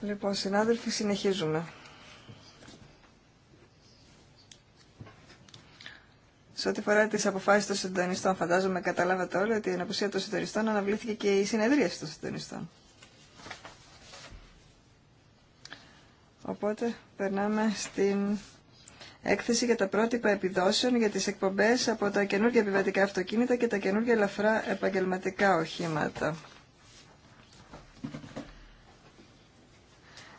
Λοιπόν, συνάδελφοι, συνεχίζουμε. Σε ό,τι φορά τι αποφάσει των συντονιστών, φαντάζομαι καταλάβατε όλοι ότι η αναπουσία των συντονιστών αναβλήθηκε και η συνεδρία των συντονιστών. Οπότε περνάμε στην έκθεση για τα πρότυπα επιδόσεων για τις εκπομπές από τα καινούργια επιβατικά αυτοκίνητα και τα καινούργια ελαφρά επαγγελματικά οχήματα.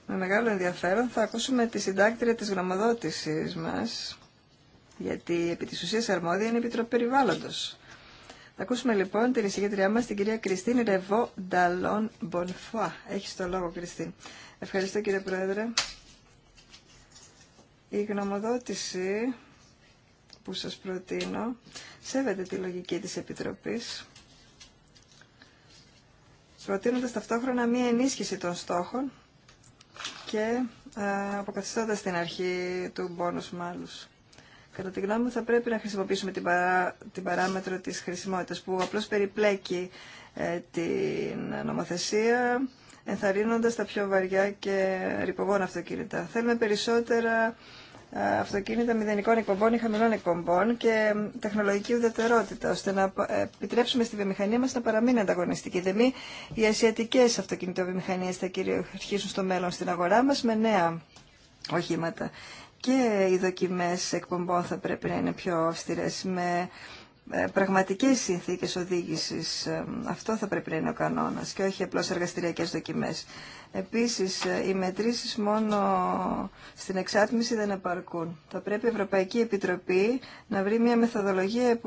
Με μεγάλο ενδιαφέρον θα ακούσουμε τη συντάκτρια της γνωμοδότησης μας, γιατί επί της ουσίας αρμόδια είναι η Επιτροπή Περιβάλλοντος. Θα ακούσουμε λοιπόν την εισηγήτριά μας, την κυρία Κριστίν Ρεβό Νταλόν Μπονφουά. Έχεις το λόγο, Κριστίν. Ευχαριστώ κύριε Πρόεδρε. Η γνωμοδότηση που σας προτείνω σέβεται τη λογική της Επιτροπής προτείνοντας ταυτόχρονα μία ενίσχυση των στόχων και ε, αποκαθιστώντας την αρχή του μπόνους μάλους. Κατά τη γνώμη μου θα πρέπει να χρησιμοποιήσουμε την, παράμετρο της χρησιμότητας που απλώς περιπλέκει ε, την νομοθεσία ενθαρρύνοντας τα πιο βαριά και ρηπογόνα αυτοκίνητα. Θέλουμε περισσότερα αυτοκίνητα μηδενικών εκπομπών ή χαμηλών εκπομπών και τεχνολογική ουδετερότητα, ώστε να ε, επιτρέψουμε στη βιομηχανία μα να παραμείνει ανταγωνιστική. Δηλαδή, οι ασιατικέ αυτοκινητοβιομηχανίε θα κυριαρχήσουν στο μέλλον στην αγορά μα με νέα οχήματα. Και οι δοκιμέ εκπομπών θα πρέπει να είναι πιο αυστηρέ, με ε, πραγματικές συνθήκες οδήγησης. Ε, αυτό θα πρέπει να είναι ο κανόνας και όχι απλώς εργαστηριακές δοκιμές. Επίσης, ε, οι μετρήσεις μόνο στην εξάτμιση δεν επαρκούν. Θα πρέπει η Ευρωπαϊκή Επιτροπή να βρει μια μεθοδολογία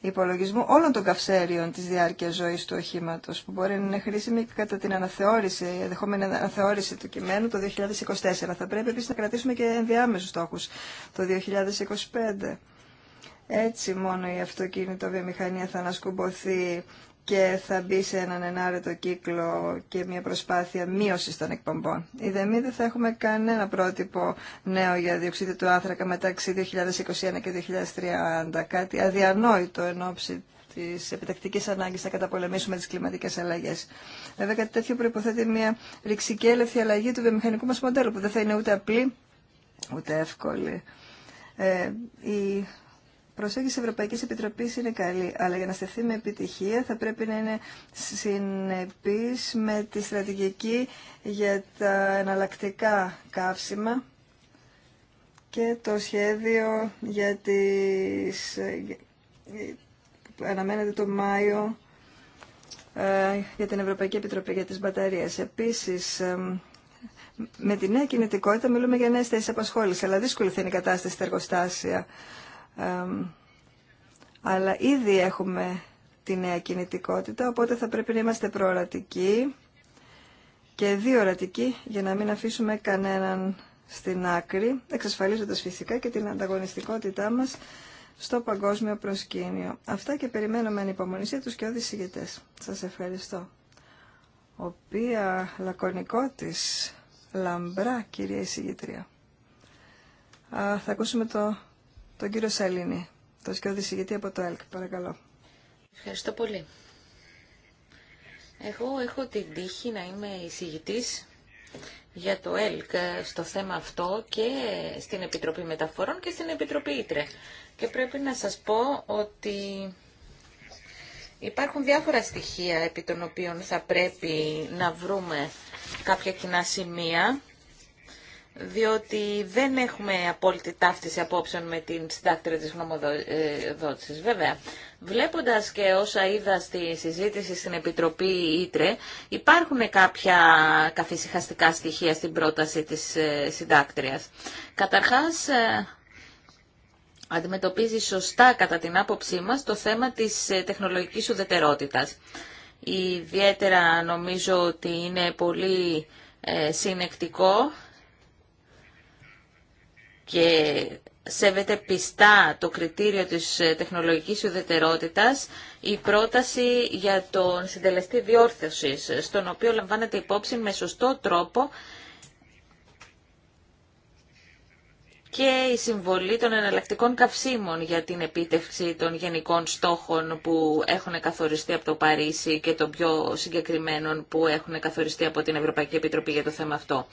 υπολογισμού όλων των καυσέριων της διάρκειας ζωής του οχήματος που μπορεί να είναι χρήσιμη κατά την αναθεώρηση, η αναθεώρηση του κειμένου το 2024. Θα πρέπει επίσης να κρατήσουμε και ενδιάμεσους στόχους το 2025 έτσι μόνο η αυτοκίνητο βιομηχανία θα ανασκουμποθεί και θα μπει σε έναν ενάρετο κύκλο και μια προσπάθεια μείωση των εκπομπών. Η ΔΕΜΗ δεν θα έχουμε κανένα πρότυπο νέο για διοξείδιο του άνθρακα μεταξύ 2021 και 2030. Κάτι αδιανόητο εν ώψη τη επιτακτική ανάγκη να καταπολεμήσουμε τι κλιματικέ αλλαγέ. Βέβαια, κάτι τέτοιο προποθέτει μια ρηξικέλευτη αλλαγή του βιομηχανικού μα μοντέλου, που δεν θα είναι ούτε απλή, ούτε εύκολη. Ε, η προσέγγιση Ευρωπαϊκή Ευρωπαϊκής Επιτροπής είναι καλή, αλλά για να στεφθεί με επιτυχία θα πρέπει να είναι συνεπής με τη στρατηγική για τα εναλλακτικά καύσιμα και το σχέδιο για τις... αναμένεται το Μάιο ε, για την Ευρωπαϊκή Επιτροπή για τις μπαταρίες. Επίσης, ε, με τη νέα κινητικότητα μιλούμε για νέες θέσει απασχόληση, αλλά δύσκολη θα είναι η κατάσταση στα εργοστάσια αλλά ήδη έχουμε τη νέα κινητικότητα, οπότε θα πρέπει να είμαστε προορατικοί και διορατικοί για να μην αφήσουμε κανέναν στην άκρη, εξασφαλίζοντας φυσικά και την ανταγωνιστικότητά μας στο παγκόσμιο προσκήνιο. Αυτά και περιμένουμε ανυπομονησία τους και συγγετές. Σας ευχαριστώ. Οποία λακωνικό της λαμπρά κυρία εισηγητρία. Α, θα ακούσουμε το τον κύριο Σαλίνη, το σκιώδη συγγετή από το ΕΛΚ. Παρακαλώ. Ευχαριστώ πολύ. Εγώ έχω την τύχη να είμαι εισηγητής για το ΕΛΚ στο θέμα αυτό και στην Επιτροπή Μεταφορών και στην Επιτροπή Ήτρε. Και πρέπει να σας πω ότι υπάρχουν διάφορα στοιχεία επί των οποίων θα πρέπει να βρούμε κάποια κοινά σημεία διότι δεν έχουμε απόλυτη ταύτιση απόψεων με την συντάκτρια της γνωμοδότησης. Βέβαια, βλέποντας και όσα είδα στη συζήτηση στην Επιτροπή Ήτρε, υπάρχουν κάποια καθησυχαστικά στοιχεία στην πρόταση της ε, συντάκτριας. Καταρχάς, ε, αντιμετωπίζει σωστά κατά την άποψή μας το θέμα της ε, τεχνολογικής ουδετερότητας. Ιδιαίτερα νομίζω ότι είναι πολύ συνεκτικό και σέβεται πιστά το κριτήριο της ε, τεχνολογικής ουδετερότητας η πρόταση για τον συντελεστή διόρθωσης, ε, στον οποίο λαμβάνεται υπόψη με σωστό τρόπο και η συμβολή των εναλλακτικών καυσίμων για την επίτευξη των γενικών στόχων που έχουν καθοριστεί από το Παρίσι και των πιο συγκεκριμένων που έχουν καθοριστεί από την Ευρωπαϊκή Επιτροπή για το θέμα αυτό.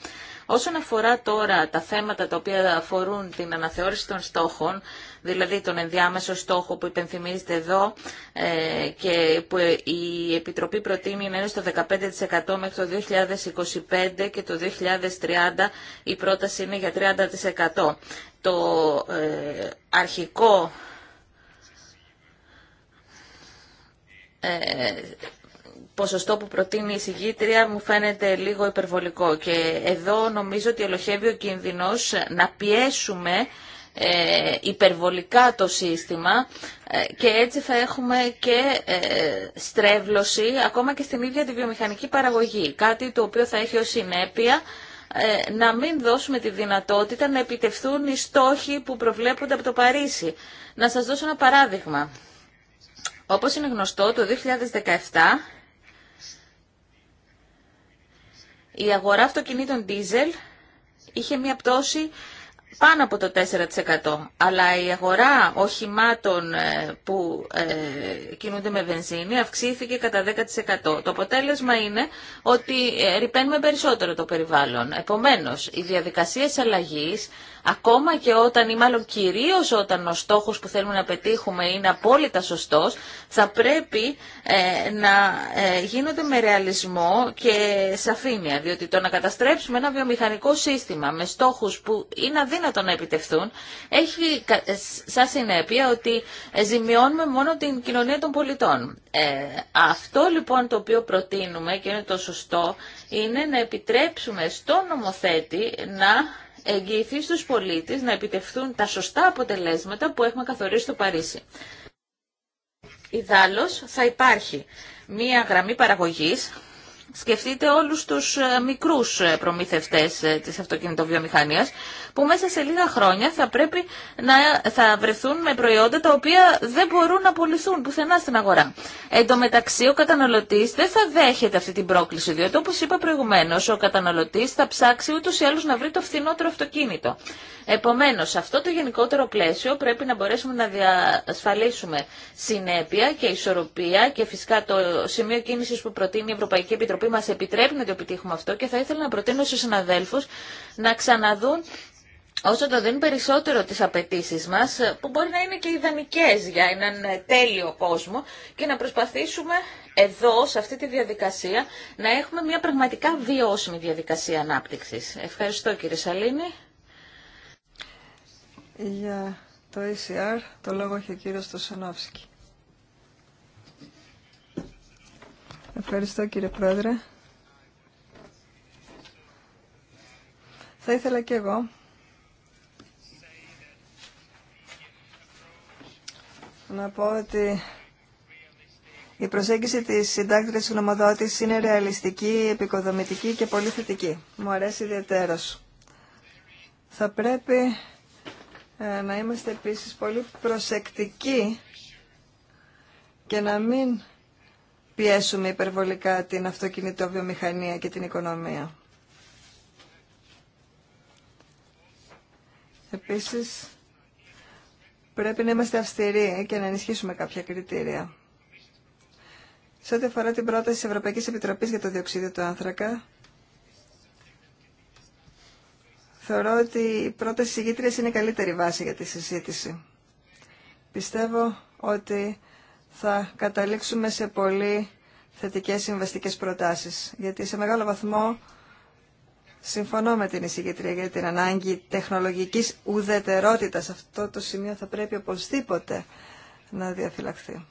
Όσον αφορά τώρα τα θέματα τα οποία αφορούν την αναθεώρηση των στόχων, δηλαδή τον ενδιάμεσο στόχο που υπενθυμίζεται εδώ ε, και που η Επιτροπή προτείνει να είναι στο 15% μέχρι το 2025 και το 2030 η πρόταση είναι για 30%. Το ε, αρχικό ε, ποσοστό που προτείνει η συγγήτρια μου φαίνεται λίγο υπερβολικό και εδώ νομίζω ότι ελοχεύει ο κίνδυνος να πιέσουμε ε, υπερβολικά το σύστημα ε, και έτσι θα έχουμε και ε, στρέβλωση ακόμα και στην ίδια τη βιομηχανική παραγωγή. Κάτι το οποίο θα έχει ως συνέπεια να μην δώσουμε τη δυνατότητα να επιτευθούν οι στόχοι που προβλέπονται από το Παρίσι. Να σας δώσω ένα παράδειγμα. Όπως είναι γνωστό, το 2017 η αγορά αυτοκινήτων diesel είχε μια πτώση πάνω από το 4%. Αλλά η αγορά οχημάτων ε, που ε, κινούνται με βενζίνη αυξήθηκε κατά 10%. Το αποτέλεσμα είναι ότι ε, ρηπαίνουμε περισσότερο το περιβάλλον. Επομένως, οι διαδικασίες αλλαγής ακόμα και όταν ή μάλλον κυρίως όταν ο στόχο που θέλουμε να πετύχουμε είναι απόλυτα σωστός, θα πρέπει ε, να ε, γίνονται με ρεαλισμό και σαφήνεια, διότι το να καταστρέψουμε ένα βιομηχανικό σύστημα με στόχους που είναι αδύνατο να επιτευθούν, έχει ε, σαν συνέπεια ότι ε, ζημιώνουμε μόνο την κοινωνία των πολιτών. αυτό λοιπόν το οποίο προτείνουμε και είναι το σωστό, είναι να επιτρέψουμε στον νομοθέτη να εγγυηθεί στους πολίτες να επιτευχθούν τα σωστά αποτελέσματα που έχουμε καθορίσει στο Παρίσι. Ιδάλλως θα υπάρχει μία γραμμή παραγωγής. Σκεφτείτε όλους τους ε, μικρούς ε, προμηθευτές ε, της αυτοκινητοβιομηχανίας που μέσα σε λίγα χρόνια θα πρέπει να θα βρεθούν με προϊόντα τα οποία δεν μπορούν να πουληθούν πουθενά στην αγορά. Εν τω μεταξύ, ο καταναλωτή δεν θα δέχεται αυτή την πρόκληση, διότι όπω είπα προηγουμένω, ο καταναλωτή θα ψάξει ούτω ή άλλω να βρει το φθηνότερο αυτοκίνητο. Επομένω, σε αυτό το γενικότερο πλαίσιο πρέπει να μπορέσουμε να διασφαλίσουμε συνέπεια και ισορροπία και φυσικά το σημείο κίνηση που προτείνει η Ευρωπαϊκή Επιτροπή μα επιτρέπει να το επιτύχουμε αυτό και θα ήθελα να προτείνω στου συναδέλφου να ξαναδούν όσο το δίνουν περισσότερο τις απαιτήσει μας, που μπορεί να είναι και ιδανικές για έναν τέλειο κόσμο, και να προσπαθήσουμε εδώ, σε αυτή τη διαδικασία, να έχουμε μια πραγματικά βιώσιμη διαδικασία ανάπτυξης. Ευχαριστώ κύριε Σαλίνη. Για το ECR, το λόγο έχει ο κύριος Τωσανόφσκι. Ευχαριστώ κύριε Πρόεδρε. Θα ήθελα και εγώ να πω ότι η προσέγγιση της συντάκτρια γνωμοδότης είναι ρεαλιστική, επικοδομητική και πολύ θετική. Μου αρέσει ιδιαίτερος. Θα πρέπει ε, να είμαστε επίσης πολύ προσεκτικοί και να μην πιέσουμε υπερβολικά την αυτοκινητοβιομηχανία και την οικονομία. Επίσης, πρέπει να είμαστε αυστηροί και να ενισχύσουμε κάποια κριτήρια. Σε ό,τι αφορά την πρόταση της Ευρωπαϊκής Επιτροπής για το διοξίδιο του άνθρακα, θεωρώ ότι η πρόταση συγκήτριας είναι η καλύτερη βάση για τη συζήτηση. Πιστεύω ότι θα καταλήξουμε σε πολύ θετικές συμβαστικές προτάσεις, γιατί σε μεγάλο βαθμό Συμφωνώ με την εισηγητρία για την ανάγκη τεχνολογικής ουδετερότητας. Αυτό το σημείο θα πρέπει οπωσδήποτε να διαφυλαχθεί.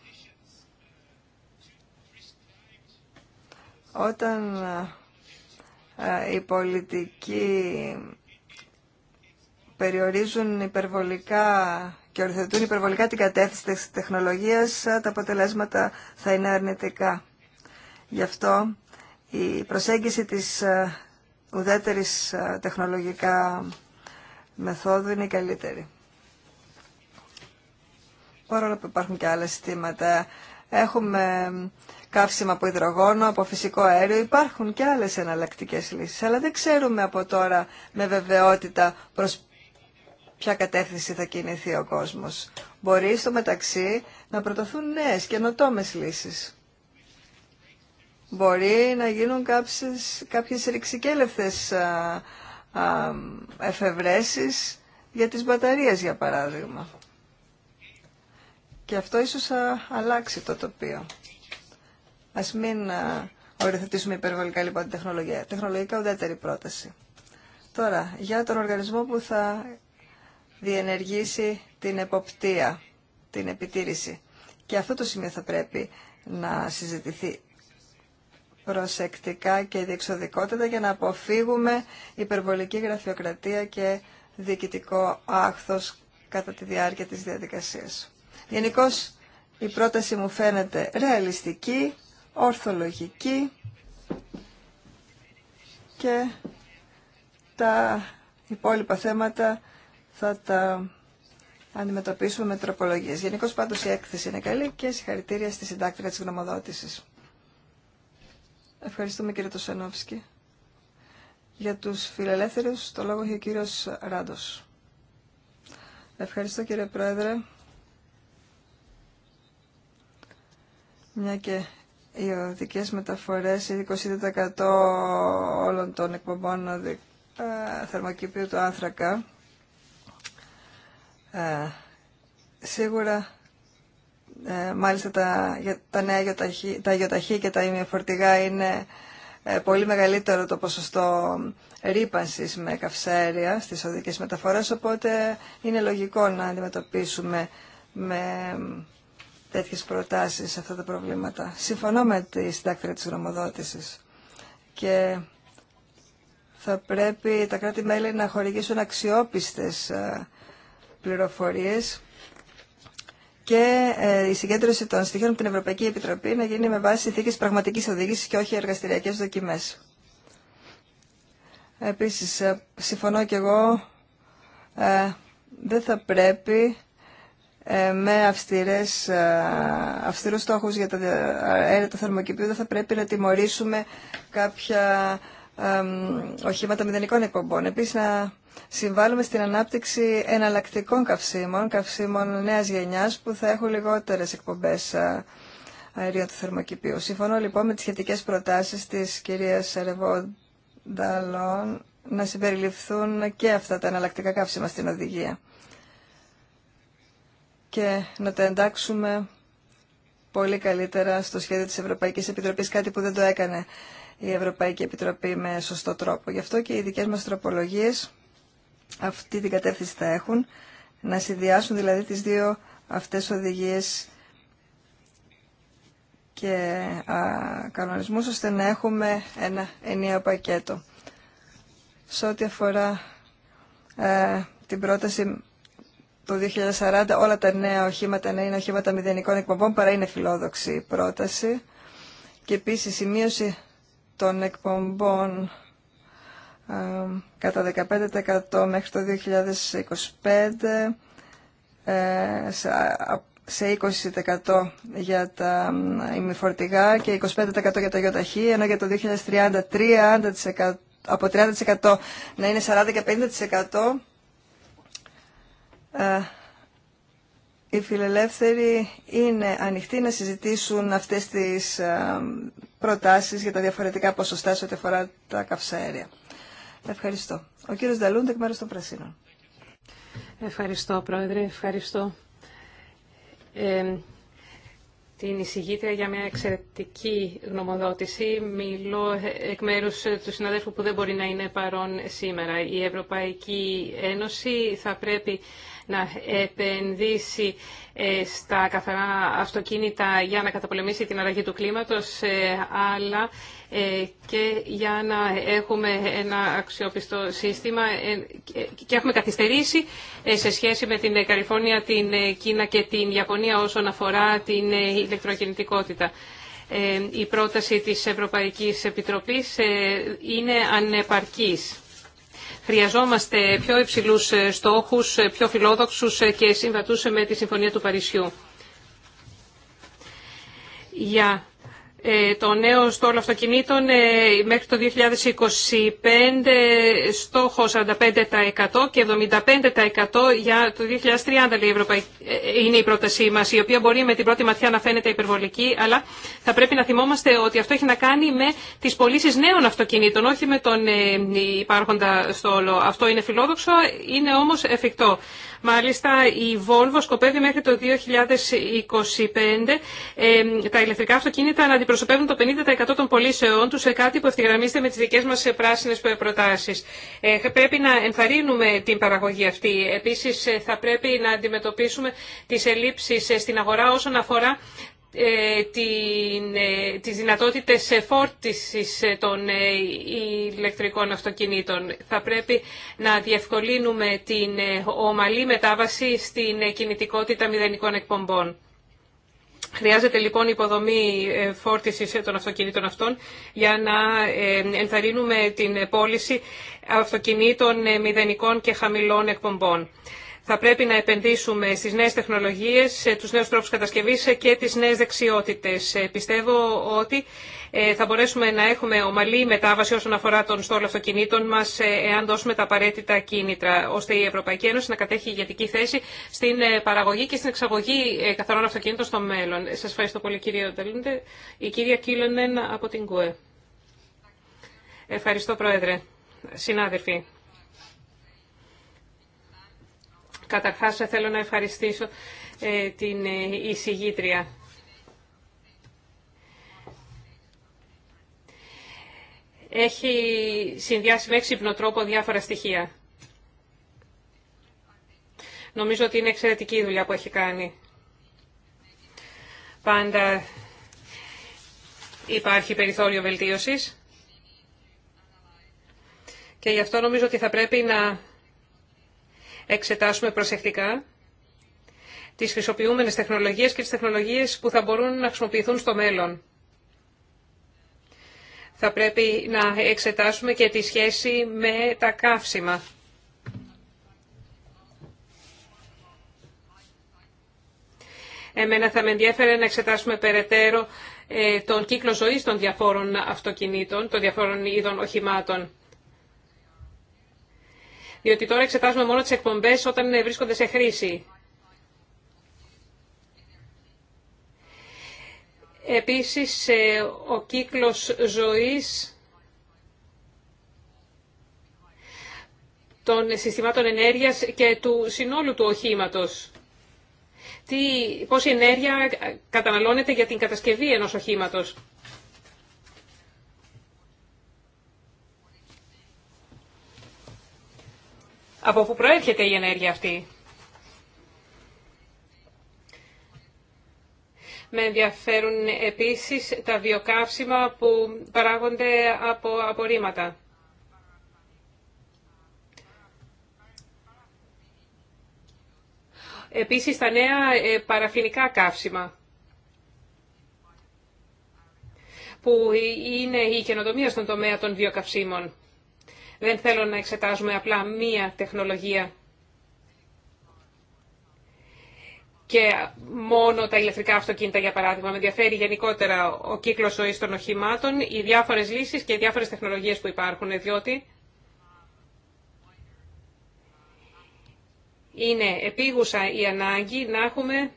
Όταν ε, οι πολιτικοί περιορίζουν υπερβολικά και οριθετούν υπερβολικά την κατεύθυνση της τεχνολογίας, ε, τα αποτελέσματα θα είναι αρνητικά. Γι' αυτό η προσέγγιση της ε, ουδέτερη τεχνολογικά μεθόδου είναι η καλύτερη. Παρόλο που υπάρχουν και άλλα συστήματα, έχουμε καύσιμα από υδρογόνο, από φυσικό αέριο, υπάρχουν και άλλες εναλλακτικές λύσεις, αλλά δεν ξέρουμε από τώρα με βεβαιότητα προς ποια κατεύθυνση θα κινηθεί ο κόσμος. Μπορεί στο μεταξύ να προταθούν νέες καινοτόμες λύσεις μπορεί να γίνουν κάποιες, κάποιες ρηξικέλευθες εφευρέσεις για τις μπαταρίες, για παράδειγμα. Και αυτό ίσως θα αλλάξει το τοπίο. Ας μην οριθετήσουμε υπερβολικά λοιπόν την τεχνολογία. Τεχνολογικά ουδέτερη πρόταση. Τώρα, για τον οργανισμό που θα διενεργήσει την εποπτεία, την επιτήρηση. Και αυτό το σημείο θα πρέπει να συζητηθεί προσεκτικά και διεξοδικότητα για να αποφύγουμε υπερβολική γραφειοκρατία και διοικητικό άχθος κατά τη διάρκεια της διαδικασίας. Γενικώ η πρόταση μου φαίνεται ρεαλιστική, ορθολογική και τα υπόλοιπα θέματα θα τα αντιμετωπίσουμε με τροπολογίες. Γενικώ πάντως η έκθεση είναι καλή και συγχαρητήρια στη συντάκτρια της γνωμοδότησης. Ευχαριστούμε κύριε Τωσενόφσκι. Για τους φιλελεύθερους το λόγο έχει ο κύριος Ράντος. Ευχαριστώ κύριε Πρόεδρε. Μια και οι οδικές μεταφορές, 20% όλων των εκπομπών ε, θερμοκηπίου του άνθρακα, ε, σίγουρα ε, μάλιστα τα, τα νέα γιοταχή τα και τα ημιοφορτηγά είναι ε, πολύ μεγαλύτερο το ποσοστό ρήπανσης με καυσαέρια στις οδικές μεταφορές, οπότε είναι λογικό να αντιμετωπίσουμε με τέτοιες προτάσεις αυτά τα προβλήματα. Συμφωνώ με τη συντάκτρια της γνωμοδότησης και θα πρέπει τα κράτη-μέλη να χορηγήσουν αξιόπιστες ε, πληροφορίες και ε, η συγκέντρωση των στοιχείων από την Ευρωπαϊκή Επιτροπή να γίνει με βάση συνθήκε πραγματική οδήγηση και όχι εργαστηριακέ δοκιμέ. Επίση, ε, συμφωνώ και εγώ, ε, δεν θα πρέπει με αυστηρές, αυστηρούς στόχους για τα αέρα του θερμοκηπίου δεν θα πρέπει να τιμωρήσουμε κάποια οχήματα μηδενικών εκπομπών. Επίσης να συμβάλλουμε στην ανάπτυξη εναλλακτικών καυσίμων, καυσίμων νέας γενιάς που θα έχουν λιγότερες εκπομπές ε, αερίων του θερμοκηπίου. Συμφωνώ λοιπόν με τις σχετικές προτάσεις της κυρίας Ρεβόνταλόν να συμπεριληφθούν και αυτά τα εναλλακτικά καύσιμα στην οδηγία και να τα εντάξουμε πολύ καλύτερα στο σχέδιο της Ευρωπαϊκής Επιτροπής, κάτι που δεν το έκανε η Ευρωπαϊκή Επιτροπή με σωστό τρόπο. Γι' αυτό και οι δικές μας τροπολογίες αυτή την κατεύθυνση θα έχουν, να συνδυάσουν δηλαδή τις δύο αυτές οδηγίες και α, κανονισμούς, ώστε να έχουμε ένα ενιαίο πακέτο. Σε ό,τι αφορά ε, την πρόταση το 2040, όλα τα νέα οχήματα να είναι οχήματα μηδενικών εκπομπών, παρά είναι φιλόδοξη η πρόταση. Και επίσης η μείωση των εκπομπών κατά 15% μέχρι το 2025, ε, σε 20% για τα ημιφορτηγά και 25% για τα ιοταχή, ενώ για το 2030 30%, από 30% να είναι 40% και 50%. Ε, οι φιλελεύθεροι είναι ανοιχτοί να συζητήσουν αυτές τις ε, προτάσεις για τα διαφορετικά ποσοστά σε ό,τι αφορά τα καυσαέρια. Ευχαριστώ. Ο κύριος Νταλούντα εκ μέρους των Πρασίνων. Ευχαριστώ, Πρόεδρε. Ευχαριστώ. Ε, την εισηγήτρια για μια εξαιρετική γνωμοδότηση. Μιλώ εκ μέρου του συναδέλφου που δεν μπορεί να είναι παρόν σήμερα. Η Ευρωπαϊκή Ένωση θα πρέπει να επενδύσει ε, στα καθαρά αυτοκίνητα για να καταπολεμήσει την αλλαγή του κλίματος, ε, αλλά ε, και για να έχουμε ένα αξιόπιστο σύστημα ε, και έχουμε καθυστερήσει ε, σε σχέση με την Καλιφόρνια, την Κίνα και την Ιαπωνία όσον αφορά την ηλεκτροκινητικότητα. Η πρόταση της Ευρωπαϊκής Επιτροπής είναι ανεπαρκής. Χρειαζόμαστε πιο υψηλούς στόχους, πιο φιλόδοξους και συμβατούς με τη Συμφωνία του Παρισιού. Για ε, το νέο στόλο αυτοκινήτων ε, μέχρι το 2025 στόχο 45% και 75% για το 2030 λέει, ε, είναι η πρότασή μας, η οποία μπορεί με την πρώτη ματιά να φαίνεται υπερβολική, αλλά θα πρέπει να θυμόμαστε ότι αυτό έχει να κάνει με τις πωλήσει νέων αυτοκινήτων, όχι με τον υπάρχοντα στόλο. Αυτό είναι φιλόδοξο, είναι όμως εφικτό. Μάλιστα η Volvo σκοπεύει μέχρι το 2025 ε, τα ηλεκτρικά αυτοκίνητα να αντιπροσωπεύουν το 50% των πολίσεων του σε κάτι που ευθυγραμμίζεται με τις δικές μας ε, πράσινε ε, προτάσεις. Ε, πρέπει να ενθαρρύνουμε την παραγωγή αυτή. Επίσης θα πρέπει να αντιμετωπίσουμε τις ελλείψεις στην αγορά όσον αφορά ε, ε, τις δυνατότητες φόρτισης ε, των ηλεκτρικών αυτοκινήτων. Θα πρέπει να διευκολύνουμε την ομαλή μετάβαση στην κινητικότητα μηδενικών εκπομπών. Χρειάζεται λοιπόν υποδομή φόρτιση των αυτοκινήτων αυτών για να ενθαρρύνουμε την πώληση αυτοκινήτων μηδενικών και χαμηλών εκπομπών. Θα πρέπει να επενδύσουμε στις νέες τεχνολογίες, τους νέους τρόπους κατασκευής και τις νέες δεξιότητες. Ε, πιστεύω ότι ε, θα μπορέσουμε να έχουμε ομαλή μετάβαση όσον αφορά τον στόλο αυτοκινήτων μας ε, εάν δώσουμε τα απαραίτητα κίνητρα, ώστε η Ευρωπαϊκή Ένωση να κατέχει ηγετική θέση στην παραγωγή και στην εξαγωγή καθαρών αυτοκινήτων στο μέλλον. Σας ευχαριστώ πολύ κύριε Ταλίντε. Η κυρία Κίλονεν από την ΚΟΕ. Ευχαριστώ Πρόεδρε. Συνάδελφοι. Καταρχάς θέλω να ευχαριστήσω ε, την ε, εισηγήτρια. Έχει συνδυάσει με έξυπνο τρόπο διάφορα στοιχεία. Νομίζω ότι είναι εξαιρετική η δουλειά που έχει κάνει. Πάντα υπάρχει περιθώριο βελτίωσης και γι' αυτό νομίζω ότι θα πρέπει να εξετάσουμε προσεκτικά τις χρησιμοποιούμενες τεχνολογίες και τις τεχνολογίες που θα μπορούν να χρησιμοποιηθούν στο μέλλον. Θα πρέπει να εξετάσουμε και τη σχέση με τα καύσιμα. Εμένα θα με ενδιαφέρε να εξετάσουμε περαιτέρω ε, τον κύκλο ζωής των διαφόρων αυτοκινήτων, των διαφόρων είδων οχημάτων διότι τώρα εξετάζουμε μόνο τις εκπομπές όταν ε, βρίσκονται σε χρήση. Επίσης, ε, ο κύκλος ζωής των συστημάτων ενέργειας και του συνόλου του οχήματος. Τι, πόση ενέργεια καταναλώνεται για την κατασκευή ενός οχήματος. από πού προέρχεται η ενέργεια αυτή. Με ενδιαφέρουν επίσης τα βιοκαύσιμα που παράγονται από απορρίμματα. Επίσης τα νέα ε, παραφινικά καύσιμα που ε, είναι η καινοτομία στον τομέα των βιοκαυσίμων. Δεν θέλω να εξετάζουμε απλά μία τεχνολογία και μόνο τα ηλεκτρικά αυτοκίνητα, για παράδειγμα. Με ενδιαφέρει γενικότερα ο κύκλος ζωής των οχημάτων, οι διάφορες λύσεις και οι διάφορες τεχνολογίες που υπάρχουν, διότι είναι επίγουσα η ανάγκη να έχουμε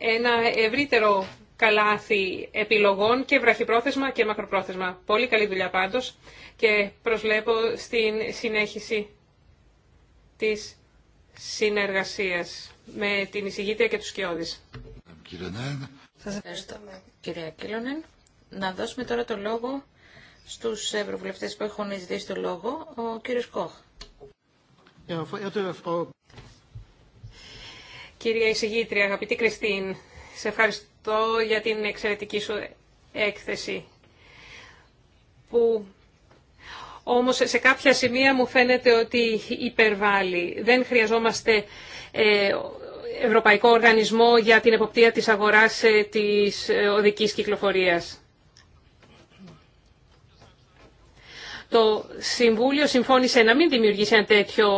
ένα ευρύτερο καλάθι επιλογών και βραχυπρόθεσμα και μακροπρόθεσμα. Πολύ καλή δουλειά πάντως και προσλέπω στην συνέχιση της συνεργασίας με την εισηγήτρια και τους Θα Σας ευχαριστώ κυρία Κίλωνεν. Να δώσουμε τώρα το λόγο στους ευρωβουλευτές που έχουν ζητήσει το λόγο, ο κύριος Κόχ. Κυρία εισηγήτρια, αγαπητή Κριστίν, σε ευχαριστώ ευχαριστώ για την εξαιρετική σου έκθεση που όμως σε κάποια σημεία μου φαίνεται ότι υπερβάλλει. Δεν χρειαζόμαστε ε, ευρωπαϊκό οργανισμό για την εποπτεία της αγοράς ε, της ε, οδικής κυκλοφορίας. Το Συμβούλιο συμφώνησε να μην δημιουργήσει ένα τέτοιο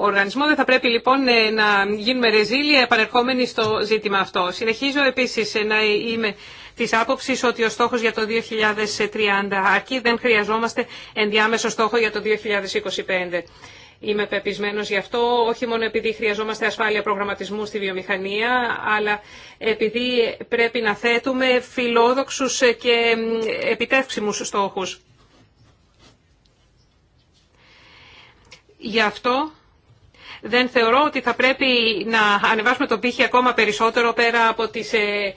οργανισμό. Δεν θα πρέπει λοιπόν ε, να γίνουμε ρεζίλια επανερχόμενοι στο ζήτημα αυτό. Συνεχίζω επίσης ε, να είμαι τη άποψη ότι ο στόχο για το 2030 αρκεί. Δεν χρειαζόμαστε ενδιάμεσο στόχο για το 2025. Είμαι πεπισμένο γι' αυτό, όχι μόνο επειδή χρειαζόμαστε ασφάλεια προγραμματισμού στη βιομηχανία, αλλά επειδή πρέπει να θέτουμε φιλόδοξου ε, και επιτεύξιμου στόχου. Γι' αυτό δεν θεωρώ ότι θα πρέπει να ανεβάσουμε τον πύχη ακόμα περισσότερο πέρα από, τις, ε,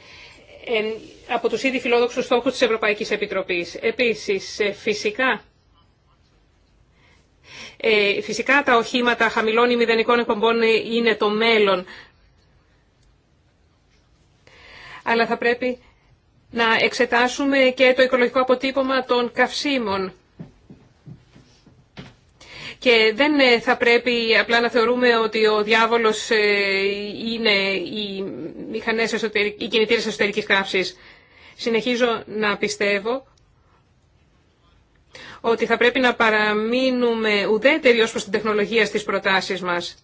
από τους ήδη φιλόδοξους στόχους της Ευρωπαϊκής Επιτροπής. Επίσης, ε, φυσικά, ε, φυσικά τα οχήματα χαμηλών ή μηδενικών εκπομπών είναι το μέλλον. Αλλά θα πρέπει να εξετάσουμε και το οικολογικό αποτύπωμα των καυσίμων και δεν ε, θα πρέπει απλά να θεωρούμε ότι ο διάβολος ε, είναι οι, μηχανές οι κινητήρες εσωτερικής καύσης. Συνεχίζω να πιστεύω ότι θα πρέπει να παραμείνουμε ουδέτεροι ως προς την τεχνολογία στις προτάσεις μας.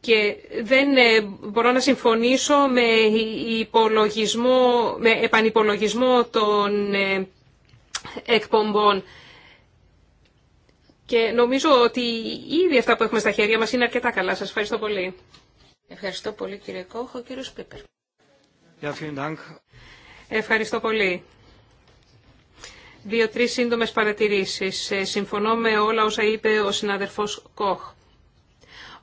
και δεν ε, μπορώ να συμφωνήσω με, υπολογισμό, με επανυπολογισμό των ε, εκπομπών. Και νομίζω ότι ήδη αυτά που έχουμε στα χέρια μας είναι αρκετά καλά. Σας ευχαριστώ πολύ. Ευχαριστώ πολύ κύριε Κόχο. Κύριος Πίπερ. ευχαριστώ πολύ. Δύο-τρεις σύντομες παρατηρήσεις. Ε, συμφωνώ με όλα όσα είπε ο συναδερφός Κόχ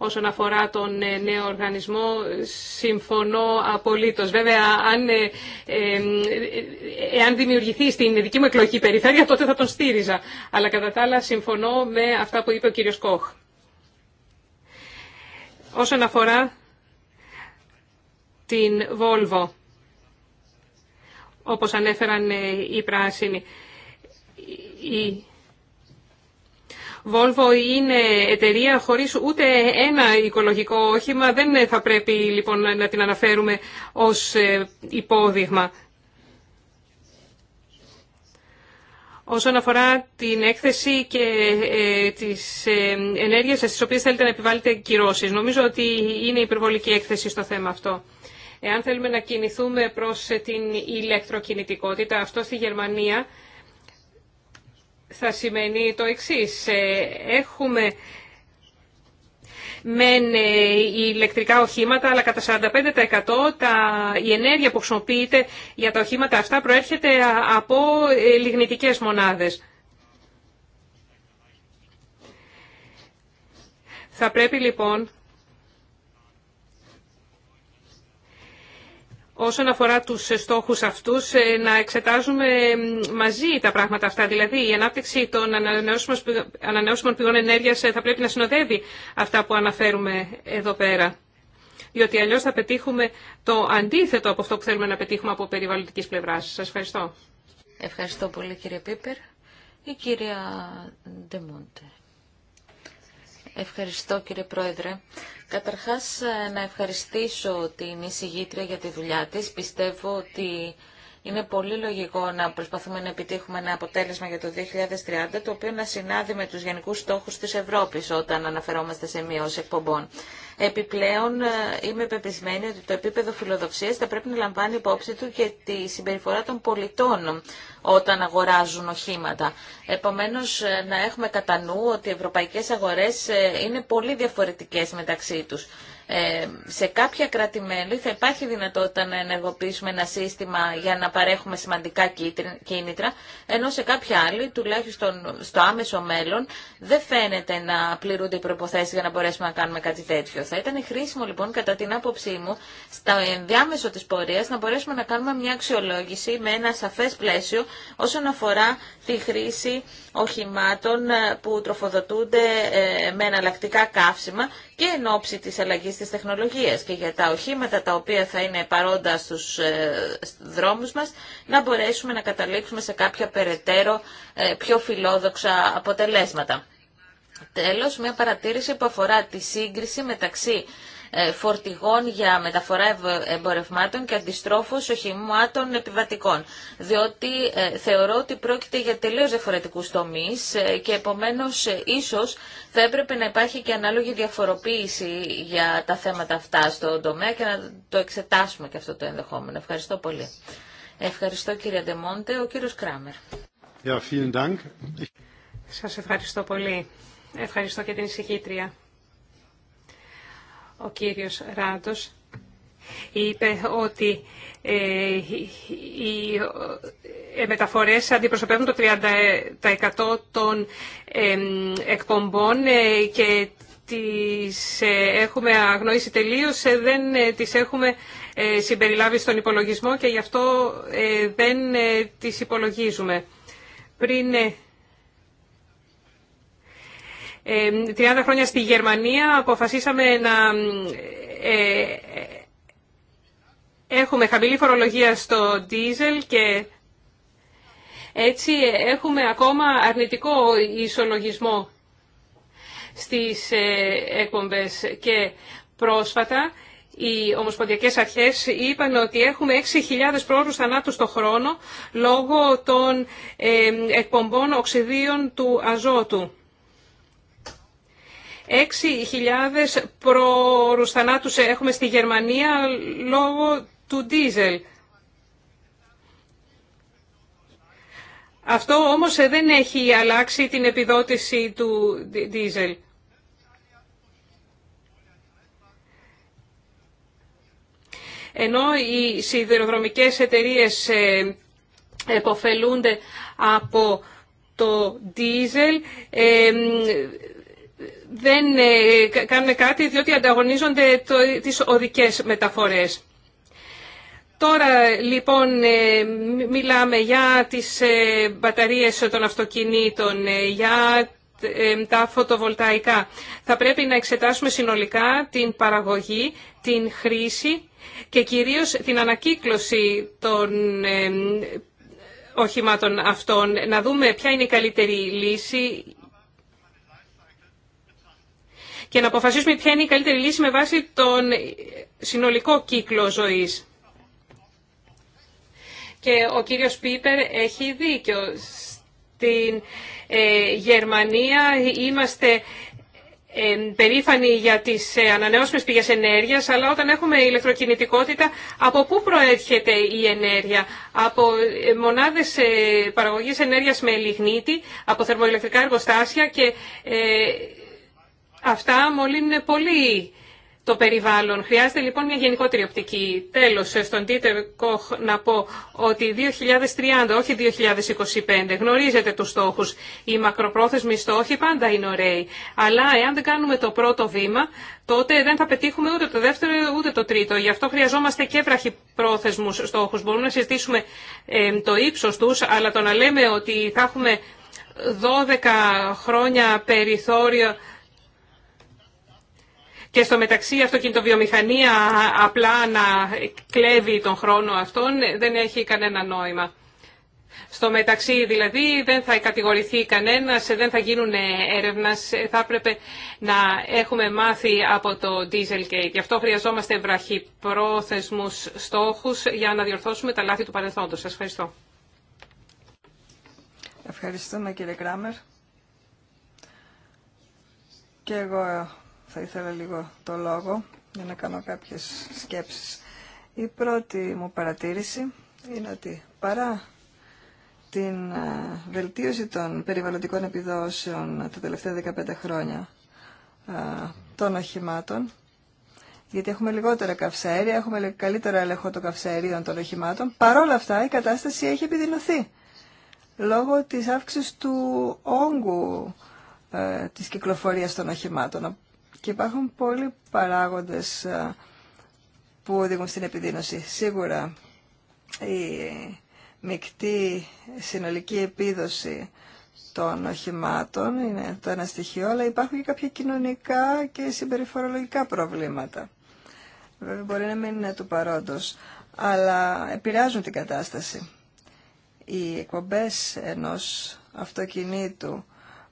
όσον αφορά τον ε, νέο οργανισμό. Συμφωνώ απολύτω. Βέβαια, αν, ε, ε, ε, εάν δημιουργηθεί στην δική μου εκλογική περιφέρεια, τότε θα τον στήριζα. Αλλά κατά τα άλλα συμφωνώ με αυτά που είπε ο κύριος Κόχ. Όσον αφορά την Volvo, όπως ανέφεραν οι πράσινοι, η Volvo είναι εταιρεία χωρίς ούτε ένα οικολογικό όχημα. Δεν θα πρέπει λοιπόν να την αναφέρουμε ως ε, υπόδειγμα. Όσον αφορά την έκθεση και ε, τις ε, ενέργειες στις οποίες θέλετε να επιβάλλετε κυρώσεις, νομίζω ότι είναι υπερβολική έκθεση στο θέμα αυτό. Εάν θέλουμε να κινηθούμε προς την ηλεκτροκινητικότητα, αυτό στη Γερμανία θα σημαίνει το εξής. Ε, έχουμε μεν ε, ηλεκτρικά οχήματα, αλλά κατά 45% τα, η ενέργεια που χρησιμοποιείται για τα οχήματα αυτά προέρχεται από ε, λιγνητικές μονάδες. Θα πρέπει λοιπόν όσον αφορά τους στόχους αυτούς, ε, να εξετάζουμε μαζί τα πράγματα αυτά. Δηλαδή, η ανάπτυξη των ανανεώσιμων πηγών ενέργειας ε, θα πρέπει να συνοδεύει αυτά που αναφέρουμε εδώ πέρα. Διότι αλλιώς θα πετύχουμε το αντίθετο από αυτό που θέλουμε να πετύχουμε από περιβαλλοντικής πλευράς. Σας ευχαριστώ. Ευχαριστώ πολύ κύριε Πίπερ. Η κυρία Ντεμόντε. Ευχαριστώ κύριε Πρόεδρε. Καταρχάς ε, να ευχαριστήσω την εισηγήτρια για τη δουλειά της. Πιστεύω ότι είναι πολύ λογικό να προσπαθούμε να επιτύχουμε ένα αποτέλεσμα για το 2030, το οποίο να συνάδει με τους γενικούς στόχους της Ευρώπης όταν αναφερόμαστε σε μείωση εκπομπών. Επιπλέον, ε, είμαι πεπισμένη ότι το επίπεδο φιλοδοξίας θα πρέπει να λαμβάνει υπόψη του και τη συμπεριφορά των πολιτών όταν αγοράζουν οχήματα. Επομένως, ε, να έχουμε κατά νου ότι οι ευρωπαϊκές αγορές ε, είναι πολύ διαφορετικές μεταξύ τους. Ε, σε κάποια κράτη-μέλη θα υπάρχει δυνατότητα να ενεργοποιήσουμε ένα σύστημα για να παρέχουμε σημαντικά κίνητρα, ενώ σε κάποια άλλη, τουλάχιστον στο άμεσο μέλλον, δεν φαίνεται να πληρούνται οι προποθέσει για να μπορέσουμε να κάνουμε κάτι τέτοιο. Θα ήταν χρήσιμο λοιπόν, κατά την άποψή μου, στο ενδιάμεσο τη πορεία να μπορέσουμε να κάνουμε μια αξιολόγηση με ένα σαφέ πλαίσιο όσον αφορά τη χρήση οχημάτων ε, που τροφοδοτούνται ε, με εναλλακτικά καύσιμα και εν ώψη της αλλαγής της τεχνολογίας και για τα οχήματα τα οποία θα είναι παρόντα στους ε, δρόμους μας να μπορέσουμε να καταλήξουμε σε κάποια περαιτέρω ε, πιο φιλόδοξα αποτελέσματα. Τέλος, μια παρατήρηση που αφορά τη σύγκριση μεταξύ ε, φορτηγών για μεταφορά εμπορευμάτων και αντιστρόφως οχημάτων επιβατικών. Διότι ε, θεωρώ ότι πρόκειται για τελείως διαφορετικούς τομείς ε, και επομένως ίσως θα έπρεπε να υπάρχει και ανάλογη διαφοροποίηση για τα θέματα αυτά στον τομέα και να το εξετάσουμε και αυτό το ενδεχόμενο. Ευχαριστώ πολύ. Ευχαριστώ κύριε Ντεμόντε. Ο κύριος Κράμερ. Σα ευχαριστώ πολύ. Ευχαριστώ και την εισηγήτρια. Ο κύριος Ράντος είπε ότι ε, οι ε, μεταφορές αντιπροσωπεύουν το 30% των εκπομπών ε, και τις έχουμε αγνοήσει τελείως, δεν τις έχουμε συμπεριλάβει στον υπολογισμό και γι' αυτό δεν τις υπολογίζουμε. Πριν 30 χρόνια στη Γερμανία αποφασίσαμε να ε, έχουμε χαμηλή φορολογία στο ντίζελ και έτσι έχουμε ακόμα αρνητικό ισολογισμό στις ε, εκπομπές και πρόσφατα οι ομοσπονδιακές αρχές είπαν ότι έχουμε 6.000 πρόωρους θανάτους το χρόνο λόγω των ε, εκπομπών οξυδίων του αζότου. 6.000 προώρους θανάτους έχουμε στη Γερμανία λόγω του ντίζελ. Αυτό όμως δεν έχει αλλάξει την επιδότηση του ντίζελ. Ενώ οι σιδηροδρομικές εταιρείες ε, εποφελούνται από το ντίζελ, ε, δεν ε, κάνουν κάτι διότι ανταγωνίζονται τις οδικές μεταφορές. Τώρα λοιπόν ε, μιλάμε για τις ε, μπαταρίες των αυτοκινήτων, για τα φωτοβολταϊκά. Θα πρέπει να εξετάσουμε συνολικά την παραγωγή, την χρήση και κυρίως την ανακύκλωση των οχημάτων αυτών. Να δούμε ποια είναι η καλύτερη λύση και να αποφασίσουμε ποια είναι η καλύτερη λύση με βάση τον συνολικό κύκλο ζωής. Και ο κύριος Πίπερ έχει δίκιο. Στην ε, Γερμανία είμαστε ε, περήφανοι για τις ε, ανανεώσιμες πηγές ενέργειας, αλλά όταν έχουμε ηλεκτροκινητικότητα, από πού προέρχεται η ενέργεια. Από ε, μονάδες παραγωγής ενέργειας με λιγνίτη, από θερμοηλεκτρικά εργοστάσια και Αυτά μολύνουν πολύ το περιβάλλον. Χρειάζεται λοιπόν μια γενικότερη οπτική. τέλο στον Τίτερ Κοχ να πω ότι 2030, όχι 2025, γνωρίζετε του στόχου. Οι μακροπρόθεσμοι στόχοι πάντα είναι ωραίοι. Αλλά εάν δεν κάνουμε το πρώτο βήμα, τότε δεν θα πετύχουμε ούτε το δεύτερο ούτε το τρίτο. Γι' αυτό χρειαζόμαστε και βραχυπρόθεσμου στόχου. Μπορούμε να συζητήσουμε το ύψο του, αλλά το να λέμε ότι θα έχουμε 12 χρόνια περιθώριο και στο μεταξύ η αυτοκινητοβιομηχανία απλά να κλέβει τον χρόνο αυτόν ε, δεν έχει κανένα νόημα. Στο μεταξύ δηλαδή δεν θα κατηγορηθεί κανένας, ε, δεν θα γίνουν ε, έρευνας, θα έπρεπε να έχουμε μάθει από το Dieselgate. Γι' αυτό χρειαζόμαστε βραχυπρόθεσμους στόχους για να διορθώσουμε τα λάθη του παρελθόντος. Σας ευχαριστώ. Ευχαριστούμε κύριε Κράμερ. Και εγώ θα ήθελα λίγο το λόγο για να κάνω κάποιες σκέψεις. Η πρώτη μου παρατήρηση είναι ότι παρά την ε, βελτίωση των περιβαλλοντικών επιδόσεων τα τελευταία 15 χρόνια ε, των οχημάτων, γιατί έχουμε λιγότερα καυσαέρια, έχουμε καλύτερο έλεγχο των καυσαερίων των οχημάτων, παρόλα αυτά η κατάσταση έχει επιδεινωθεί λόγω της αύξησης του όγκου ε, της κυκλοφορίας των οχημάτων. Και υπάρχουν πολλοί παράγοντες ε, που οδηγούν στην επιδείνωση. Σίγουρα η μεικτή συνολική επίδοση των οχημάτων είναι το ένα στοιχείο, αλλά υπάρχουν και κάποια κοινωνικά και συμπεριφορολογικά προβλήματα. Βέβαια μπορεί να μην είναι του παρόντος, αλλά επηρεάζουν την κατάσταση. Οι εκπομπές ενός αυτοκινήτου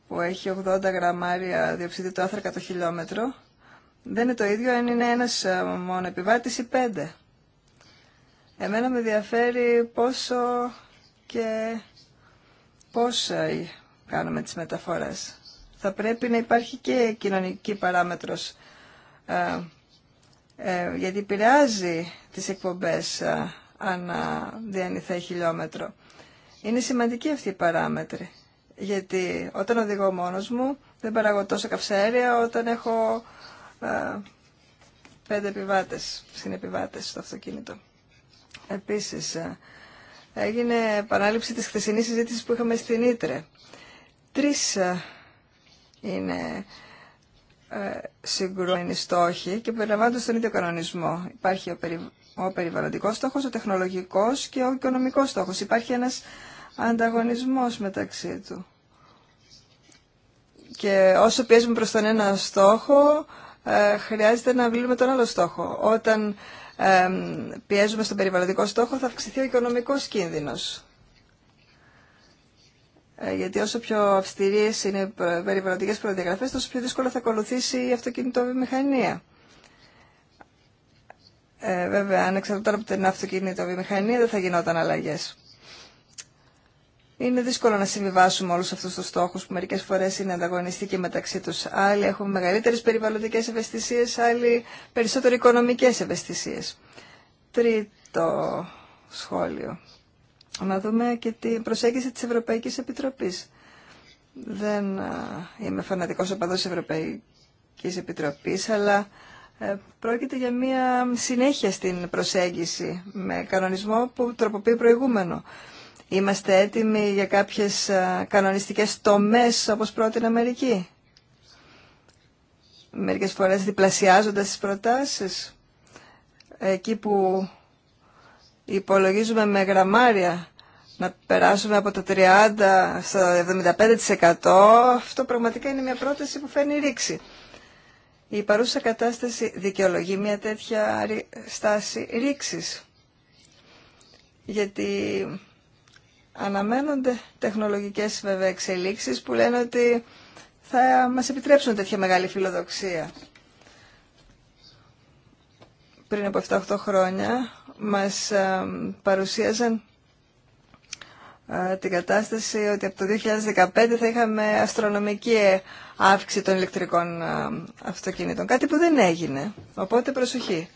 που έχει 80 γραμμάρια διοξείδιο του άνθρακα το χιλιόμετρο, δεν είναι το ίδιο αν είναι ένας ε, μόνο επιβάτης ή πέντε. Εμένα με ενδιαφέρει πόσο και πώς ε, κάνουμε τις μεταφορές. Θα πρέπει να υπάρχει και κοινωνική παράμετρος, ε, ε γιατί επηρεάζει τις εκπομπές ε, ανά χιλιόμετρο. Είναι σημαντική αυτή η παράμετρη. Γιατί όταν οδηγώ μόνος μου δεν παραγωγώ τόσα καυσαέρια όταν έχω ε, πέντε επιβάτες, συνεπιβάτες στο αυτοκίνητο. Επίσης, ε, έγινε επανάληψη της χθεσινής συζήτησης που είχαμε στην Ήτρε. Τρεις ε, είναι συγκρουμένοι στόχοι και περιλαμβάνονται στον ίδιο κανονισμό. Υπάρχει ο, περι, ο περιβαλλοντικός στόχος, ο τεχνολογικός και ο οικονομικός στόχος. Υπάρχει ένας ανταγωνισμός μεταξύ του. Και όσο πιέζουμε προς τον ένα στόχο, ε, χρειάζεται να βλύνουμε τον άλλο στόχο. Όταν πιέζουμε στον περιβαλλοντικό στόχο, θα αυξηθεί ο οικονομικός κίνδυνος. Ε, γιατί όσο πιο αυστηρίες είναι οι περιβαλλοντικές προδιαγραφές, τόσο πιο δύσκολα θα ακολουθήσει η αυτοκινητοβιομηχανία. Ε, βέβαια, αν εξαρτάται από την αυτοκινητοβιομηχανία, δεν θα γινόταν αλλαγές. Είναι δύσκολο να συμβιβάσουμε όλους αυτούς τους στόχου που μερικές φορές είναι ανταγωνιστικοί μεταξύ τους. Άλλοι έχουν μεγαλύτερες περιβαλλοντικές ευαισθησίε, άλλοι περισσότερο οικονομικές ευαισθησίε. Τρίτο σχόλιο. Να δούμε και την προσέγγιση της Ευρωπαϊκής Επιτροπής. Δεν είμαι φανατικός οπαδό τη Ευρωπαϊκή Επιτροπής, αλλά ε, πρόκειται για μια συνέχεια στην προσέγγιση με κανονισμό που τροποποιεί προηγούμενο. Είμαστε έτοιμοι για κάποιες κανονιστικές τομές όπως πρότεινε Αμερική. Μερικές φορές διπλασιάζοντας τις προτάσεις. Εκεί που υπολογίζουμε με γραμμάρια να περάσουμε από το 30% στο 75% αυτό πραγματικά είναι μια πρόταση που φέρνει ρήξη. Η παρούσα κατάσταση δικαιολογεί μια τέτοια στάση ρήξης. Γιατί αναμένονται τεχνολογικές βέβαια εξελίξεις που λένε ότι θα μας επιτρέψουν τέτοια μεγάλη φιλοδοξία. Πριν από 7-8 χρόνια μας ε, παρουσίαζαν ε, την κατάσταση ότι από το 2015 θα είχαμε αστρονομική αύξηση των ηλεκτρικών ε, αυτοκινήτων. Κάτι που δεν έγινε. Οπότε προσοχή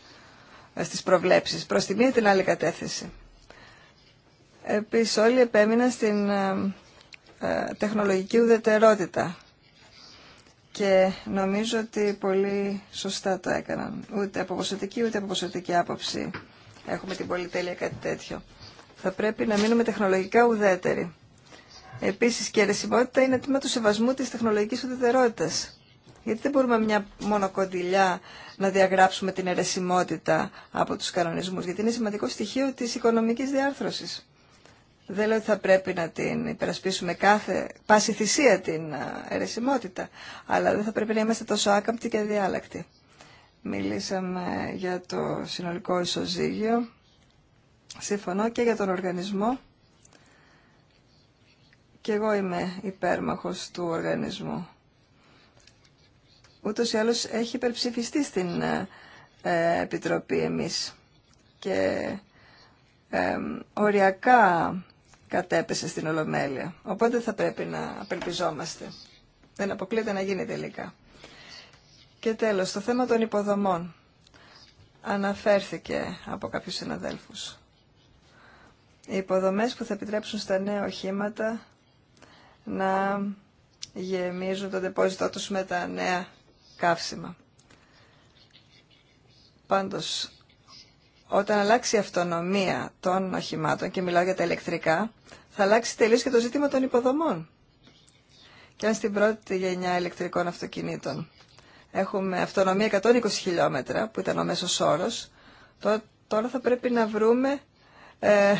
στις προβλέψεις. Προς τη μία την άλλη κατεύθυνση. Επίσης όλοι επέμειναν στην ε, ε, τεχνολογική ουδετερότητα και νομίζω ότι πολύ σωστά το έκαναν. Ούτε από ποσοτική ούτε από ποσοτική άποψη έχουμε την πολυτέλεια κάτι τέτοιο. Θα πρέπει να μείνουμε τεχνολογικά ουδέτεροι. Επίσης και η αιρεσιμότητα είναι τμήμα του σεβασμού της τεχνολογικής ουδετερότητας. Γιατί δεν μπορούμε μια μόνο κοντιλιά να διαγράψουμε την αιρεσιμότητα από τους κανονισμούς, γιατί είναι σημαντικό στοιχείο της οικονομικής διάρθρωσης. Δεν λέω ότι θα πρέπει να την υπερασπίσουμε κάθε πάση θυσία την αιρεσιμότητα, αλλά δεν θα πρέπει να είμαστε τόσο άκαμπτοι και αδιάλακτοι. Μιλήσαμε για το συνολικό ισοζύγιο, συμφωνώ και για τον οργανισμό. Και εγώ είμαι υπέρμαχος του οργανισμού. Ούτως ή άλλως έχει υπερψηφιστεί στην ε, Επιτροπή εμείς. Και ε, οριακά κατέπεσε στην Ολομέλεια. Οπότε θα πρέπει να απελπιζόμαστε. Δεν αποκλείεται να γίνει τελικά. Και τέλος, το θέμα των υποδομών αναφέρθηκε από κάποιους συναδέλφους. Οι υποδομές που θα επιτρέψουν στα νέα οχήματα να γεμίζουν το τεπόζιτό τους με τα νέα καύσιμα. Πάντως, όταν αλλάξει η αυτονομία των οχημάτων, και μιλάω για τα ηλεκτρικά, θα αλλάξει τελείως και το ζήτημα των υποδομών. Και αν στην πρώτη γενιά ηλεκτρικών αυτοκινήτων έχουμε αυτονομία 120 χιλιόμετρα, που ήταν ο μέσος όρος, τώρα θα πρέπει να βρούμε ε,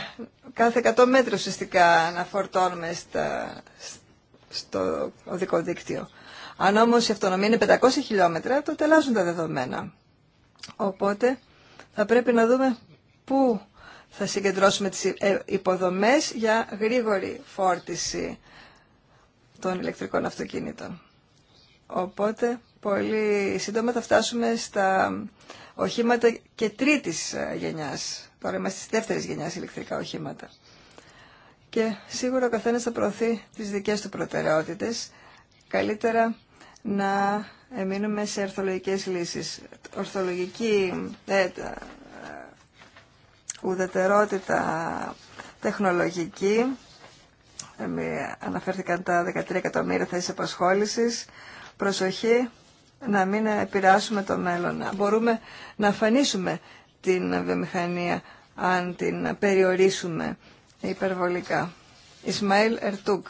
κάθε 100 μέτρα ουσιαστικά να φορτώνουμε στα, στο οδικό δίκτυο. Αν όμως η αυτονομία είναι 500 χιλιόμετρα, τότε αλλάζουν τα δεδομένα. Οπότε θα πρέπει να δούμε πού θα συγκεντρώσουμε τις ε, υποδομές για γρήγορη φόρτιση των ηλεκτρικών αυτοκίνητων. Οπότε, πολύ σύντομα θα φτάσουμε στα οχήματα και τρίτης ε, γενιάς. Τώρα είμαστε στη δεύτερη γενιάς ηλεκτρικά οχήματα. Και σίγουρα ο καθένας θα προωθεί τις δικές του προτεραιότητες. Καλύτερα να μείνουμε σε ορθολογικές λύσεις. Ορθολογική ε, ε ουδετερότητα τεχνολογική, αναφέρθηκαν τα 13 εκατομμύρια θέσεις απασχόλησης, προσοχή να μην επηρεάσουμε το μέλλον. μπορούμε να αφανίσουμε την βιομηχανία αν την περιορίσουμε υπερβολικά. Ισμαήλ Ερτούκ,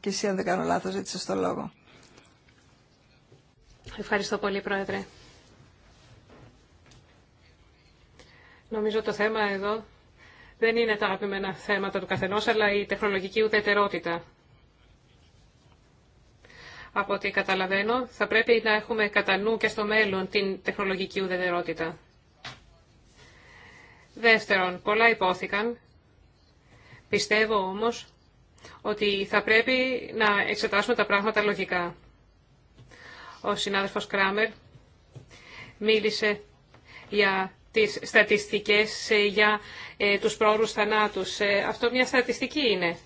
και εσύ αν δεν κάνω λάθος ζήτησε το λόγο. Ευχαριστώ πολύ, Πρόεδρε. Νομίζω το θέμα εδώ δεν είναι τα αγαπημένα θέματα του καθενός, αλλά η τεχνολογική ουδετερότητα. Από ό,τι καταλαβαίνω, θα πρέπει να έχουμε κατά νου και στο μέλλον την τεχνολογική ουδετερότητα. Δεύτερον, πολλά υπόθηκαν. Πιστεύω όμως ότι θα πρέπει να εξετάσουμε τα πράγματα λογικά. Ο συνάδελφος Κράμερ μίλησε για τις στατιστικές ε, για ε, τους πρόορους θανάτους. Ε, αυτό μια στατιστική είναι.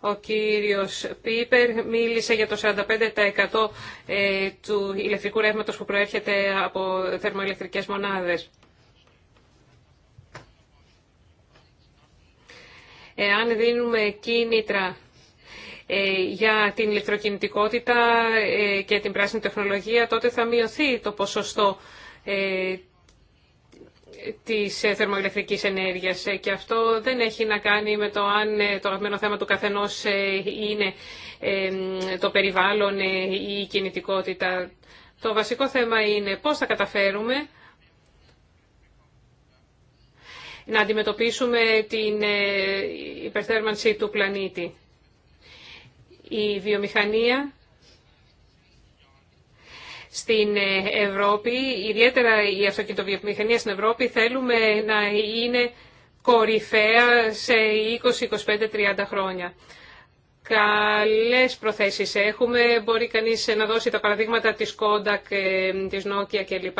Ο κύριος Πίπερ μίλησε για το 45% του ηλεκτρικού ρεύματος που προέρχεται από θερμοηλεκτρικές μονάδες. Εάν δίνουμε κίνητρα ε, για την ηλεκτροκινητικότητα ε, και την πράσινη τεχνολογία, τότε θα μειωθεί το ποσοστό ε, της θερμοελεκτρικής ενέργειας και αυτό δεν έχει να κάνει με το αν το αγαπημένο θέμα του καθενός είναι το περιβάλλον ή η κινητικότητα. Το βασικό θέμα είναι πώς θα καταφέρουμε να αντιμετωπίσουμε την υπερθέρμανση του πλανήτη. Η βιομηχανία στην Ευρώπη, ιδιαίτερα η αυτοκινητοβιομηχανία στην Ευρώπη, θέλουμε να είναι κορυφαία σε 20, 25, 30 χρόνια. Καλές προθέσεις έχουμε, μπορεί κανείς να δώσει τα παραδείγματα της Κόντακ, ε, της Nokia κλπ.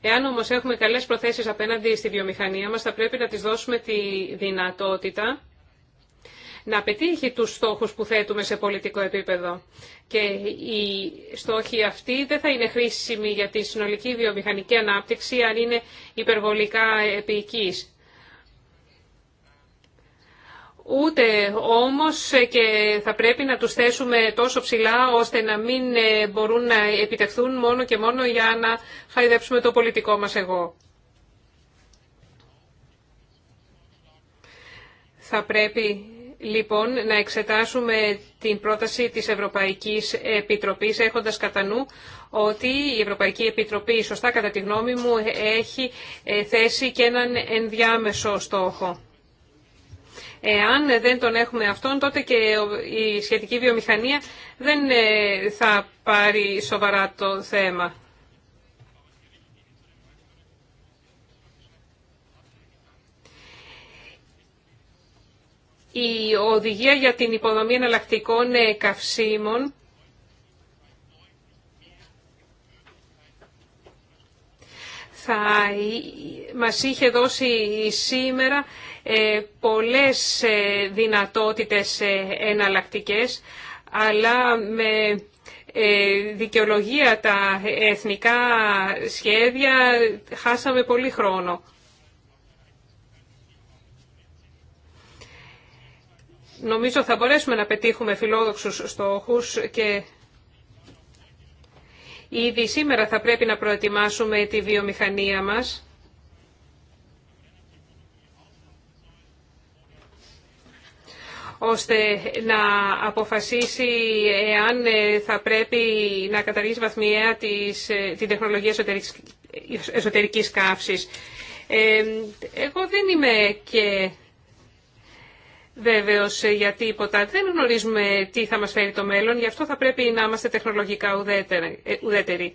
Εάν όμως έχουμε καλές προθέσεις απέναντι στη βιομηχανία μας, θα πρέπει να τις δώσουμε τη δυνατότητα να πετύχει τους στόχους που θέτουμε σε πολιτικό επίπεδο. Και οι στόχοι αυτοί δεν θα είναι χρήσιμοι για τη συνολική βιομηχανική ανάπτυξη αν είναι υπερβολικά επικής. Ούτε όμως και θα πρέπει να τους θέσουμε τόσο ψηλά ώστε να μην ε, μπορούν να επιτευχθούν μόνο και μόνο για να χαϊδέψουμε το πολιτικό μας εγώ. Θα πρέπει λοιπόν να εξετάσουμε την πρόταση της Ευρωπαϊκής Επιτροπής έχοντας κατά νου ότι η Ευρωπαϊκή Επιτροπή, σωστά κατά τη γνώμη μου, έχει ε, θέσει και έναν ενδιάμεσο στόχο. Εάν δεν τον έχουμε αυτόν, τότε και η σχετική βιομηχανία δεν ε, θα πάρει σοβαρά το θέμα. η οδηγία για την υποδομή εναλλακτικών ε, καυσίμων θα μας είχε δώσει σήμερα ε, πολλές ε, δυνατότητες εναλλακτικές, αλλά με δικαιολογία τα εθνικά σχέδια χάσαμε πολύ χρόνο. Νομίζω θα μπορέσουμε να πετύχουμε φιλόδοξους στόχους και ήδη σήμερα θα πρέπει να προετοιμάσουμε τη βιομηχανία μας. ώστε να αποφασίσει εάν ε, θα πρέπει να καταργήσει βαθμιαία της, ε, την τεχνολογία εσωτερικής, εσωτερικής καύσης. Ε, εγώ δεν είμαι και βέβαιος ε, γιατί τίποτα. Δεν γνωρίζουμε τι θα μας φέρει το μέλλον, γι' αυτό θα πρέπει να είμαστε τεχνολογικά ε, ουδέτεροι.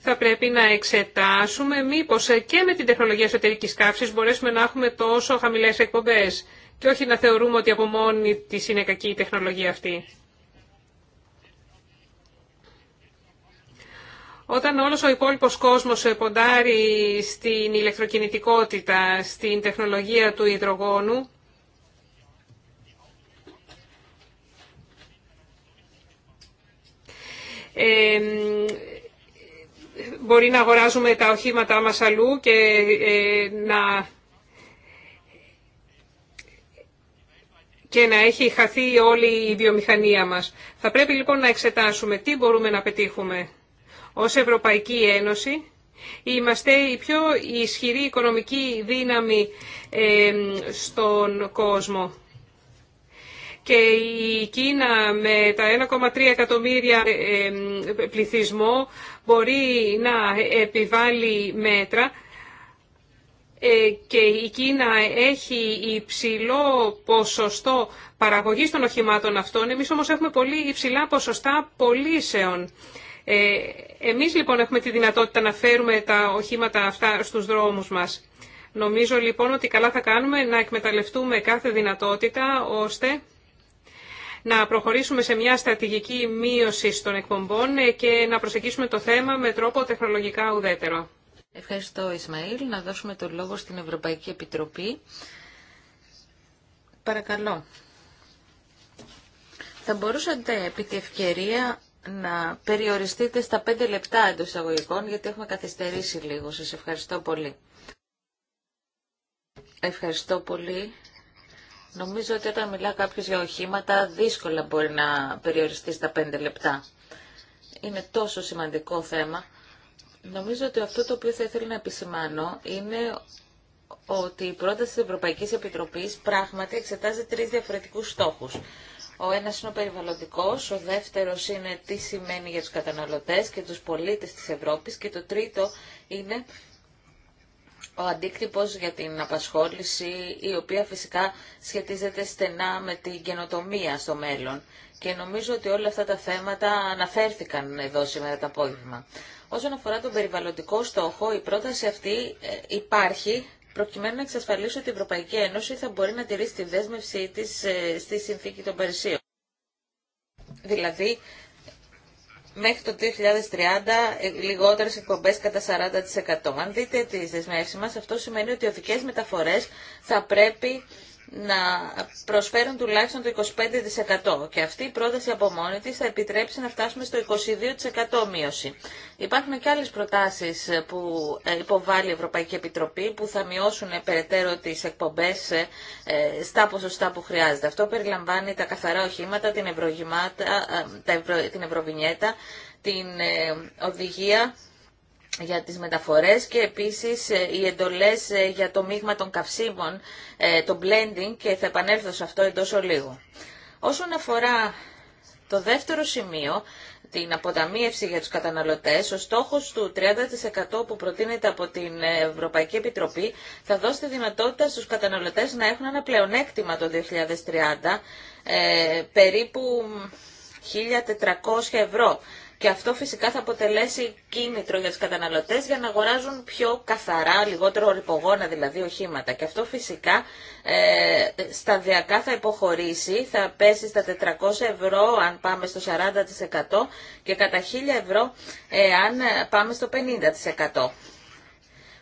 Θα πρέπει να εξετάσουμε μήπω ε, και με την τεχνολογία εσωτερική καύση μπορέσουμε να έχουμε τόσο χαμηλές εκπομπέ και όχι να θεωρούμε ότι από μόνη τη είναι κακή η τεχνολογία αυτή. Όταν όλος ο υπόλοιπος κόσμος ποντάρει στην ηλεκτροκινητικότητα, στην τεχνολογία του υδρογόνου, μπορεί να αγοράζουμε τα οχήματά μας αλλού και ε, να... και να έχει χαθεί όλη η βιομηχανία μας. Θα πρέπει λοιπόν να εξετάσουμε τι μπορούμε να πετύχουμε. Ως Ευρωπαϊκή Ένωση είμαστε η πιο ισχυρή οικονομική δύναμη στον κόσμο. Και η Κίνα με τα 1,3 εκατομμύρια πληθυσμό μπορεί να επιβάλλει μέτρα ε, και η Κίνα έχει υψηλό ποσοστό παραγωγής των οχημάτων αυτών. Εμείς όμως έχουμε πολύ υψηλά ποσοστά πολίσεων. Ε, εμείς λοιπόν έχουμε τη δυνατότητα να φέρουμε τα οχήματα αυτά στους δρόμους μας. Νομίζω λοιπόν ότι καλά θα κάνουμε να εκμεταλλευτούμε κάθε δυνατότητα ώστε να προχωρήσουμε σε μια στρατηγική μείωση των εκπομπών ε, και να προσεγγίσουμε το θέμα με τρόπο τεχνολογικά ουδέτερο. Ευχαριστώ Ισμαήλ. Να δώσουμε το λόγο στην Ευρωπαϊκή Επιτροπή. Παρακαλώ. Θα μπορούσατε επί τη ευκαιρία να περιοριστείτε στα πέντε λεπτά εντό εισαγωγικών, γιατί έχουμε καθυστερήσει λίγο. Σας ευχαριστώ πολύ. Ευχαριστώ πολύ. Νομίζω ότι όταν μιλά κάποιος για οχήματα, δύσκολα μπορεί να περιοριστεί στα πέντε λεπτά. Είναι τόσο σημαντικό θέμα. Νομίζω ότι αυτό το οποίο θα ήθελα να επισημάνω είναι ότι η πρόταση της Ευρωπαϊκής Επιτροπής πράγματι εξετάζει τρεις διαφορετικούς στόχους. Ο ένας είναι ο περιβαλλοντικός, ο δεύτερος είναι τι σημαίνει για τους καταναλωτές και τους πολίτες της Ευρώπης και το τρίτο είναι ο αντίκτυπος για την απασχόληση, η οποία φυσικά σχετίζεται στενά με την καινοτομία στο μέλλον. Και νομίζω ότι όλα αυτά τα θέματα αναφέρθηκαν εδώ σήμερα το απόγευμα. Όσον αφορά τον περιβαλλοντικό στόχο, η πρόταση αυτή ε, υπάρχει προκειμένου να εξασφαλίσει ότι η Ευρωπαϊκή Ένωση θα μπορεί να τηρήσει τη δέσμευσή τη ε, στη Συνθήκη των Παρισίων. Δηλαδή, μέχρι το 2030 ε, λιγότερες εκπομπές κατά 40%. Αν δείτε τις δεσμεύσεις μας, αυτό σημαίνει ότι οι οδικές μεταφορές θα πρέπει να προσφέρουν τουλάχιστον το 25% και αυτή η πρόταση από μόνη της θα επιτρέψει να φτάσουμε στο 22% μείωση. Υπάρχουν και άλλες προτάσεις που ε, υποβάλλει η Ευρωπαϊκή Επιτροπή που θα μειώσουν ε, περαιτέρω τις εκπομπές ε, στα ποσοστά που χρειάζεται. Αυτό περιλαμβάνει τα καθαρά οχήματα, την, την ευρωβινιέτα, την οδηγία για τις μεταφορές και επίσης ε, οι εντολές ε, για το μείγμα των καυσίμων, ε, το blending και θα επανέλθω σε αυτό εντός ολίγου. Όσον αφορά το δεύτερο σημείο, την αποταμίευση για τους καταναλωτές, ο στόχος του 30% που προτείνεται από την Ευρωπαϊκή Επιτροπή θα δώσει τη δυνατότητα στους καταναλωτές να έχουν ένα πλεονέκτημα το 2030, περίπου 1.400 ευρώ και αυτό φυσικά θα αποτελέσει κίνητρο για τους καταναλωτές για να αγοράζουν πιο καθαρά, λιγότερο ρηπογόνα δηλαδή οχήματα. Και αυτό φυσικά ε, σταδιακά θα υποχωρήσει, θα πέσει στα 400 ευρώ αν πάμε στο 40% και κατά 1000 ευρώ ε, αν πάμε στο 50%.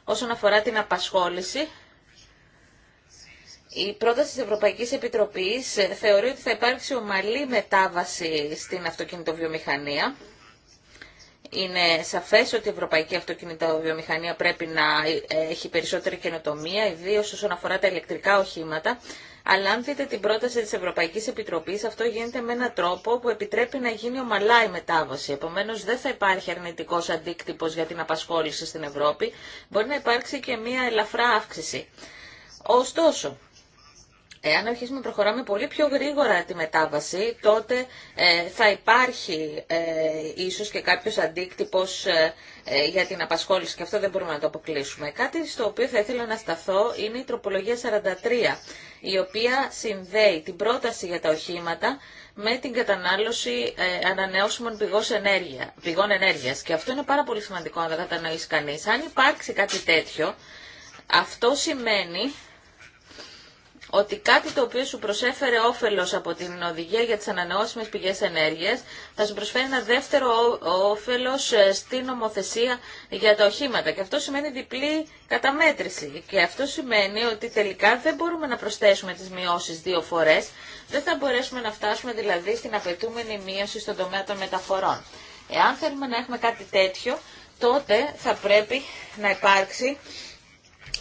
Όσον αφορά την απασχόληση, η πρόταση της Ευρωπαϊκής Επιτροπής ε, θεωρεί ότι θα υπάρξει ομαλή μετάβαση στην αυτοκινητοβιομηχανία είναι σαφές ότι η ευρωπαϊκή αυτοκινητοβιομηχανία πρέπει να έχει περισσότερη καινοτομία, ιδίω όσον αφορά τα ηλεκτρικά οχήματα. Αλλά αν δείτε την πρόταση της Ευρωπαϊκής Επιτροπής, αυτό γίνεται με έναν τρόπο που επιτρέπει να γίνει ομαλά η μετάβαση. Επομένως, δεν θα υπάρχει αρνητικός αντίκτυπος για την απασχόληση στην Ευρώπη. Μπορεί να υπάρξει και μια ελαφρά αύξηση. Ωστόσο, Εάν αρχίσουμε να προχωράμε πολύ πιο γρήγορα τη μετάβαση, τότε ε, θα υπάρχει ε, ίσως και κάποιος αντίκτυπος ε, ε, για την απασχόληση και αυτό δεν μπορούμε να το αποκλείσουμε. Κάτι στο οποίο θα ήθελα να σταθώ είναι η τροπολογία 43, η οποία συνδέει την πρόταση για τα οχήματα με την κατανάλωση ανανεώσιμων ενέργεια, πηγών ενέργειας. Και αυτό είναι πάρα πολύ σημαντικό να το κατανοήσει κανείς. Αν υπάρξει κάτι τέτοιο, αυτό σημαίνει ότι κάτι το οποίο σου προσέφερε όφελος από την οδηγία για τις ανανεώσιμες πηγές ενέργειας θα σου προσφέρει ένα δεύτερο όφελος ε, στην νομοθεσία για τα οχήματα. Και αυτό σημαίνει διπλή καταμέτρηση. Και αυτό σημαίνει ότι τελικά δεν μπορούμε να προσθέσουμε τις μειώσεις δύο φορές. Δεν θα μπορέσουμε να φτάσουμε δηλαδή στην απαιτούμενη μείωση στον τομέα των μεταφορών. Εάν θέλουμε να έχουμε κάτι τέτοιο, τότε θα πρέπει να υπάρξει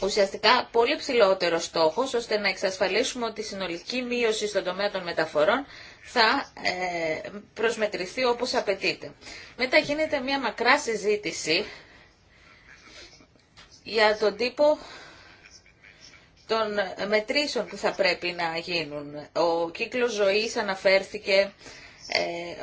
ουσιαστικά πολύ ψηλότερο στόχο, ώστε να εξασφαλίσουμε ότι η συνολική μείωση στον τομέα των μεταφορών θα ε, προσμετρηθεί όπως απαιτείται. Μετά γίνεται μια μακρά συζήτηση για τον τύπο των μετρήσεων που θα πρέπει να γίνουν. Ο κύκλος ζωής αναφέρθηκε, ε,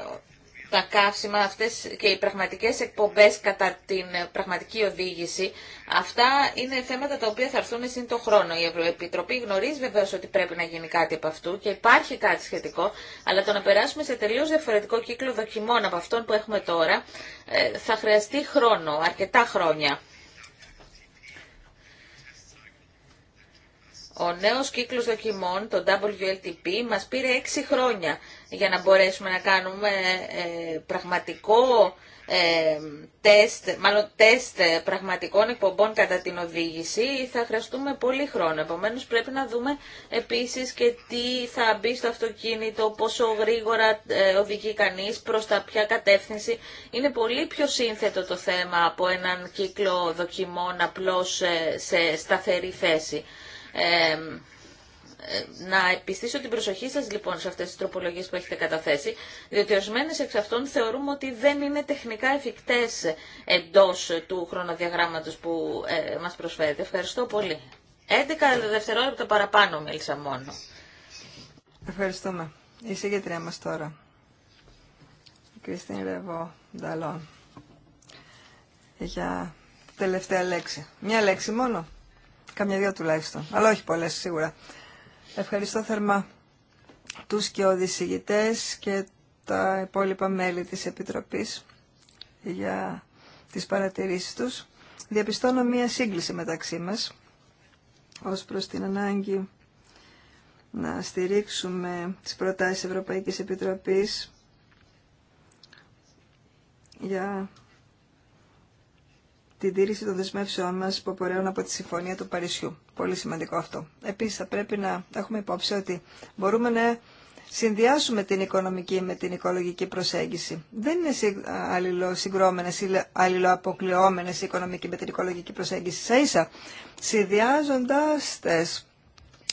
τα καύσιμα αυτές και οι πραγματικές εκπομπές κατά την ε, πραγματική οδήγηση, αυτά είναι θέματα τα οποία θα έρθουν σύν το χρόνο. Η Ευρωεπιτροπή γνωρίζει βεβαίως ότι πρέπει να γίνει κάτι από αυτού και υπάρχει κάτι σχετικό, αλλά το να περάσουμε σε τελείως διαφορετικό κύκλο δοκιμών από αυτόν που έχουμε τώρα, ε, θα χρειαστεί χρόνο, αρκετά χρόνια. Ο νέος κύκλος δοκιμών, το WLTP, μας πήρε έξι χρόνια για να μπορέσουμε να κάνουμε ε, πραγματικό ε, τεστ, μάλλον τεστ πραγματικών εκπομπών κατά την οδήγηση θα χρειαστούμε πολύ χρόνο. Επομένως πρέπει να δούμε επίσης και τι θα μπει στο αυτοκίνητο, πόσο γρήγορα ε, οδηγεί κανείς, προς τα ποια κατεύθυνση. Είναι πολύ πιο σύνθετο το θέμα από έναν κύκλο δοκιμών απλώς σε σταθερή θέση. Ε, να επιστήσω την προσοχή σας λοιπόν σε αυτές τις τροπολογίες που έχετε καταθέσει, διότι ορισμένε εξ αυτών θεωρούμε ότι δεν είναι τεχνικά εφικτές εντός του χρονοδιαγράμματος που ε, μας προσφέρετε. Ευχαριστώ πολύ. 11 δευτερόλεπτα παραπάνω μίλησα μόνο. Ευχαριστούμε. Η συγκεκριά μας τώρα. Η Κριστίν Ρεβό Νταλόν. Για τελευταία λέξη. Μια λέξη μόνο. Καμιά δύο τουλάχιστον. Αλλά όχι πολλές σίγουρα. Ευχαριστώ θερμά τους και οδησηγητές και τα υπόλοιπα μέλη της Επιτροπής για τις παρατηρήσεις τους. Διαπιστώνω μία σύγκληση μεταξύ μας ως προς την ανάγκη να στηρίξουμε τις προτάσεις Ευρωπαϊκής Επιτροπής για την τήρηση των δεσμεύσεών μα που απορρέουν από τη Συμφωνία του Παρισιού. Πολύ σημαντικό αυτό. Επίση, θα πρέπει να έχουμε υπόψη ότι μπορούμε να συνδυάσουμε την οικονομική με την οικολογική προσέγγιση. Δεν είναι αλληλοσυγκρόμενε ή αλληλοαποκλειόμενε η οικονομική με την οικολογική προσέγγιση. Σα ίσα, συνδυάζοντα τε,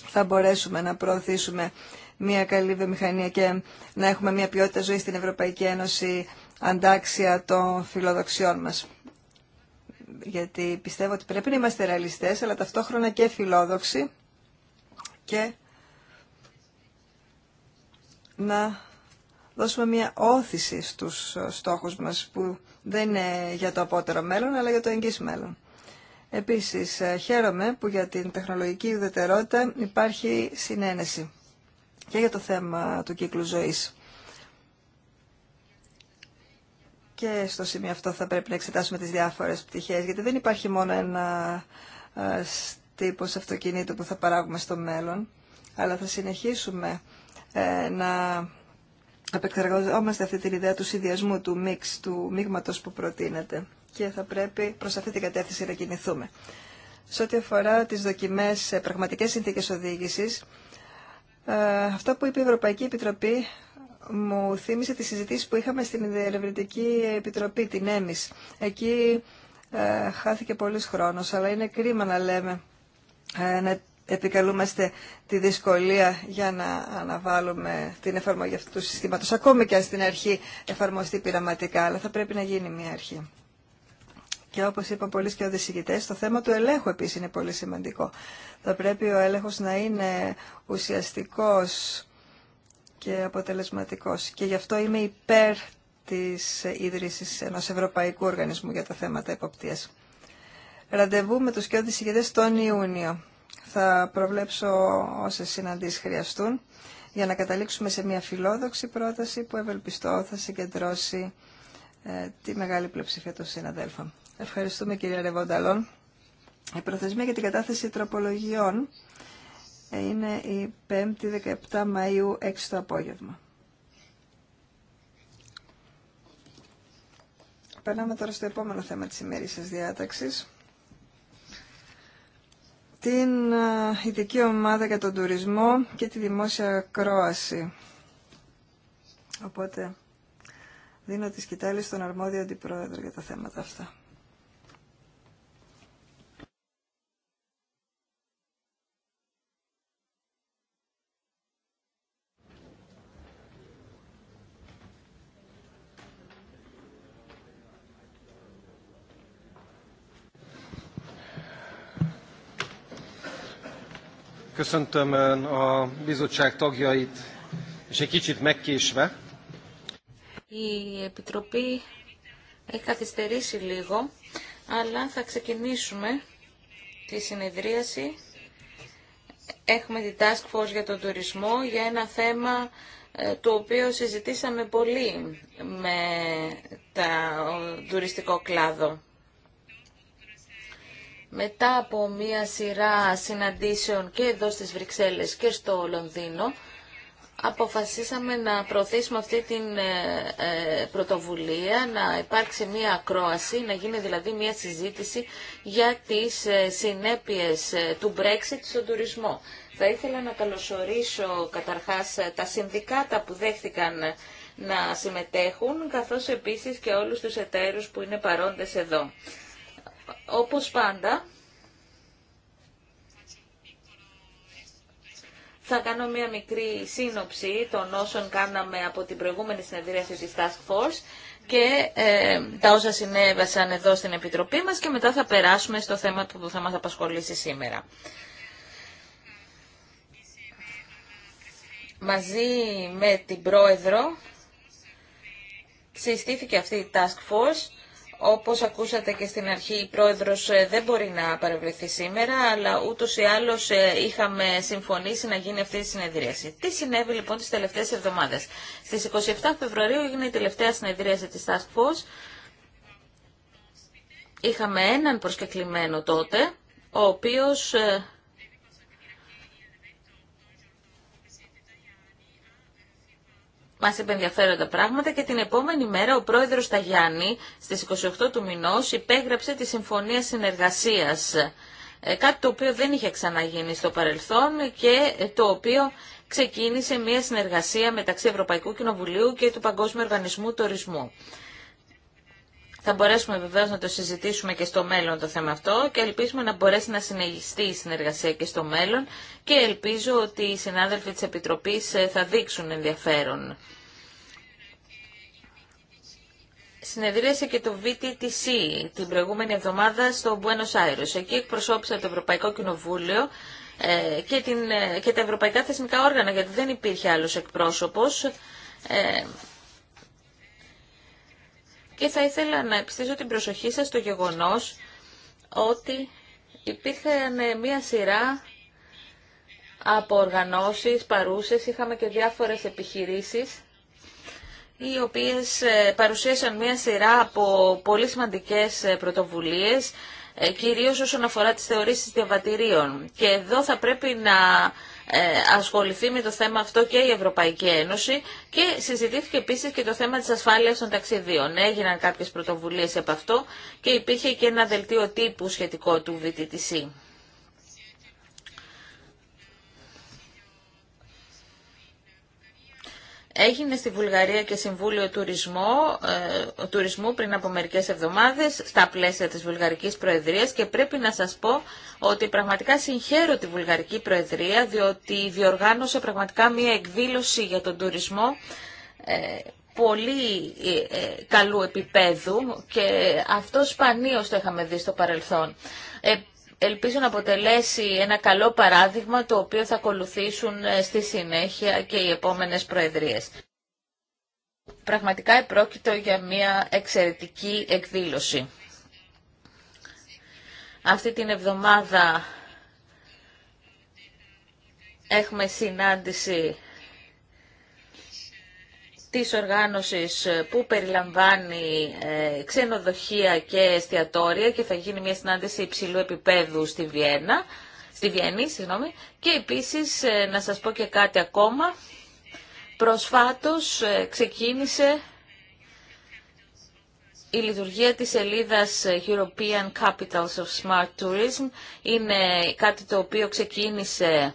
θα μπορέσουμε να προωθήσουμε μια καλή βιομηχανία και να έχουμε μια ποιότητα ζωή στην Ευρωπαϊκή Ένωση αντάξια των φιλοδοξιών μας γιατί πιστεύω ότι πρέπει να είμαστε ρεαλιστές, αλλά ταυτόχρονα και φιλόδοξοι και να δώσουμε μια όθηση στους στόχους μας που δεν είναι για το απότερο μέλλον, αλλά για το εγγύς μέλλον. Επίσης, ε, χαίρομαι που για την τεχνολογική ουδετερότητα υπάρχει συνένεση και για το θέμα του κύκλου ζωής. και στο σημείο αυτό θα πρέπει να εξετάσουμε τις διάφορες πτυχές, γιατί δεν υπάρχει μόνο ένα ε, τύπος αυτοκινήτου που θα παράγουμε στο μέλλον, αλλά θα συνεχίσουμε ε, να επεξεργαζόμαστε αυτή την ιδέα του συνδυασμού, του μίξ, του μείγματος που προτείνεται και θα πρέπει προς αυτή την κατεύθυνση να κινηθούμε. Σε ό,τι αφορά τις δοκιμές σε πραγματικές συνθήκες οδήγησης, ε, αυτό που είπε η Ευρωπαϊκή Επιτροπή μου θύμισε τις συζητήση που είχαμε στην Διερευνητική Επιτροπή, την ΕΜΙΣ. Εκεί ε, χάθηκε πολλής χρόνος, αλλά είναι κρίμα να λέμε, ε, να επικαλούμαστε τη δυσκολία για να αναβάλουμε την εφαρμογή αυτού του συστήματος. Ακόμη και αν στην αρχή εφαρμοστεί πειραματικά, αλλά θα πρέπει να γίνει μια αρχή. Και όπως είπα πολλοί και το θέμα του ελέγχου επίσης είναι πολύ σημαντικό. Θα πρέπει ο έλεγχος να είναι ουσιαστικός και αποτελεσματικός. Και γι' αυτό είμαι υπέρ της ίδρυσης ενός Ευρωπαϊκού Οργανισμού για τα θέματα υποπτίας. Ραντεβού με τους και ηγετές τον Ιούνιο. Θα προβλέψω όσες συναντήσεις χρειαστούν για να καταλήξουμε σε μια φιλόδοξη πρόταση που ευελπιστώ θα συγκεντρώσει ε, τη μεγάλη πλειοψηφία των συναδέλφων. Ευχαριστούμε κύριε Ρεβονταλόν. Η προθεσμία για την κατάθεση τροπολογιών είναι η 5η 17 Μαΐου 6 το απόγευμα. Περνάμε τώρα στο επόμενο θέμα της ημερήσιας διάταξης. Την ειδική ομάδα για τον τουρισμό και τη δημόσια κρόαση. Οπότε δίνω τις κοιτάλεις στον αρμόδιο αντιπρόεδρο για τα θέματα αυτά. Köszöntöm Η Επιτροπή έχει καθυστερήσει λίγο, αλλά θα ξεκινήσουμε τη συνεδρίαση. Έχουμε την Task Force για τον τουρισμό για ένα θέμα ε, το οποίο συζητήσαμε πολύ με το τουριστικό κλάδο μετά από μία σειρά συναντήσεων και εδώ στις Βρυξέλλες και στο Λονδίνο, αποφασίσαμε να προωθήσουμε αυτή την ε, ε, πρωτοβουλία, να υπάρξει μία ακρόαση, να γίνει δηλαδή μία συζήτηση για τις ε, συνέπειες του Brexit στον τουρισμό. Θα ήθελα να καλωσορίσω καταρχάς τα συνδικάτα που δέχθηκαν να συμμετέχουν, καθώς επίσης και όλους τους εταίρους που είναι παρόντες εδώ όπως πάντα, θα κάνω μία μικρή σύνοψη των όσων κάναμε από την προηγούμενη συνεδρίαση της Task Force και ε, τα όσα συνέβασαν εδώ στην Επιτροπή μας και μετά θα περάσουμε στο θέμα που θα μας απασχολήσει σήμερα. Μαζί με την Πρόεδρο συστήθηκε αυτή η Task Force όπως ακούσατε και στην αρχή, η πρόεδρος ε, δεν μπορεί να παρευρεθεί σήμερα, αλλά ούτως ή άλλως ε, είχαμε συμφωνήσει να γίνει αυτή η συνεδρίαση. Τι συνέβη λοιπόν τις τελευταίες εβδομάδες. Στις 27 Φεβρουαρίου έγινε η τελευταία συνεδρίαση της Task Force. Είχαμε έναν προσκεκλημένο τότε, ο οποίος ε, μας επενδιαφέροντα πράγματα και την επόμενη μέρα ο πρόεδρος Ταγιάννη στις 28 του μηνός υπέγραψε τη Συμφωνία Συνεργασίας, ε, κάτι το οποίο δεν είχε ξαναγίνει στο παρελθόν και το οποίο ξεκίνησε μια συνεργασία μεταξύ Ευρωπαϊκού Κοινοβουλίου και του Παγκόσμιου Οργανισμού Τουρισμού. Θα μπορέσουμε βεβαίω να το συζητήσουμε και στο μέλλον το θέμα αυτό και ελπίζουμε να μπορέσει να συνεχιστεί η συνεργασία και στο μέλλον και ελπίζω ότι οι συνάδελφοι της Επιτροπής ε, θα δείξουν ενδιαφέρον. Συνεδρίασε και το VTTC την προηγούμενη εβδομάδα στο Buenos Aires. Εκεί εκπροσώπησα το Ευρωπαϊκό Κοινοβούλιο ε, ε, και, τα ευρωπαϊκά θεσμικά όργανα, γιατί δεν υπήρχε άλλος εκπρόσωπος και θα ήθελα να επιστήσω την προσοχή σας στο γεγονός ότι υπήρχαν ναι, μία σειρά από οργανώσεις παρούσες, είχαμε και διάφορες επιχειρήσεις οι οποίες ε, παρουσίασαν μία σειρά από πολύ σημαντικές ε, πρωτοβουλίες, ε, κυρίως όσον αφορά τις θεωρήσεις διαβατηρίων. Και εδώ θα πρέπει να ε, ασχοληθεί με το θέμα αυτό και η Ευρωπαϊκή Ένωση και συζητήθηκε επίσης και το θέμα της ασφάλειας των ταξιδίων. Έγιναν κάποιες πρωτοβουλίες από αυτό και υπήρχε και ένα δελτίο τύπου σχετικό του VTTC. Έγινε στη Βουλγαρία και Συμβούλιο ε, Τουρισμού πριν από μερικές εβδομάδες στα πλαίσια της Βουλγαρικής Προεδρίας και πρέπει να σας πω ότι πραγματικά συγχαίρω τη Βουλγαρική Προεδρία διότι διοργάνωσε πραγματικά μια εκδήλωση για τον τουρισμό ε, πολύ ε, καλού επίπεδου και αυτό σπανίως το είχαμε δει στο παρελθόν ελπίζω να αποτελέσει ένα καλό παράδειγμα το οποίο θα ακολουθήσουν ε, στη συνέχεια και οι επόμενες προεδρίες. Πραγματικά επρόκειτο για μια εξαιρετική εκδήλωση. Αυτή την εβδομάδα έχουμε συνάντηση της οργάνωσης ε, που περιλαμβάνει ε, ξενοδοχεία και εστιατόρια και θα γίνει μια συνάντηση υψηλού επίπεδου στη Βιέννα, στη Βιέννη, συγγνώμη. Και επίσης ε, να σας πω και κάτι ακόμα. Προσφάτως ξεκίνησε η λειτουργία της σελίδα European Capitals of Smart Tourism. Είναι κάτι το οποίο ξεκίνησε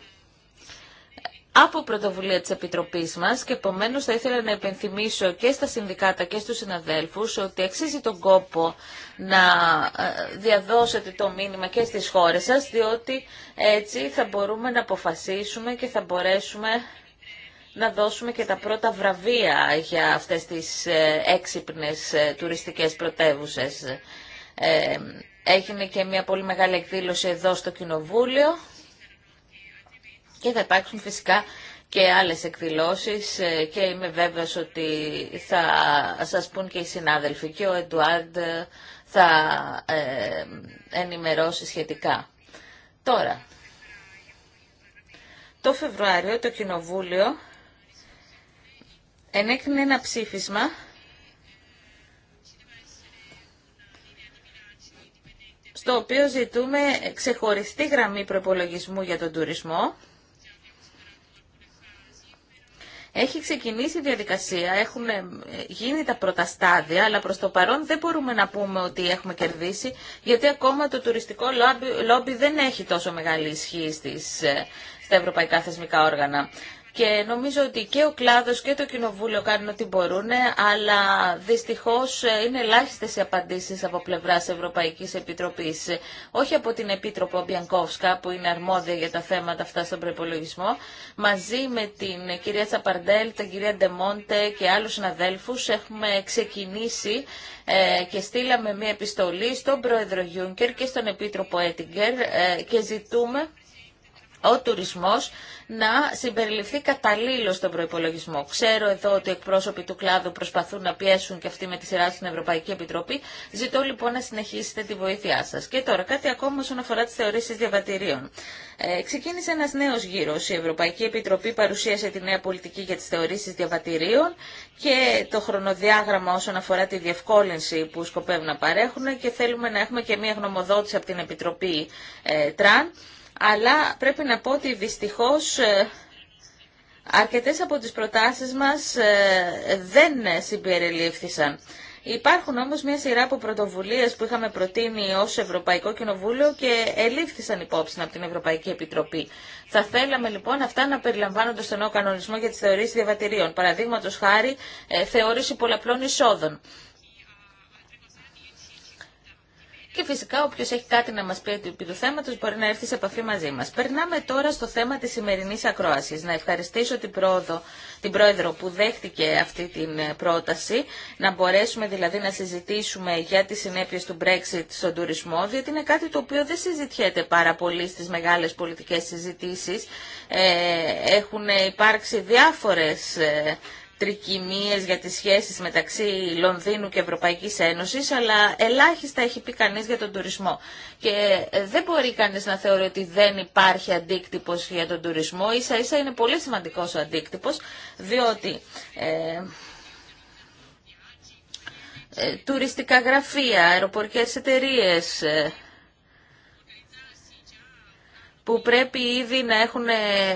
από πρωτοβουλία της Επιτροπής μας και επομένω θα ήθελα να επενθυμίσω και στα συνδικάτα και στους συναδέλφους ότι αξίζει τον κόπο να ε, διαδώσετε το μήνυμα και στις χώρες σας διότι έτσι θα μπορούμε να αποφασίσουμε και θα μπορέσουμε να δώσουμε και τα πρώτα βραβεία για αυτές τις ε, έξυπνες ε, τουριστικές πρωτεύουσες. Έγινε και μια πολύ μεγάλη εκδήλωση εδώ στο Κοινοβούλιο και θα υπάρξουν φυσικά και άλλες εκδηλώσεις ε, και είμαι βέβαιος ότι θα σας πούν και οι συνάδελφοι και ο Εντουάρντ θα ε, ενημερώσει σχετικά. Τώρα, το Φεβρουάριο το Κοινοβούλιο ενέκρινε ένα ψήφισμα στο οποίο ζητούμε ξεχωριστή γραμμή προπολογισμού για τον τουρισμό έχει ξεκινήσει η διαδικασία, έχουν ε, γίνει τα πρώτα στάδια, αλλά προς το παρόν δεν μπορούμε να πούμε ότι έχουμε κερδίσει, γιατί ακόμα το τουριστικό λόμπι, δεν έχει τόσο μεγάλη ισχύ στις, ε, στα ευρωπαϊκά θεσμικά όργανα και νομίζω ότι και ο κλάδος και το κοινοβούλιο κάνουν ό,τι μπορούν, αλλά δυστυχώς ε, είναι ελάχιστες οι απαντήσεις από πλευράς Ευρωπαϊκής Επιτροπής. Όχι από την Επίτροπο Μπιανκόφσκα που είναι αρμόδια για τα θέματα αυτά στον προπολογισμό, μαζί με την κυρία Τσαπαρντέλ, την κυρία Ντεμόντε και άλλους συναδέλφους έχουμε ξεκινήσει ε, και στείλαμε μια επιστολή στον Πρόεδρο Γιούνκερ και στον Επίτροπο Έτιγκερ ε, και ζητούμε ο τουρισμός να συμπεριληφθεί καταλήλως στον προπολογισμό. Ξέρω εδώ ότι οι εκπρόσωποι του κλάδου προσπαθούν να πιέσουν και αυτοί με τη σειρά στην Ευρωπαϊκή Επιτροπή. Ζητώ λοιπόν να συνεχίσετε τη βοήθειά σα. Και τώρα κάτι ακόμα όσον αφορά τι θεωρήσει διαβατηρίων. Ε, ξεκίνησε ένα νέο γύρος. Η Ευρωπαϊκή Επιτροπή παρουσίασε τη νέα πολιτική για τι θεωρήσει διαβατηρίων και το χρονοδιάγραμμα όσον αφορά τη διευκόλυνση που σκοπεύουν να παρέχουν και θέλουμε να έχουμε και μια γνωμοδότηση από την Επιτροπή ε, Τραν αλλά πρέπει να πω ότι δυστυχώς ε, αρκετές από τις προτάσεις μας ε, δεν συμπεριλήφθησαν. Υπάρχουν όμως μια σειρά από πρωτοβουλίες που είχαμε προτείνει ως Ευρωπαϊκό Κοινοβούλιο και ελήφθησαν υπόψη από την Ευρωπαϊκή Επιτροπή. Θα θέλαμε λοιπόν αυτά να περιλαμβάνονται στον νέο κανονισμό για τις θεωρίες διαβατηρίων. Παραδείγματο χάρη ε, θεώρηση πολλαπλών εισόδων και φυσικά όποιος έχει κάτι να μας πει επί του θέματος μπορεί να έρθει σε επαφή μαζί μας. Περνάμε τώρα στο θέμα της σημερινής ακρόασης. Να ευχαριστήσω την, πρόοδο, την Πρόεδρο που δέχτηκε αυτή την ε, πρόταση, να μπορέσουμε δηλαδή να συζητήσουμε για τις συνέπειες του Brexit στον τουρισμό, διότι είναι κάτι το οποίο δεν συζητιέται πάρα πολύ στις μεγάλες πολιτικές συζητήσεις. Ε, έχουν υπάρξει διάφορες ε, τρικυμίες για τις σχέσεις μεταξύ Λονδίνου και Ευρωπαϊκής Ένωσης, αλλά ελάχιστα έχει πει κανείς για τον τουρισμό. Και ε, δεν μπορεί κανείς να θεωρεί ότι δεν υπάρχει αντίκτυπος για τον τουρισμό. Ίσα ίσα είναι πολύ σημαντικός ο αντίκτυπος, διότι... Ε, ε, τουριστικά γραφεία, αεροπορικές εταιρείες, που πρέπει ήδη να έχουν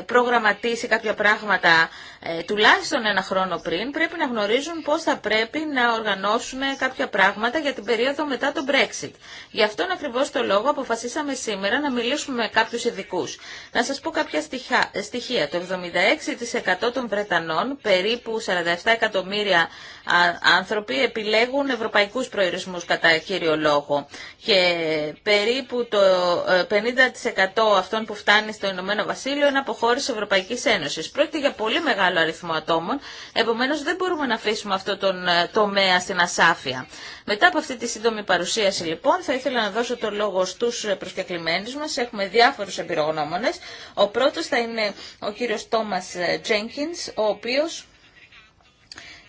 προγραμματίσει κάποια πράγματα ε, τουλάχιστον ένα χρόνο πριν πρέπει να γνωρίζουν πώς θα πρέπει να οργανώσουν κάποια πράγματα για την περίοδο μετά το Brexit. Γι' αυτόν ακριβώς το λόγο αποφασίσαμε σήμερα να μιλήσουμε με κάποιους ειδικούς. Να σας πω κάποια στοιχεία. Το 76% των Βρετανών, περίπου 47 εκατομμύρια άνθρωποι, επιλέγουν ευρωπαϊκούς προορισμούς κατά κύριο λόγο. Και περίπου το 50% ε, αυτών που φτάνει στο Ηνωμένο Βασίλειο είναι αποχώρηση Ευρωπαϊκής Ένωσης. Πρόκειται για πολύ μεγάλο μεγάλο αριθμό ατόμων. Επομένως δεν μπορούμε να αφήσουμε αυτό τον ε, τομέα στην ασάφεια. Μετά από αυτή τη σύντομη παρουσίαση λοιπόν θα ήθελα να δώσω το λόγο στου ε, προσκεκλημένου μα. Έχουμε διάφορου εμπειρογνώμονε. Ο πρώτο θα είναι ο κύριο Τόμα Τζένκινς, ε, ο οποίο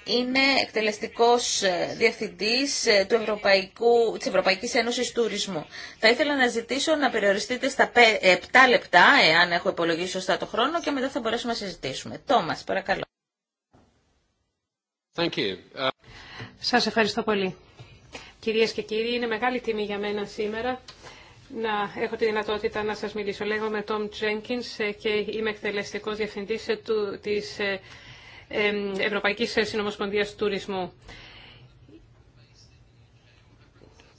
είναι εκτελεστικός ε, διευθυντής ε, του Ευρωπαϊκού, της Ευρωπαϊκής Ένωσης Τουρισμού. Θα ήθελα να ζητήσω να περιοριστείτε στα 7 λεπτά, εάν έχω υπολογίσει σωστά το χρόνο, και μετά θα μπορέσουμε να συζητήσουμε. Τόμας, παρακαλώ. Thank you. Uh, σας ευχαριστώ πολύ. Κυρίες και κύριοι, είναι μεγάλη τιμή για μένα σήμερα να έχω τη δυνατότητα να σας μιλήσω. Λέγομαι Tom Jenkins ε, και είμαι εκτελεστικός διευθυντής του, της Ευρωπαϊκής Συνομοσπονδίας Τουρισμού.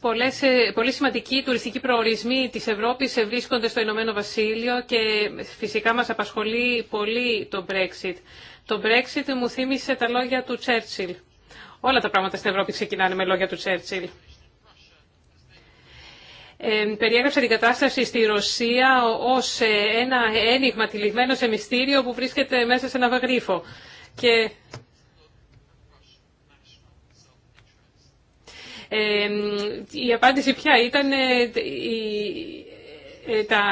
Πολλές, ε, πολύ σημαντικοί τουριστικοί προορισμοί της Ευρώπης ε, βρίσκονται στο Ηνωμένο Βασίλειο και φυσικά μας απασχολεί πολύ το Brexit. Το Brexit μου θύμισε τα λόγια του Τσέρτσιλ. Όλα τα πράγματα στην Ευρώπη ξεκινάνε με λόγια του Τσέρτσιλ. Ε, περιέγραψε την κατάσταση στη Ρωσία ως ε, ένα ένιγμα τυλιγμένο σε μυστήριο που βρίσκεται μέσα σε ένα βαγρύφο και η απάντηση ποια ήταν ε, ε, τα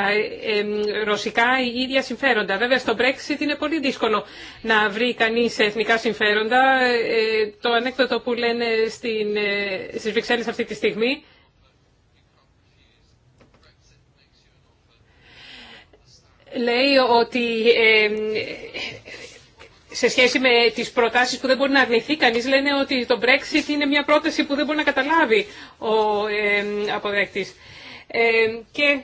ρωσικά ίδια συμφέροντα. Βέβαια στο Brexit είναι πολύ δύσκολο να βρει κανείς εθνικά συμφέροντα. Ε, το ανέκδοτο που λένε στις Βρυξέλλες αυτή τη στιγμή λέει ότι σε σχέση με τις προτάσει που δεν μπορεί να αρνηθεί κανεί, λένε ότι το Brexit είναι μια πρόταση που δεν μπορεί να καταλάβει ο ε, αποδέκτης. Ε, και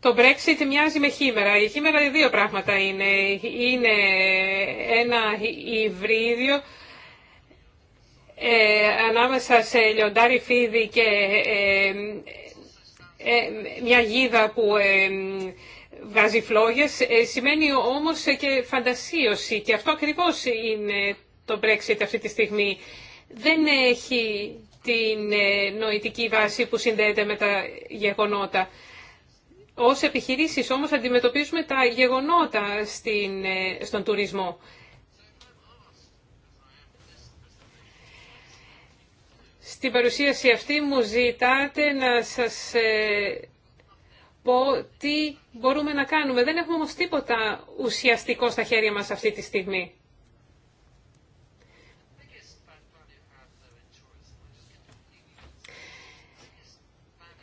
το Brexit μοιάζει με χήμερα. Η χήμερα δύο πράγματα είναι. Είναι ένα υβρίδιο ε, ανάμεσα σε λιοντάρι φίδι και ε, ε μια γίδα που ε, βγάζει φλόγες, ε, σημαίνει όμως και φαντασίωση και αυτό ακριβώς είναι το Brexit αυτή τη στιγμή. Δεν έχει την ε, νοητική βάση που συνδέεται με τα γεγονότα. Ως επιχειρήσεις όμως αντιμετωπίζουμε τα γεγονότα στην, ε, στον τουρισμό. Στην παρουσίαση αυτή μου ζητάτε να σας πω τι μπορούμε να κάνουμε. Δεν έχουμε όμως τίποτα ουσιαστικό στα χέρια μας αυτή τη στιγμή.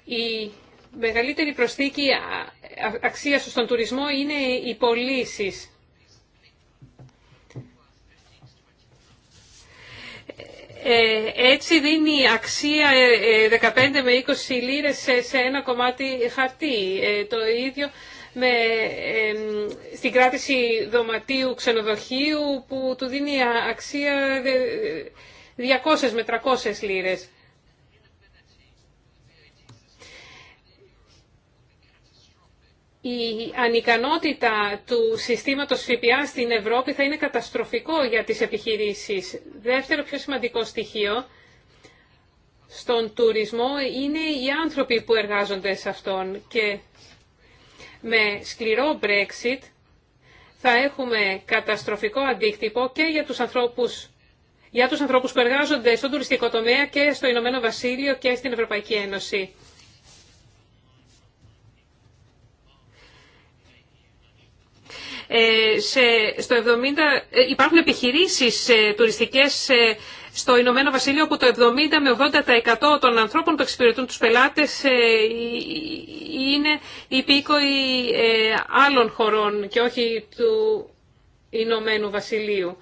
Η μεγαλύτερη προσθήκη αξίας στον τουρισμό είναι οι πωλήσει. Ε, έτσι δίνει αξία 15 ε, ε, με 20 λίρες σε ένα κομμάτι χαρτί. Το ίδιο με, στην κράτηση δωματίου ξενοδοχείου που του δίνει αξία 200 με 300 λίρες. η ανικανότητα του συστήματος ΦΠΑ στην Ευρώπη θα είναι καταστροφικό για τις επιχειρήσεις. Δεύτερο πιο σημαντικό στοιχείο στον τουρισμό είναι οι άνθρωποι που εργάζονται σε αυτόν και με σκληρό Brexit θα έχουμε καταστροφικό αντίκτυπο και για τους ανθρώπους για τους ανθρώπους που εργάζονται στον τουριστικό τομέα και στο Ηνωμένο Βασίλειο και στην Ευρωπαϊκή Ένωση. Ε, σε, στο 70, ε, υπάρχουν επιχειρήσεις ε, τουριστικές στο Ηνωμένο Βασίλειο που το 70 με 80% των ανθρώπων που εξυπηρετούν τους πελάτες είναι υπήκοοι άλλων χωρών και όχι του Ηνωμένου Βασιλείου.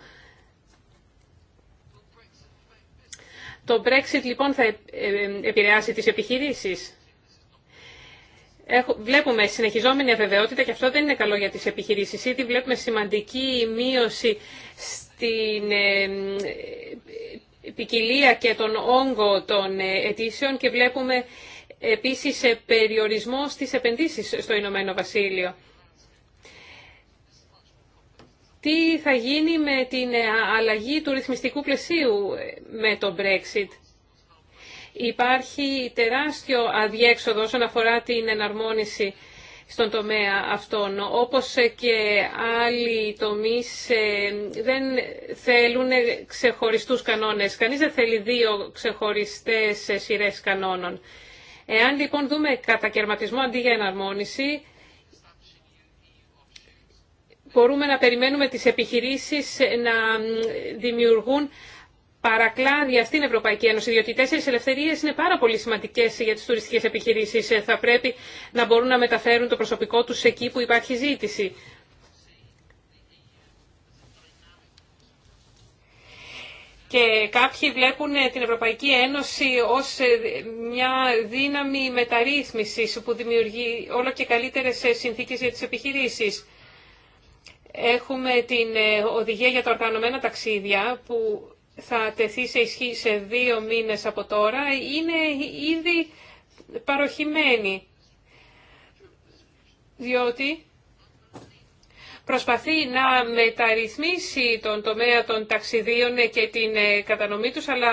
Το Brexit λοιπόν θα επηρεάσει τις επιχειρήσεις. Βλέπουμε συνεχιζόμενη αβεβαιότητα και αυτό δεν είναι καλό για τις επιχειρήσεις. Ήδη βλέπουμε σημαντική μείωση στην ε, ποικιλία και τον όγκο των ε, αιτήσεων και βλέπουμε επίσης ε, περιορισμό στις επενδύσεις στο Ηνωμένο Βασίλειο. Τι θα γίνει με την αλλαγή του ρυθμιστικού πλαισίου με το Brexit. Υπάρχει τεράστιο αδιέξοδο όσον αφορά την εναρμόνιση στον τομέα αυτόν. Όπως και άλλοι τομείς ε, δεν θέλουν ξεχωριστούς κανόνες. Κανείς δεν θέλει δύο ξεχωριστές σειρέ κανόνων. Εάν λοιπόν δούμε κατακαιρματισμό αντί για εναρμόνιση, μπορούμε να περιμένουμε τις επιχειρήσεις να δημιουργούν παρακλάδια στην Ευρωπαϊκή Ένωση, διότι οι τέσσερι ελευθερίε είναι πάρα πολύ σημαντικέ για τι τουριστικέ επιχειρήσει. Ε, θα πρέπει να μπορούν να μεταφέρουν το προσωπικό του εκεί που υπάρχει ζήτηση. Και κάποιοι βλέπουν ε, την Ευρωπαϊκή Ένωση ως ε, μια δύναμη μεταρρύθμισης που δημιουργεί όλο και καλύτερες συνθήκες για τις επιχειρήσεις. Έχουμε την οδηγία για τα οργανωμένα ταξίδια που θα τεθεί σε ισχύ σε δύο μήνες από τώρα είναι ήδη παροχημένη. Διότι προσπαθεί να μεταρρυθμίσει τον τομέα των ταξιδίων και την κατανομή τους, αλλά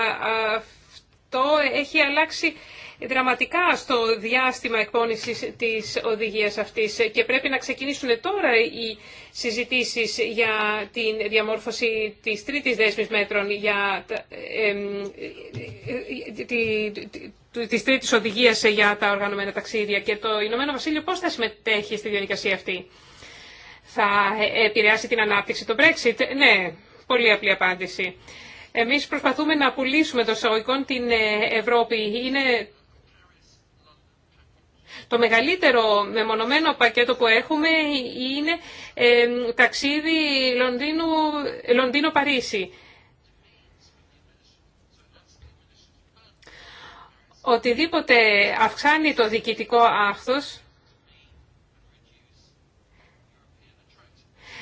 αυτό έχει αλλάξει δραματικά στο διάστημα εκπόνησης της οδηγίας αυτής και πρέπει να ξεκινήσουν τώρα οι συζητήσεις για την διαμόρφωση της τρίτης δέσμης μέτρων, για ε, της τρίτης οδηγίας για τα οργανωμένα ταξίδια και το Ηνωμένο Βασίλειο πώς θα συμμετέχει στη διαδικασία αυτή. Θα επηρεάσει την ανάπτυξη του Brexit. Ναι, πολύ απλή απάντηση. Εμείς προσπαθούμε να πουλήσουμε το εισαγωγικών την ε, Ευρώπη. Είναι το μεγαλύτερο μεμονωμένο πακέτο που έχουμε είναι ε, ταξίδι Λονδίνο-Παρίσι. Οτιδήποτε αυξάνει το διοικητικό άχθος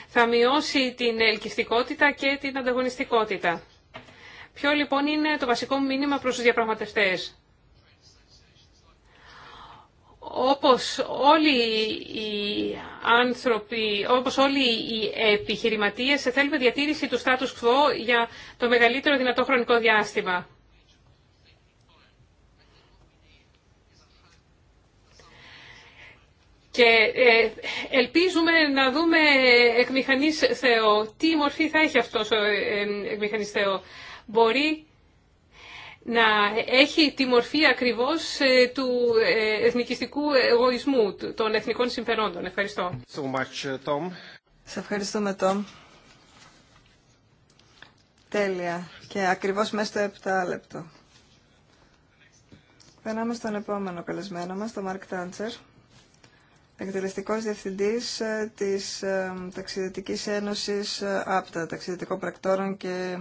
θα μειώσει την ελκυστικότητα και την ανταγωνιστικότητα. Ποιο λοιπόν είναι το βασικό μήνυμα προς τους διαπραγματευτές όπως όλοι οι άνθρωποι, όπως όλοι οι επιχειρηματίες, θέλουμε διατήρηση του status quo για το μεγαλύτερο δυνατό χρονικό διάστημα. Και ε, ελπίζουμε να δούμε εκ Θεό. Τι μορφή θα έχει αυτός ο ε, ε, εκ Θεό. Μπορεί να έχει τη μορφή ακριβώς ε, του ε, εθνικιστικού εγωισμού, των εθνικών συμφερόντων. Ευχαριστώ. So much, uh, Tom. Σε ευχαριστούμε, Τόμ. Τέλεια. Και ακριβώς μέσα στο 7 λεπτό. Περνάμε στον επόμενο καλεσμένο μας, τον Μαρκ Τάντσερ εκτελεστικός διευθυντής ε, της ε, Ταξιδιωτικής Ένωσης ε, ΑΠΤΑ, Ταξιδιωτικών Πρακτόρων και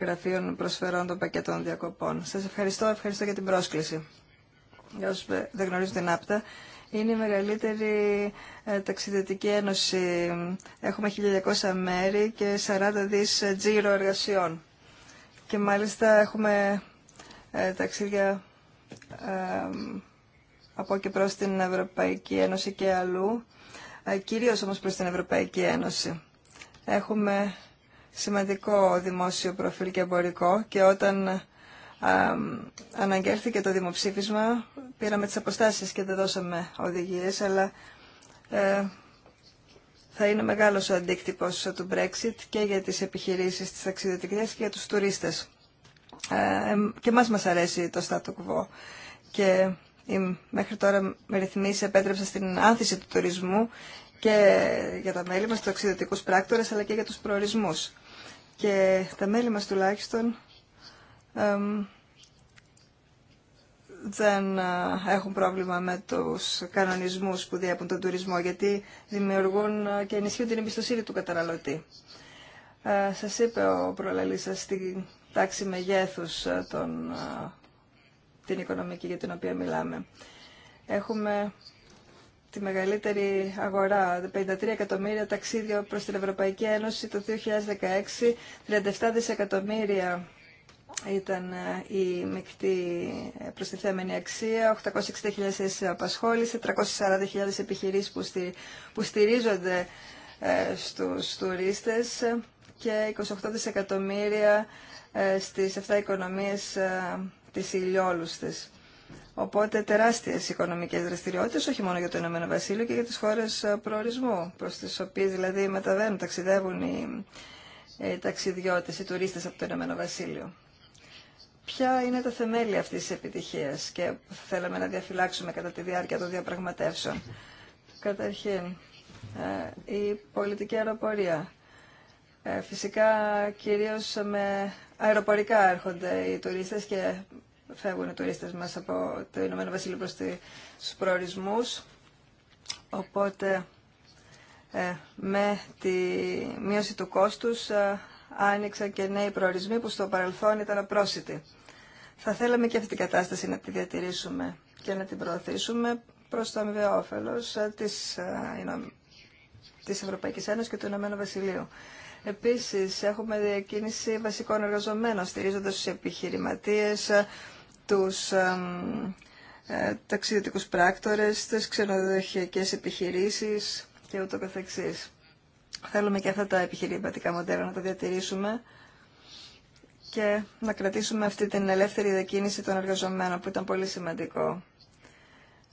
Γραφείων Προσφερών των Πακέτων Διακοπών. Σας ευχαριστώ, ευχαριστώ για την πρόσκληση. Για όσους δεν γνωρίζουν την ΑΠΤΑ, είναι η μεγαλύτερη ταξιδιωτική ένωση. Έχουμε 1.200 μέρη και 40 δις τζίρο εργασιών. Και μάλιστα έχουμε ταξίδια από και προς την Ευρωπαϊκή Ένωση και αλλού, ε, κυρίως όμως προς την Ευρωπαϊκή Ένωση. Έχουμε σημαντικό δημόσιο προφίλ και εμπορικό και όταν αναγκέρθηκε το δημοψήφισμα πήραμε τις αποστάσεις και δεν δώσαμε οδηγίες, αλλά ε, θα είναι μεγάλος ο αντίκτυπος του Brexit και για τις επιχειρήσεις της ταξιδιωτικές και για τους τουρίστες. Ε, και μας μας αρέσει το status και ή μέχρι τώρα ρυθμίσει επέτρεψε στην άνθηση του τουρισμού και για τα μέλη μας, του ταξιδιωτικούς πράκτορες, αλλά και για τους προορισμούς. Και τα μέλη μας τουλάχιστον δεν ε, έχουν πρόβλημα με τους κανονισμούς που διέπουν τον τουρισμό, γιατί δημιουργούν και ενισχύουν την εμπιστοσύνη του καταναλωτή. Ε, σας είπε ο προλαλής σας στην τάξη μεγέθους ε, των ε, την οικονομική για την οποία μιλάμε. Έχουμε τη μεγαλύτερη αγορά, 53 εκατομμύρια ταξίδια προς την Ευρωπαϊκή Ένωση το 2016, 37 δισεκατομμύρια ήταν ε, η μεικτή ε, προστιθέμενη αξία, 860.000 απασχόληση, 340.000 επιχειρήσεις που, στη, που στηρίζονται ε, στους τουρίστες και 28 δισεκατομμύρια ε, στις 7 οικονομίες ε, τις ηλιόλουστες. Οπότε τεράστιες οικονομικές δραστηριότητες, όχι μόνο για το Ηνωμένο Βασίλειο και για τις χώρες ε, προορισμού, προς τις οποίες δηλαδή μεταβαίνουν, ταξιδεύουν οι, οι ε, ταξιδιώτες, οι τουρίστες από το Ηνωμένο Βασίλειο. Ποια είναι τα θεμέλια αυτής της επιτυχίας και θέλαμε να διαφυλάξουμε κατά τη διάρκεια των διαπραγματεύσεων. Καταρχήν, ε, η πολιτική αεροπορία. Φυσικά, κυρίως με αεροπορικά έρχονται οι τουρίστες και φεύγουν οι τουρίστες μας από το Ηνωμένο Βασίλειο προς τους προορισμούς. Οπότε ε, με τη μείωση του κόστους ε, άνοιξαν και νέοι προορισμοί που στο παρελθόν ήταν απρόσιτοι. Θα θέλαμε και αυτή την κατάσταση να τη διατηρήσουμε και να την προωθήσουμε προς το αμοιβαίο όφελος ε, της, της Ευρωπαϊκής Ένωσης και του Ηνωμένου Βασιλείου. Επίσης, έχουμε διακίνηση βασικών εργαζομένων, στηρίζοντας τους επιχειρηματίες, τους ε, ταξιδιωτικούς πράκτορες, τις ξενοδοχειακές επιχειρήσεις και ούτω καθεξής. Θέλουμε και αυτά τα επιχειρηματικά μοντέλα να τα διατηρήσουμε και να κρατήσουμε αυτή την ελεύθερη διακίνηση των εργαζομένων που ήταν πολύ σημαντικό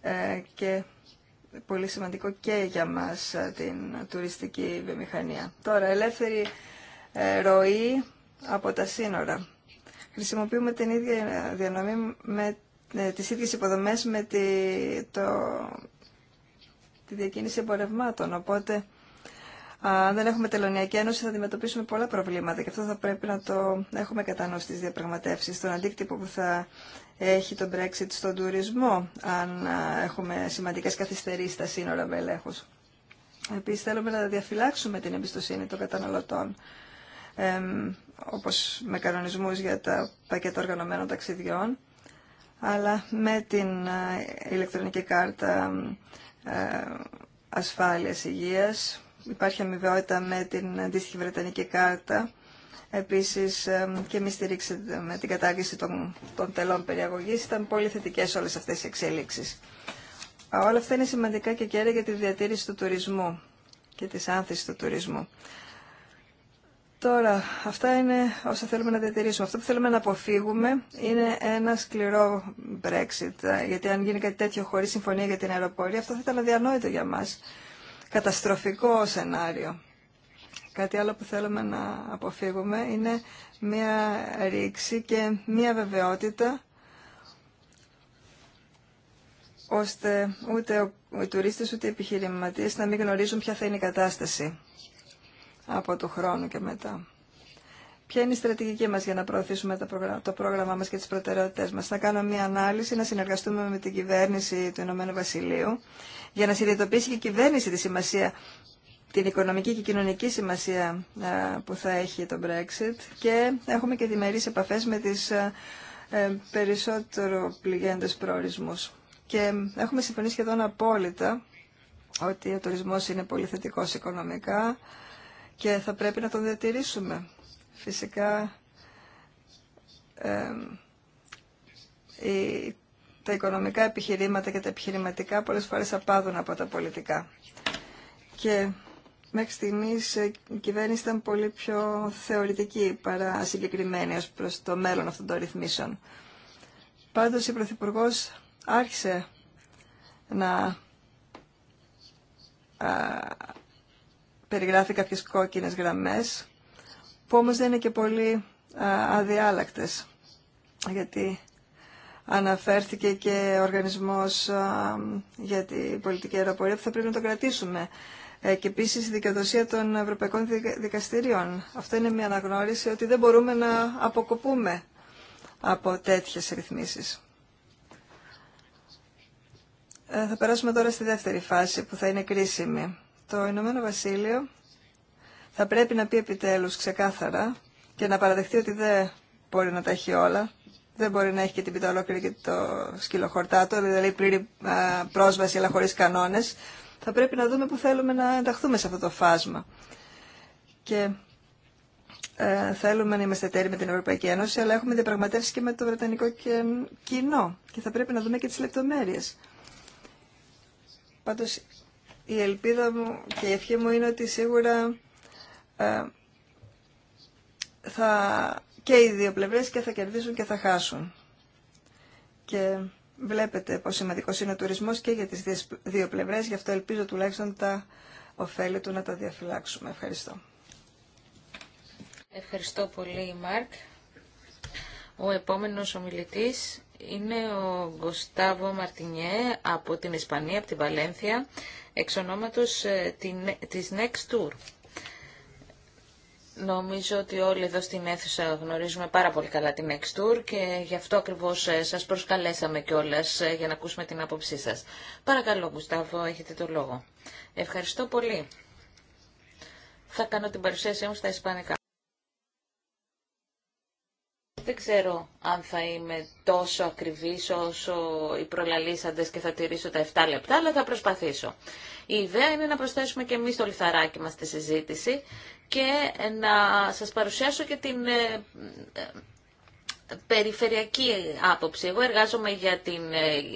ε, και πολύ σημαντικό και για μας ε, την τουριστική βιομηχανία. Τώρα, ελεύθερη ροή από τα σύνορα χρησιμοποιούμε την ίδια διανομή με ε, τις ίδιες υποδομές με τη, το, τη διακίνηση εμπορευμάτων. Οπότε, αν δεν έχουμε τελωνιακή ένωση, θα αντιμετωπίσουμε πολλά προβλήματα και αυτό θα πρέπει να το έχουμε κατά νου στις διαπραγματεύσεις, τον αντίκτυπο που θα έχει το Brexit στον τουρισμό, αν έχουμε σημαντικές καθυστερήσεις στα σύνορα με ελέγχους. Επίσης, θέλουμε να διαφυλάξουμε την εμπιστοσύνη των καταναλωτών όπως με κανονισμούς για τα πακέτα οργανωμένων ταξιδιών, αλλά με την ε, ηλεκτρονική κάρτα ε, ασφάλειας υγείας. Υπάρχει αμοιβαιότητα με την αντίστοιχη Βρετανική κάρτα. Επίσης και εμείς στηρίξετε με την κατάργηση των, τελών περιαγωγής. Ήταν πολύ θετικές όλες αυτές οι εξέλιξεις. Όλα αυτά είναι σημαντικά και κέρια για τη διατήρηση του τουρισμού και της άνθησης του τουρισμού. Τώρα, αυτά είναι όσα θέλουμε να διατηρήσουμε. Αυτό που θέλουμε να αποφύγουμε είναι ένα σκληρό Brexit. Γιατί αν γίνει κάτι τέτοιο χωρί συμφωνία για την αεροπορία, αυτό θα ήταν αδιανόητο για μα. Καταστροφικό σενάριο. Κάτι άλλο που θέλουμε να αποφύγουμε είναι μία ρήξη και μία βεβαιότητα ώστε ούτε οι τουρίστες ούτε οι επιχειρηματίες να μην γνωρίζουν ποια θα είναι η κατάσταση από το χρόνο και μετά. Ποια είναι η στρατηγική μας για να προωθήσουμε το πρόγραμμά μας και τις προτεραιότητες μας. Θα κάνω μια ανάλυση, να συνεργαστούμε με την κυβέρνηση του Ηνωμένου Βασιλείου για να συνειδητοποιήσει και η κυβέρνηση τη σημασία την οικονομική και κοινωνική σημασία ε, που θα έχει το Brexit και έχουμε και διμερείς επαφές με τις ε, ε, περισσότερο πληγέντες προορισμούς. Και έχουμε συμφωνήσει σχεδόν απόλυτα ότι ο τουρισμός είναι πολύ θετικός οικονομικά, και θα πρέπει να τον διατηρήσουμε. Φυσικά ε, τα οικονομικά επιχειρήματα και τα επιχειρηματικά πολλές φορές απάδουν από τα πολιτικά. Και μέχρι στιγμής η κυβέρνηση ήταν πολύ πιο θεωρητική παρά συγκεκριμένη ως προς το μέλλον αυτών των ρυθμίσεων. Πάντως η Πρωθυπουργό άρχισε να περιγράφει κάποιες κόκκινες γραμμές, που όμως δεν είναι και πολύ αδιάλακτες, γιατί αναφέρθηκε και ο οργανισμός για την πολιτική αεροπορία που θα πρέπει να το κρατήσουμε ε, και επίση η δικαιοδοσία των Ευρωπαϊκών Δικαστηρίων. Αυτό είναι μια αναγνώριση ότι δεν μπορούμε να αποκοπούμε από τέτοιες ρυθμίσεις. Ε, θα περάσουμε τώρα στη δεύτερη φάση που θα είναι κρίσιμη το Ηνωμένο Βασίλειο θα πρέπει να πει επιτέλους ξεκάθαρα και να παραδεχτεί ότι δεν μπορεί να τα έχει όλα. Δεν μπορεί να έχει και την πίτα ολόκληρη και το σκυλοχορτάτο, δηλαδή πλήρη πρόσβαση αλλά χωρίς κανόνες. Θα πρέπει να δούμε που θέλουμε να ενταχθούμε σε αυτό το φάσμα. Και ε, θέλουμε να είμαστε εταίροι με την Ευρωπαϊκή Ένωση, αλλά έχουμε διαπραγματεύσει και με το Βρετανικό κοινό. Και θα πρέπει να δούμε και τις λεπτομέρειες η ελπίδα μου και η ευχή μου είναι ότι σίγουρα ε, θα και οι δύο πλευρές και θα κερδίσουν και θα χάσουν. Και βλέπετε πόσο σημαντικός είναι ο τουρισμός και για τις δύο πλευρές, γι' αυτό ελπίζω τουλάχιστον τα ωφέλη του να τα διαφυλάξουμε. Ευχαριστώ. Ευχαριστώ πολύ Μάρκ. Ο επόμενος ομιλητής είναι ο Γκοστάβο Μαρτινιέ από την Ισπανία, από την Βαλένθια εξ ονόματος ε, της Next Tour. Νομίζω ότι όλοι εδώ στην αίθουσα γνωρίζουμε πάρα πολύ καλά την Next Tour και γι' αυτό ακριβώς ε, σας προσκαλέσαμε κιόλας ε, για να ακούσουμε την άποψή σας. Παρακαλώ, Γουστάβο, έχετε το λόγο. Ευχαριστώ πολύ. Θα κάνω την παρουσίασή μου στα ισπανικά δεν ξέρω αν θα είμαι τόσο ακριβής όσο οι προλαλήσαντες και θα τηρήσω τα 7 λεπτά, αλλά θα προσπαθήσω. Η ιδέα είναι να προσθέσουμε και εμείς το λιθαράκι μας στη συζήτηση και να σας παρουσιάσω και την ε, ε, περιφερειακή άποψη. Εγώ εργάζομαι για την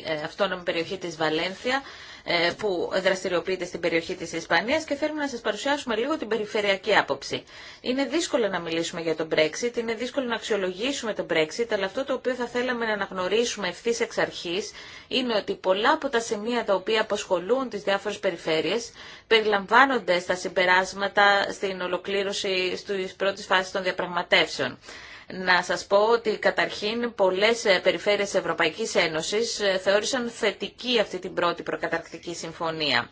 ε, αυτόνομη περιοχή της Βαλένθια ε, που δραστηριοποιείται στην περιοχή της Ισπανίας και θέλουμε να σας παρουσιάσουμε λίγο την περιφερειακή άποψη. Είναι δύσκολο να μιλήσουμε για τον Brexit, είναι δύσκολο να αξιολογήσουμε τον Brexit, αλλά αυτό το οποίο θα θέλαμε να αναγνωρίσουμε ευθύ εξ αρχή είναι ότι πολλά από τα σημεία τα οποία αποσχολούν τις διάφορες περιφέρειες περιλαμβάνονται στα συμπεράσματα στην ολοκλήρωση της πρώτης φάσης των διαπραγματεύσεων να σας πω ότι καταρχήν πολλές ε, περιφέρειες Ευρωπαϊκής Ένωσης ε, θεώρησαν θετική αυτή την πρώτη προκαταρκτική συμφωνία.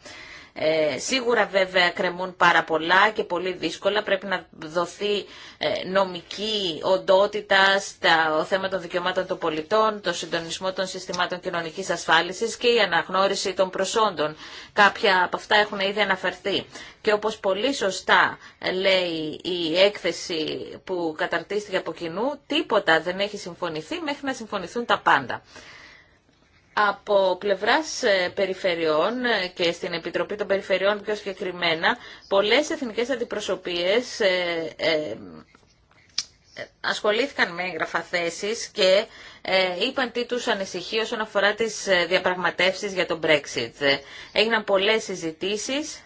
Ε, σίγουρα βέβαια κρεμούν πάρα πολλά και πολύ δύσκολα. Πρέπει να δοθεί ε, νομική οντότητα στο θέμα των δικαιωμάτων των πολιτών, το συντονισμό των συστημάτων κοινωνικής ασφάλισης και η αναγνώριση των προσόντων. Κάποια από αυτά έχουν ήδη αναφερθεί. Και όπως πολύ σωστά λέει η έκθεση που καταρτίστηκε από κοινού, τίποτα δεν έχει συμφωνηθεί μέχρι να συμφωνηθούν τα πάντα από πλευράς ε, περιφερειών ε, και στην Επιτροπή των Περιφερειών πιο συγκεκριμένα, πολλές εθνικές αντιπροσωπείες ε, ασχολήθηκαν με έγγραφα και είπαν τι τους ανησυχεί όσον αφορά τις διαπραγματεύσεις για τον Brexit. Έγιναν πολλές συζητήσεις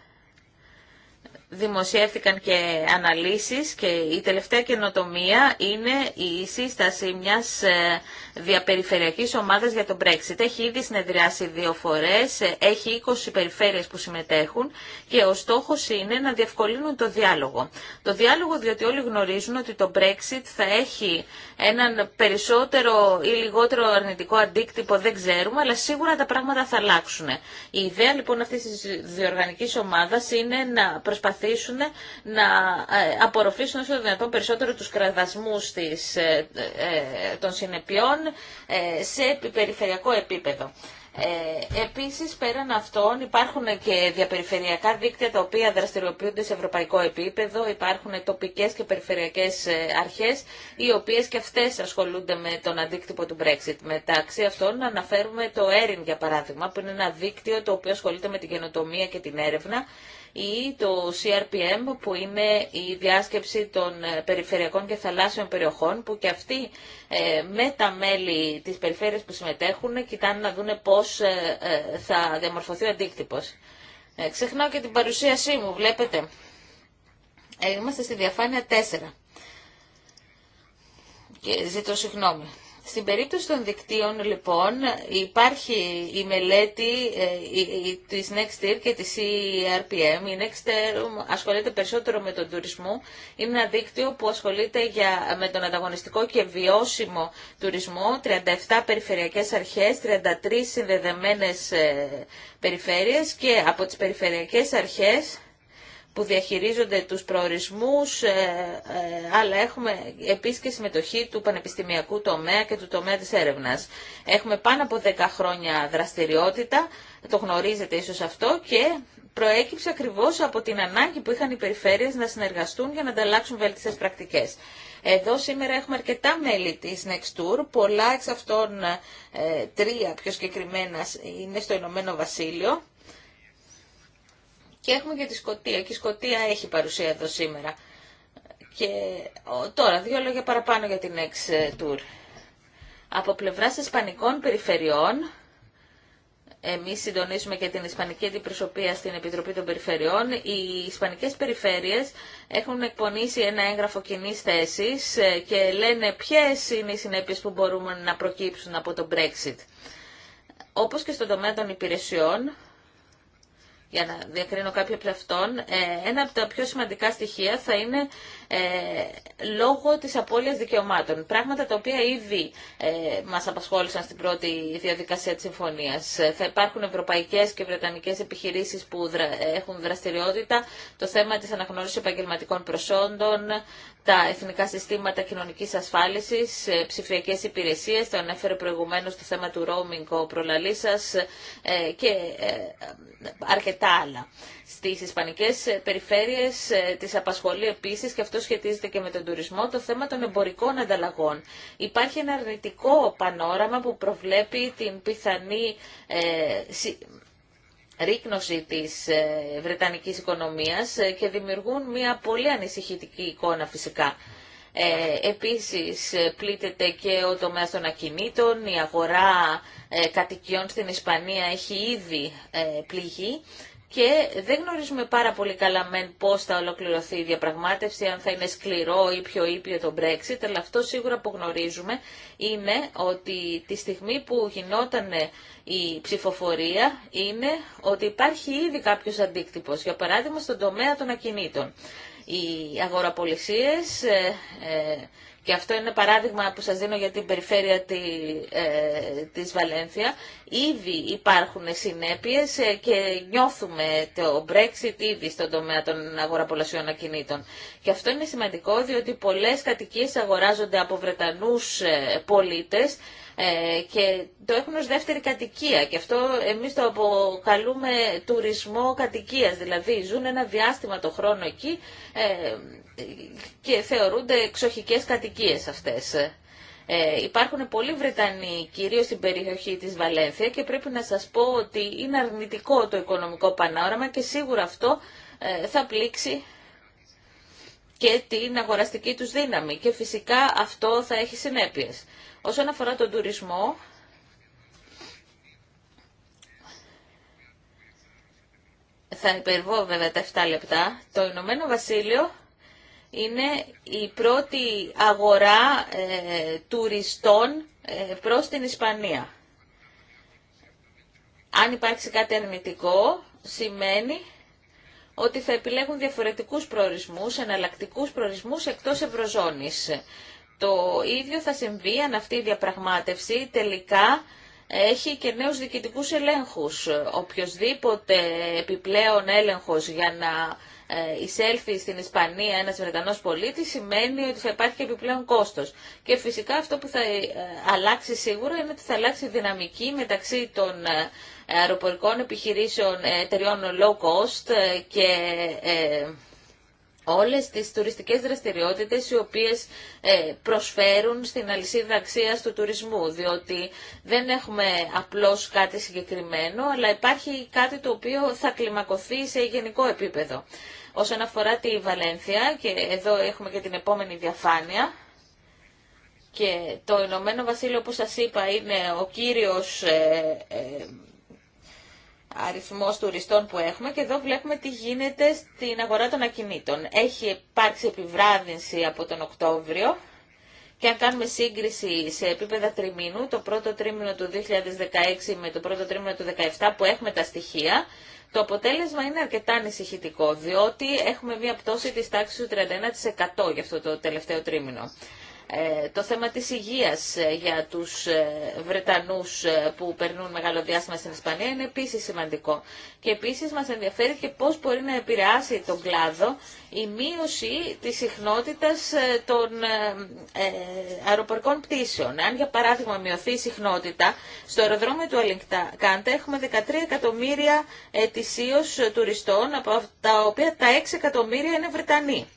δημοσιεύτηκαν και αναλύσεις και η τελευταία καινοτομία είναι η σύσταση μιας ε, διαπεριφερειακής ομάδας για τον Brexit. Έχει ήδη συνεδριάσει δύο φορές, ε, έχει 20 περιφέρειες που συμμετέχουν και ο στόχος είναι να διευκολύνουν το διάλογο. Το διάλογο διότι όλοι γνωρίζουν ότι το Brexit θα έχει έναν περισσότερο ή λιγότερο αρνητικό αντίκτυπο, δεν ξέρουμε, αλλά σίγουρα τα πράγματα θα αλλάξουν. Η ιδέα λοιπόν αυτής της διοργανικής ομάδας είναι να προσπαθήσουμε προσπαθήσουν να ε, απορροφήσουν όσο δυνατόν περισσότερο τους κραδασμούς της, ε, ε, των συνεπειών σε περιφερειακό επίπεδο. Ε, επίσης, πέραν αυτών, υπάρχουν και διαπεριφερειακά δίκτυα τα οποία δραστηριοποιούνται σε ευρωπαϊκό επίπεδο. Υπάρχουν τοπικές και περιφερειακές αρχές, οι οποίες και αυτές ασχολούνται με τον αντίκτυπο του Brexit. Μεταξύ αυτών, αναφέρουμε το ERIN, για παράδειγμα, που είναι ένα δίκτυο το οποίο ασχολείται με την καινοτομία και την έρευνα ή το CRPM που είναι η διάσκεψη των ε, περιφερειακών και θαλάσσιων περιοχών που και αυτοί ε, με τα μέλη της περιφέρειας που συμμετέχουν κοιτάνε να δούνε πώς ε, θα διαμορφωθεί ο αντίκτυπος. Ξεχνάω και την παρουσίασή μου, βλέπετε. Είμαστε στη διαφάνεια 4. Και ζητώ συγγνώμη. Στην περίπτωση των δικτύων, λοιπόν, υπάρχει η μελέτη ε, της NextEar και της ERPM. Η NextEar ασχολείται περισσότερο με τον τουρισμό. Είναι ένα δίκτυο που ασχολείται για, με τον ανταγωνιστικό και βιώσιμο τουρισμό. 37 περιφερειακές αρχές, 33 συνδεδεμένες ε, περιφέρειες και από τις περιφερειακές αρχές που διαχειρίζονται τους προορισμούς, ε, ε, αλλά έχουμε επίσης και συμμετοχή του πανεπιστημιακού τομέα και του τομέα της έρευνας. Έχουμε πάνω από 10 χρόνια δραστηριότητα, το γνωρίζετε ίσως αυτό, και προέκυψε ακριβώς από την ανάγκη που είχαν οι περιφέρειες να συνεργαστούν για να ανταλλάξουν βέλτιστες πρακτικές. Εδώ σήμερα έχουμε αρκετά μέλη της Next Tour, πολλά εξ αυτών ε, τρία πιο συγκεκριμένα είναι στο Ηνωμένο Βασίλειο. Και έχουμε και τη Σκοτία. Και η Σκοτία έχει παρουσία εδώ σήμερα. Και τώρα, δύο λόγια παραπάνω για την Ex ε, Tour. Από πλευράς Ισπανικών περιφερειών, εμείς συντονίζουμε και την Ισπανική Αντιπροσωπεία στην Επιτροπή των Περιφερειών. Οι Ισπανικές Περιφέρειες έχουν εκπονήσει ένα έγγραφο κοινή θέση ε, και λένε ποιες είναι οι συνέπειες που μπορούμε να προκύψουν από το Brexit. Όπως και στον τομέα των υπηρεσιών, για να διακρίνω κάποια από αυτών, ε, ένα από τα πιο σημαντικά στοιχεία θα είναι ε, λόγω της απώλειας δικαιωμάτων. Πράγματα τα οποία ήδη ε, μας απασχόλησαν στην πρώτη διαδικασία της συμφωνίας. Ε, θα υπάρχουν ευρωπαϊκές και βρετανικές επιχειρήσεις που έχουν δραστηριότητα, το θέμα της αναγνώρισης επαγγελματικών προσόντων, τα εθνικά συστήματα κοινωνικής ασφάλισης, ε, ψηφιακές υπηρεσίες, το ανέφερε προηγουμένως το θέμα του roaming ο προλαλής ε, και ε, αρκετά άλλα. Στις ισπανικές περιφέρειες της απασχολεί επίσης σχετίζεται και με τον τουρισμό, το θέμα των εμπορικών ανταλλαγών. Υπάρχει ένα αρνητικό πανόραμα που προβλέπει την πιθανή ε, ρίκνωση της ε, Βρετανικής οικονομίας ε, και δημιουργούν μια πολύ ανησυχητική εικόνα φυσικά. Ε, επίσης ε, πλήττεται και ο τομέας των ακινήτων, η αγορά κατοικιών στην Ισπανία έχει ήδη πληγεί και δεν γνωρίζουμε πάρα πολύ καλά μεν πώς θα ολοκληρωθεί η διαπραγμάτευση, αν θα είναι σκληρό ή πιο ήπιο το Brexit, αλλά αυτό σίγουρα που γνωρίζουμε είναι ότι τη στιγμή που γινόταν η ψηφοφορία είναι ότι υπάρχει ήδη κάποιος αντίκτυπος, για παράδειγμα στον τομέα των ακινήτων. Οι αγοραπολισίες ε, ε, και αυτό είναι παράδειγμα που σας δίνω για την περιφέρεια τη, ε, της Βαλένθια, ήδη υπάρχουν συνέπειες ε, και νιώθουμε το Brexit ήδη στον τομέα των αγοραπολασιών ακινήτων. Και αυτό είναι σημαντικό διότι πολλές κατοικίες αγοράζονται από Βρετανούς ε, πολίτες και το έχουν ως δεύτερη κατοικία και αυτό εμείς το αποκαλούμε τουρισμό κατοικίας δηλαδή ζουν ένα διάστημα το χρόνο εκεί και θεωρούνται εξοχικές κατοικίες αυτές. Ε, υπάρχουν πολλοί Βρετανοί, κυρίω στην περιοχή της Βαλένθια και πρέπει να σα πω ότι είναι αρνητικό το οικονομικό πανόραμα και σίγουρα αυτό ε, θα πλήξει και την αγοραστική τους δύναμη και φυσικά αυτό θα έχει συνέπειες. Όσον αφορά τον τουρισμό, θα υπερβώ βέβαια τα 7 λεπτά, το Ηνωμένο Βασίλειο είναι η πρώτη αγορά ε, τουριστών ε, προς την Ισπανία. Αν υπάρξει κάτι αρνητικό, σημαίνει ότι θα επιλέγουν διαφορετικούς προορισμούς, εναλλακτικούς προορισμούς εκτός Ευρωζώνης. Το ίδιο θα συμβεί αν αυτή η διαπραγμάτευση τελικά έχει και νέους διοικητικούς ελέγχους. Οποιοδήποτε επιπλέον έλεγχος για να εισέλθει στην Ισπανία ένας Βρετανό πολίτη, σημαίνει ότι θα υπάρχει επιπλέον κόστος. Και φυσικά αυτό που θα ε, αλλάξει σίγουρα είναι ότι θα αλλάξει η δυναμική μεταξύ των ε, αεροπορικών επιχειρήσεων εταιριών low cost ε, και όλες τις τουριστικές δραστηριότητες οι οποίες ε, προσφέρουν στην αλυσίδα αξία του τουρισμού, διότι δεν έχουμε απλώς κάτι συγκεκριμένο, αλλά υπάρχει κάτι το οποίο θα κλιμακωθεί σε γενικό επίπεδο. Όσον αφορά τη Βαλένθια, και εδώ έχουμε και την επόμενη διαφάνεια, και το Ηνωμένο Βασίλειο, όπως σας είπα, είναι ο κύριος ε, ε, Αριθμό τουριστών που έχουμε και εδώ βλέπουμε τι γίνεται στην αγορά των ακινήτων. Έχει υπάρξει επιβράδυνση από τον Οκτώβριο και αν κάνουμε σύγκριση σε επίπεδα τριμήνου, το πρώτο τρίμηνο του 2016 με το πρώτο τρίμηνο του 2017 που έχουμε τα στοιχεία, το αποτέλεσμα είναι αρκετά ανησυχητικό, διότι έχουμε μια πτώση της τάξης του 31% για αυτό το τελευταίο τρίμηνο. Ε, το θέμα της υγείας ε, για τους ε, Βρετανούς που περνούν μεγάλο διάστημα στην Ισπανία είναι επίσης σημαντικό. Και επίσης μας ενδιαφέρει και πώς μπορεί να επηρεάσει τον κλάδο η μείωση της συχνότητας των αεροπορικών πτήσεων. Αν για παράδειγμα μειωθεί η συχνότητα, στο αεροδρόμιο του Κάντε έχουμε 13 εκατομμύρια ετησίως τουριστών, από τα οποία τα 6 εκατομμύρια είναι Βρετανοί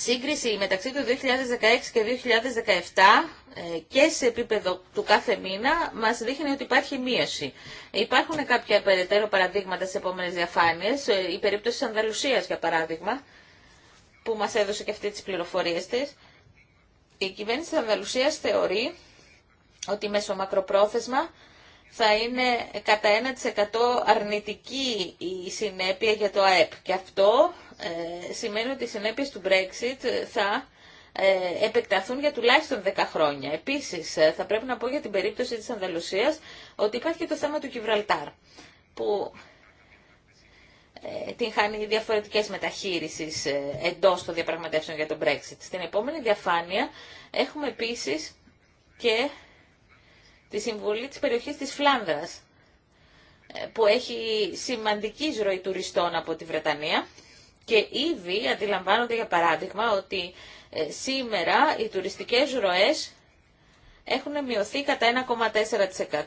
σύγκριση μεταξύ του 2016 και 2017 ε, και σε επίπεδο του κάθε μήνα μας δείχνει ότι υπάρχει μείωση. Υπάρχουν κάποια περαιτέρω παραδείγματα σε επόμενες διαφάνειες, ε, η περίπτωση της Ανδαλουσίας για παράδειγμα, που μας έδωσε και αυτή τις πληροφορίες της. Η κυβέρνηση της Ανδαλουσίας θεωρεί ότι μέσω μακροπρόθεσμα θα είναι κατά 1% αρνητική η συνέπεια για το ΑΕΠ. Και αυτό ε, σημαίνει ότι οι συνέπειες του Brexit θα ε, επεκταθούν για τουλάχιστον 10 χρόνια. Επίσης, ε, θα πρέπει να πω για την περίπτωση της Ανδαλουσίας ότι υπάρχει και το θέμα του Κυβραλτάρ, που την χάνει διαφορετικές μεταχείρισεις εντός των διαπραγματεύσεων για τον Brexit. Στην επόμενη διαφάνεια έχουμε επίσης και τη συμβολή της περιοχής της Φλάνδρας, που έχει σημαντική ροή τουριστών από τη Βρετανία και ήδη αντιλαμβάνονται, για παράδειγμα, ότι ε, σήμερα οι τουριστικές ροές έχουν μειωθεί κατά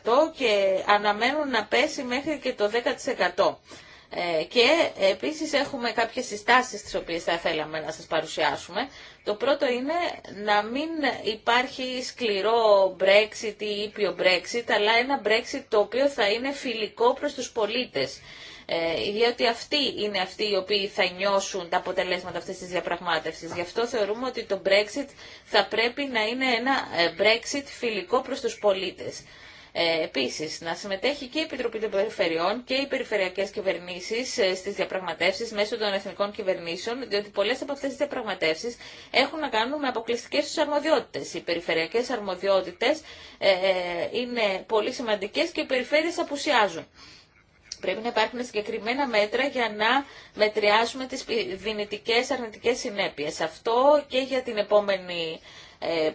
1,4% και αναμένουν να πέσει μέχρι και το 10%. Ε, και επίσης έχουμε κάποιες συστάσεις τις οποίες θα θέλαμε να σας παρουσιάσουμε. Το πρώτο είναι να μην υπάρχει σκληρό Brexit ή ήπιο Brexit, αλλά ένα Brexit το οποίο θα είναι φιλικό προς τους πολίτες. Ε, διότι αυτοί είναι αυτοί οι οποίοι θα νιώσουν τα αποτελέσματα αυτής της διαπραγμάτευσης. Γι' αυτό θεωρούμε ότι το Brexit θα πρέπει να είναι ένα ε, Brexit φιλικό προς τους πολίτες. Ε, Επίση, να συμμετέχει και η Επιτροπή των Περιφερειών και οι περιφερειακές κυβερνήσει ε, στις διαπραγματεύσεις μέσω των εθνικών κυβερνήσεων, διότι πολλές από αυτές τις διαπραγματεύσεις έχουν να κάνουν με αποκλειστικέ του αρμοδιότητε. Οι περιφερειακέ αρμοδιότητε είναι πολύ σημαντικέ και οι περιφέρειε απουσιάζουν. Πρέπει να υπάρχουν συγκεκριμένα μέτρα για να μετριάσουμε τις δυνητικές αρνητικές συνέπειες. Αυτό και για την επόμενη ε,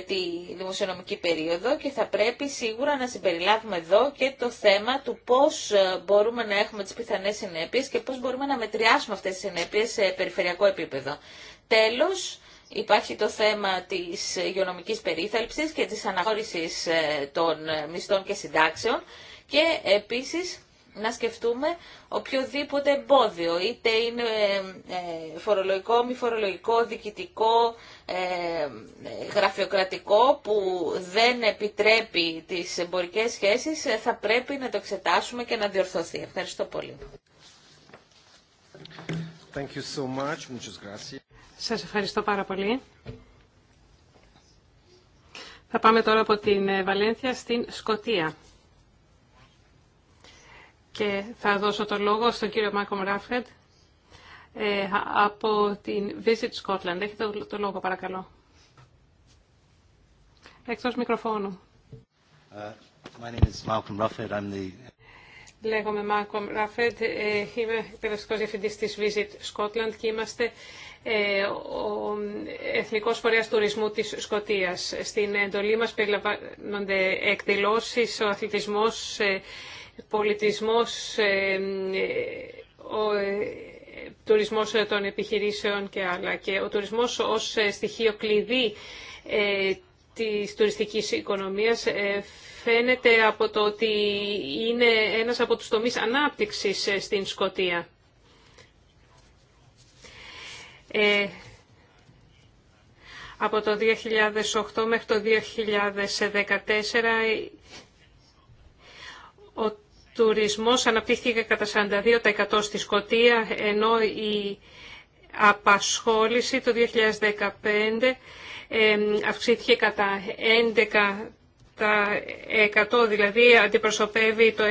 τη δημοσιονομική περίοδο και θα πρέπει σίγουρα να συμπεριλάβουμε εδώ και το θέμα του πώς ε, μπορούμε να έχουμε τις πιθανές συνέπειες και πώς μπορούμε να μετριάσουμε αυτές τις συνέπειες σε περιφερειακό επίπεδο. Τέλος, υπάρχει το θέμα της υγειονομικής περίθαλψης και της αναγνώρισης ε, των μισθών και συντάξεων και επίσης να σκεφτούμε οποιοδήποτε εμπόδιο, είτε είναι ε, ε, φορολογικό, μη φορολογικό, διοικητικό, ε, γραφειοκρατικό που δεν επιτρέπει τις εμπορικές σχέσεις, θα πρέπει να το εξετάσουμε και να διορθωθεί. Ευχαριστώ πολύ. Thank you so much. Σας ευχαριστώ πάρα πολύ. Θα πάμε τώρα από την Βαλένθια στην Σκοτία. Και θα δώσω το λόγο στον κύριο Μάκομ Ράφρεντ ε, από την Visit Scotland. Έχετε το λόγο παρακαλώ. Εκτός μικροφώνου. Uh, Λέγομαι Μάκομ Ράφρεντ, είμαι εκπαιδευτικός διευθυντής της Visit Scotland και είμαστε ε, ο Εθνικός Φορέας Τουρισμού της Σκοτίας. Στην εντολή μας περιλαμβάνονται εκδηλώσεις, ο αθλητισμός, ε, πολιτισμός, ο ε, τουρισμός ε, των επιχειρήσεων και άλλα. Και ο τουρισμός ως ε, στοιχείο κλειδί της τουριστικής οικονομίας φαίνεται από το ότι είναι ένας από τους τομείς ανάπτυξης στην Σκοτία. Ε, από το 2008 μέχρι το 2014 ο τουρισμός αναπτύχθηκε κατά 42% στη Σκοτία, ενώ η απασχόληση το 2015 αυξήθηκε κατά 11%, δηλαδή αντιπροσωπεύει το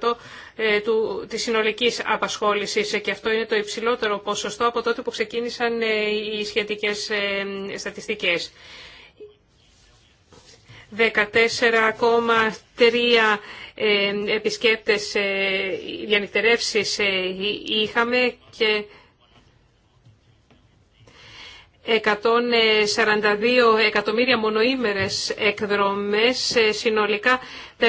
9% ε, του, της συνολικής απασχόλησης και αυτό είναι το υψηλότερο ποσοστό από τότε που ξεκίνησαν ε, οι σχετικές ε, στατιστικές. 14,3 ε, επισκέπτες ε, διανυκτερεύσεις ε, είχαμε και 142 εκατομμύρια μονοήμερες εκδρομές, συνολικά 4,9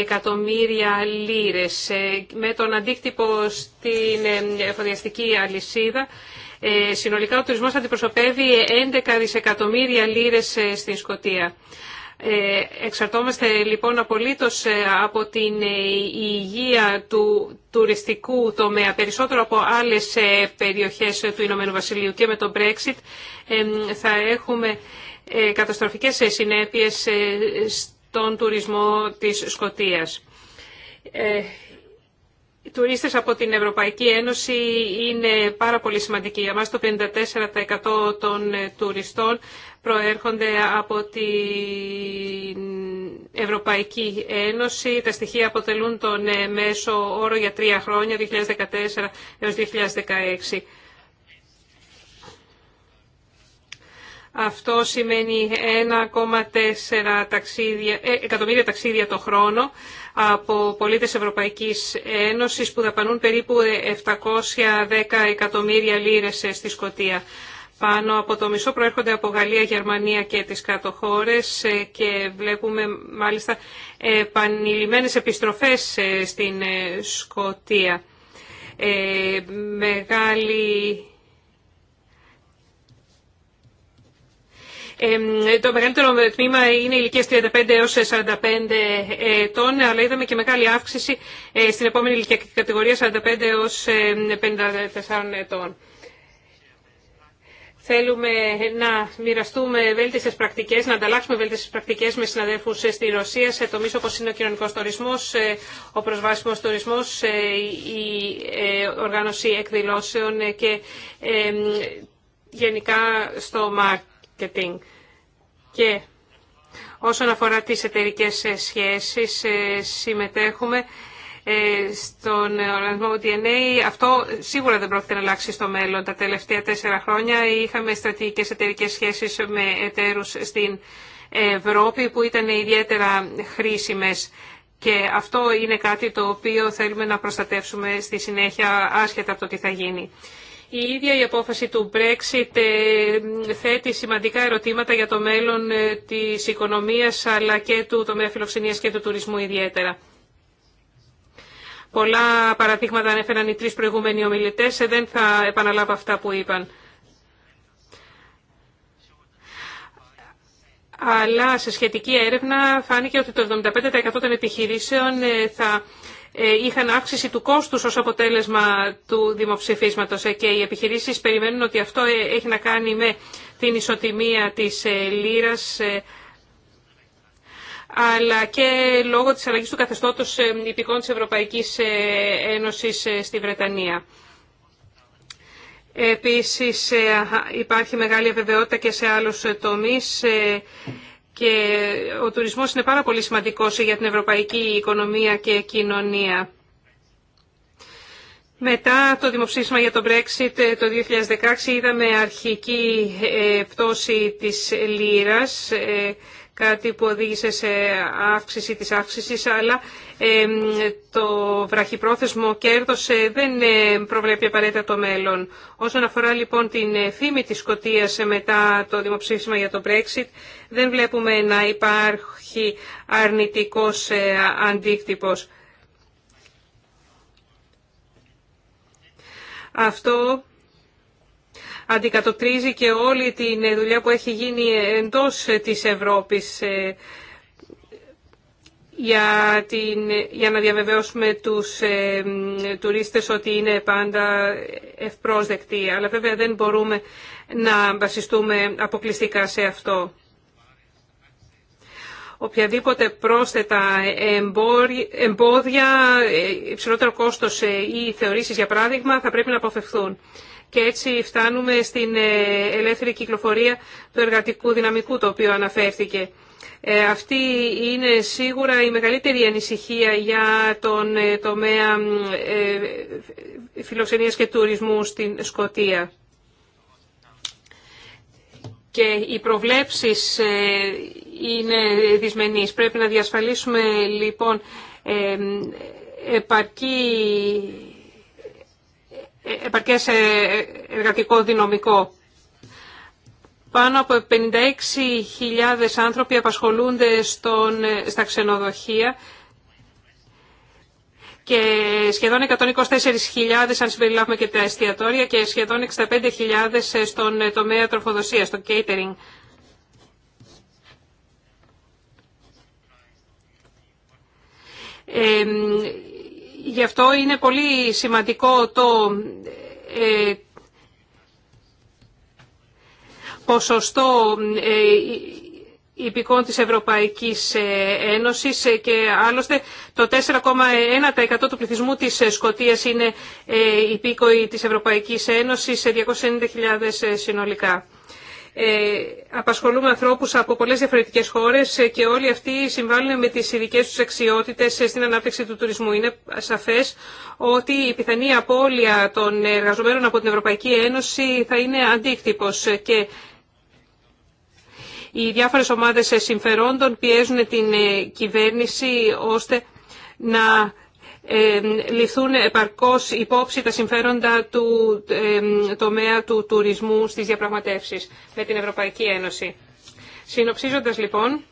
εκατομμύρια λίρες. Με τον αντίκτυπο στην εφοδιαστική αλυσίδα ε, συνολικά ο τουρισμός αντιπροσωπεύει 11 δισεκατομμύρια λίρες ε, στην Σκοτία. Ε, Εξαρτόμαστε λοιπόν απολύτως από την υγεία του τουριστικού τομέα περισσότερο από άλλες περιοχές του Ηνωμένου Βασιλείου και με το Brexit θα έχουμε καταστροφικές συνέπειες στον τουρισμό της Σκοτίας. Οι τουρίστες από την Ευρωπαϊκή Ένωση είναι πάρα πολύ σημαντικοί. Για μας το 54% των ε, τουριστών προέρχονται από την Ευρωπαϊκή Ένωση. Τα στοιχεία αποτελούν τον ε, μέσο όρο για τρία χρόνια, 2014 έως 2016. Αυτό σημαίνει 1,4 ε, εκατομμύρια ταξίδια το χρόνο από πολίτες Ευρωπαϊκής Ένωσης που δαπανούν περίπου 710 εκατομμύρια λίρες ε, στη Σκωτία. Πάνω από το μισό προέρχονται από Γαλλία, Γερμανία και τις κάτω χώρες ε, και βλέπουμε μάλιστα επανειλημμένες επιστροφές στην Σκωτία. Ε, μεγάλη το μεγαλύτερο τμήμα είναι ηλικίες 35 έως 45 ετών, αλλά είδαμε και μεγάλη αύξηση ε, στην επόμενη ηλικιακή κατηγορία 45 έως 54 ετών. Θέλουμε να μοιραστούμε βέλτιστες πρακτικές, να ανταλλάξουμε βέλτιστες πρακτικές με συναδέλφου ε, στη Ρωσία σε τομείς όπω είναι ο κοινωνικό τουρισμό, ε, ο προσβάσιμος τουρισμός, η οργάνωση εκδηλώσεων και γενικά στο ΜΑΚ marketing. Και όσον αφορά τις εταιρικέ ε, σχέσεις, ε, συμμετέχουμε ε, στον οργανισμό DNA. Αυτό σίγουρα δεν πρόκειται να αλλάξει στο μέλλον. Τα τελευταία τέσσερα χρόνια είχαμε στρατηγικές εταιρικέ σχέσεις με εταίρους στην Ευρώπη που ήταν ιδιαίτερα χρήσιμες. Και αυτό είναι κάτι το οποίο θέλουμε να προστατεύσουμε στη συνέχεια άσχετα από το τι θα γίνει. Η ίδια η απόφαση του Brexit ε, θέτει σημαντικά ερωτήματα για το μέλλον ε, της οικονομίας αλλά και του τομέα φιλοξενίας και του τουρισμού ιδιαίτερα. Πολλά παραδείγματα ανέφεραν οι τρεις προηγούμενοι ομιλητές, ε, δεν θα επαναλάβω αυτά που είπαν. Αλλά σε σχετική έρευνα φάνηκε ότι το 75% των επιχειρήσεων θα ε, είχαν αύξηση του κόστους ως αποτέλεσμα του δημοψηφίσματος ε, και οι επιχειρήσεις περιμένουν ότι αυτό ε, έχει να κάνει με την ισοτιμία της ΛΥΡΑΣ, αλλά και λόγω της αλλαγής του καθεστώτος υπηκών της Ευρωπαϊκής Ένωσης στη Βρετανία. Επίσης υπάρχει μεγάλη αβεβαιότητα και σε άλλους τομείς και ο τουρισμός είναι πάρα πολύ σημαντικός για την ευρωπαϊκή οικονομία και κοινωνία. Μετά το δημοψήφισμα για ε, το Brexit το 2016 είδαμε αρχική ε, πτώση της λίρας ε, κάτι που οδήγησε σε αύξηση της αύξησης, αλλά το βραχυπρόθεσμο κέρδος ε, δεν ε, προβλέπει απαραίτητα το μέλλον. Όσον αφορά λοιπόν την ε, φήμη της Σκοτίας μετά το δημοψήφισμα για το Brexit, δεν βλέπουμε να υπάρχει αρνητικός αντίκτυπος. Αυτό αντικατοπτρίζει και όλη την δουλειά που έχει γίνει εντός της Ευρώπης ε, για, την, για να διαβεβαιώσουμε τους ε, τουρίστες ότι είναι πάντα ευπρόσδεκτοι. Αλλά βέβαια δεν μπορούμε να βασιστούμε αποκλειστικά σε αυτό. Οποιαδήποτε πρόσθετα εμπόδια, ε, υψηλότερο κόστος ε, ή θεωρήσεις για παράδειγμα θα πρέπει να αποφευθούν και έτσι φτάνουμε στην ε, ελεύθερη κυκλοφορία του εργατικού δυναμικού το οποίο αναφέρθηκε. Ε, αυτή είναι σίγουρα η μεγαλύτερη ανησυχία για τον ε, τομέα φιλοξενίας και τουρισμού στην Σκοτία. Και οι προβλέψεις είναι δυσμενείς. Πρέπει να διασφαλίσουμε λοιπόν επαρκή επαρκές ε, εργατικό δυναμικό. Πάνω από 56.000 άνθρωποι απασχολούνται στον, ε, στα ξενοδοχεία και σχεδόν 124.000 αν συμπεριλάβουμε και τα εστιατόρια και σχεδόν 65.000 στον ε, τομέα τροφοδοσίας, στο catering. Γι' αυτό είναι πολύ σημαντικό το ε, ποσοστό ε, υπηκών της Ευρωπαϊκής ε, Ένωσης ε, και άλλωστε το 4,1% του πληθυσμού της Σκωτίας είναι υπήκοοι της Ευρωπαϊκής Ένωσης σε 290.000 συνολικά. Ε, απασχολούμε ανθρώπους από πολλές διαφορετικές χώρες ε, και όλοι αυτοί συμβάλλουν με τις ειδικές τους αξιότητες ε, στην ανάπτυξη του τουρισμού. Είναι σαφές ότι η πιθανή απώλεια των εργαζομένων από την Ευρωπαϊκή Ένωση θα είναι αντίκτυπος και οι διάφορες ομάδες συμφερόντων πιέζουν την κυβέρνηση ώστε να ληφθούν επαρκώς υπόψη τα συμφέροντα του τομέα του τουρισμού στις διαπραγματεύσεις με την Ευρωπαϊκή Ένωση. Συνοψίζοντας λοιπόν,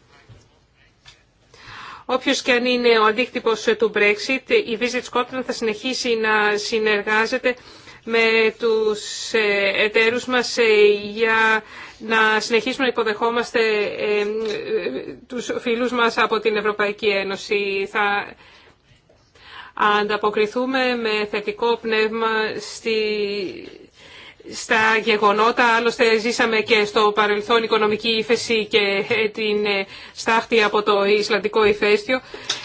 όποιος και αν είναι ο αντίκτυπος του Brexit, η Visit Scotland θα συνεχίσει να συνεργάζεται με τους ε, εταίρους μας ε, για να συνεχίσουμε να υποδεχόμαστε τους φίλους μας από την Ευρωπαϊκή Ένωση. Θα ανταποκριθούμε με θετικό πνεύμα στη, στα γεγονότα. Άλλωστε ζήσαμε και στο παρελθόν οικονομική ύφεση και ε, την ε, στάχτη από το Ισλανδικό ηφαίστειο.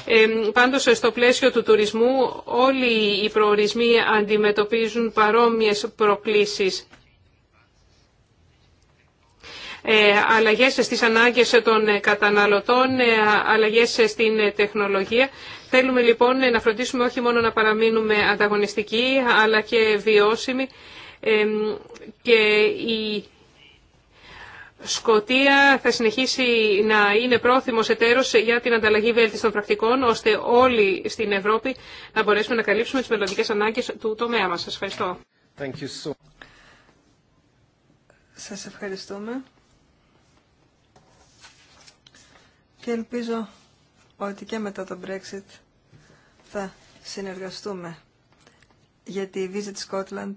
Ε, πάντως στο πλαίσιο του τουρισμού όλοι οι προορισμοί αντιμετωπίζουν παρόμοιες προκλήσεις. Αλλαγές στις ανάγκες των καταναλωτών, αλλαγές στην τεχνολογία Θέλουμε λοιπόν να φροντίσουμε όχι μόνο να παραμείνουμε ανταγωνιστικοί, αλλά και βιώσιμοι και η Σκοτία θα συνεχίσει να είναι πρόθυμος εταίρος για την ανταλλαγή βέλτιστων πρακτικών, ώστε όλοι στην Ευρώπη να μπορέσουμε να καλύψουμε τις μελλοντικές ανάγκες του τομέα μας. Σας ευχαριστώ. Thank you so Σας ευχαριστούμε. Και ελπίζω ότι και μετά το Brexit θα συνεργαστούμε γιατί η Visit Scotland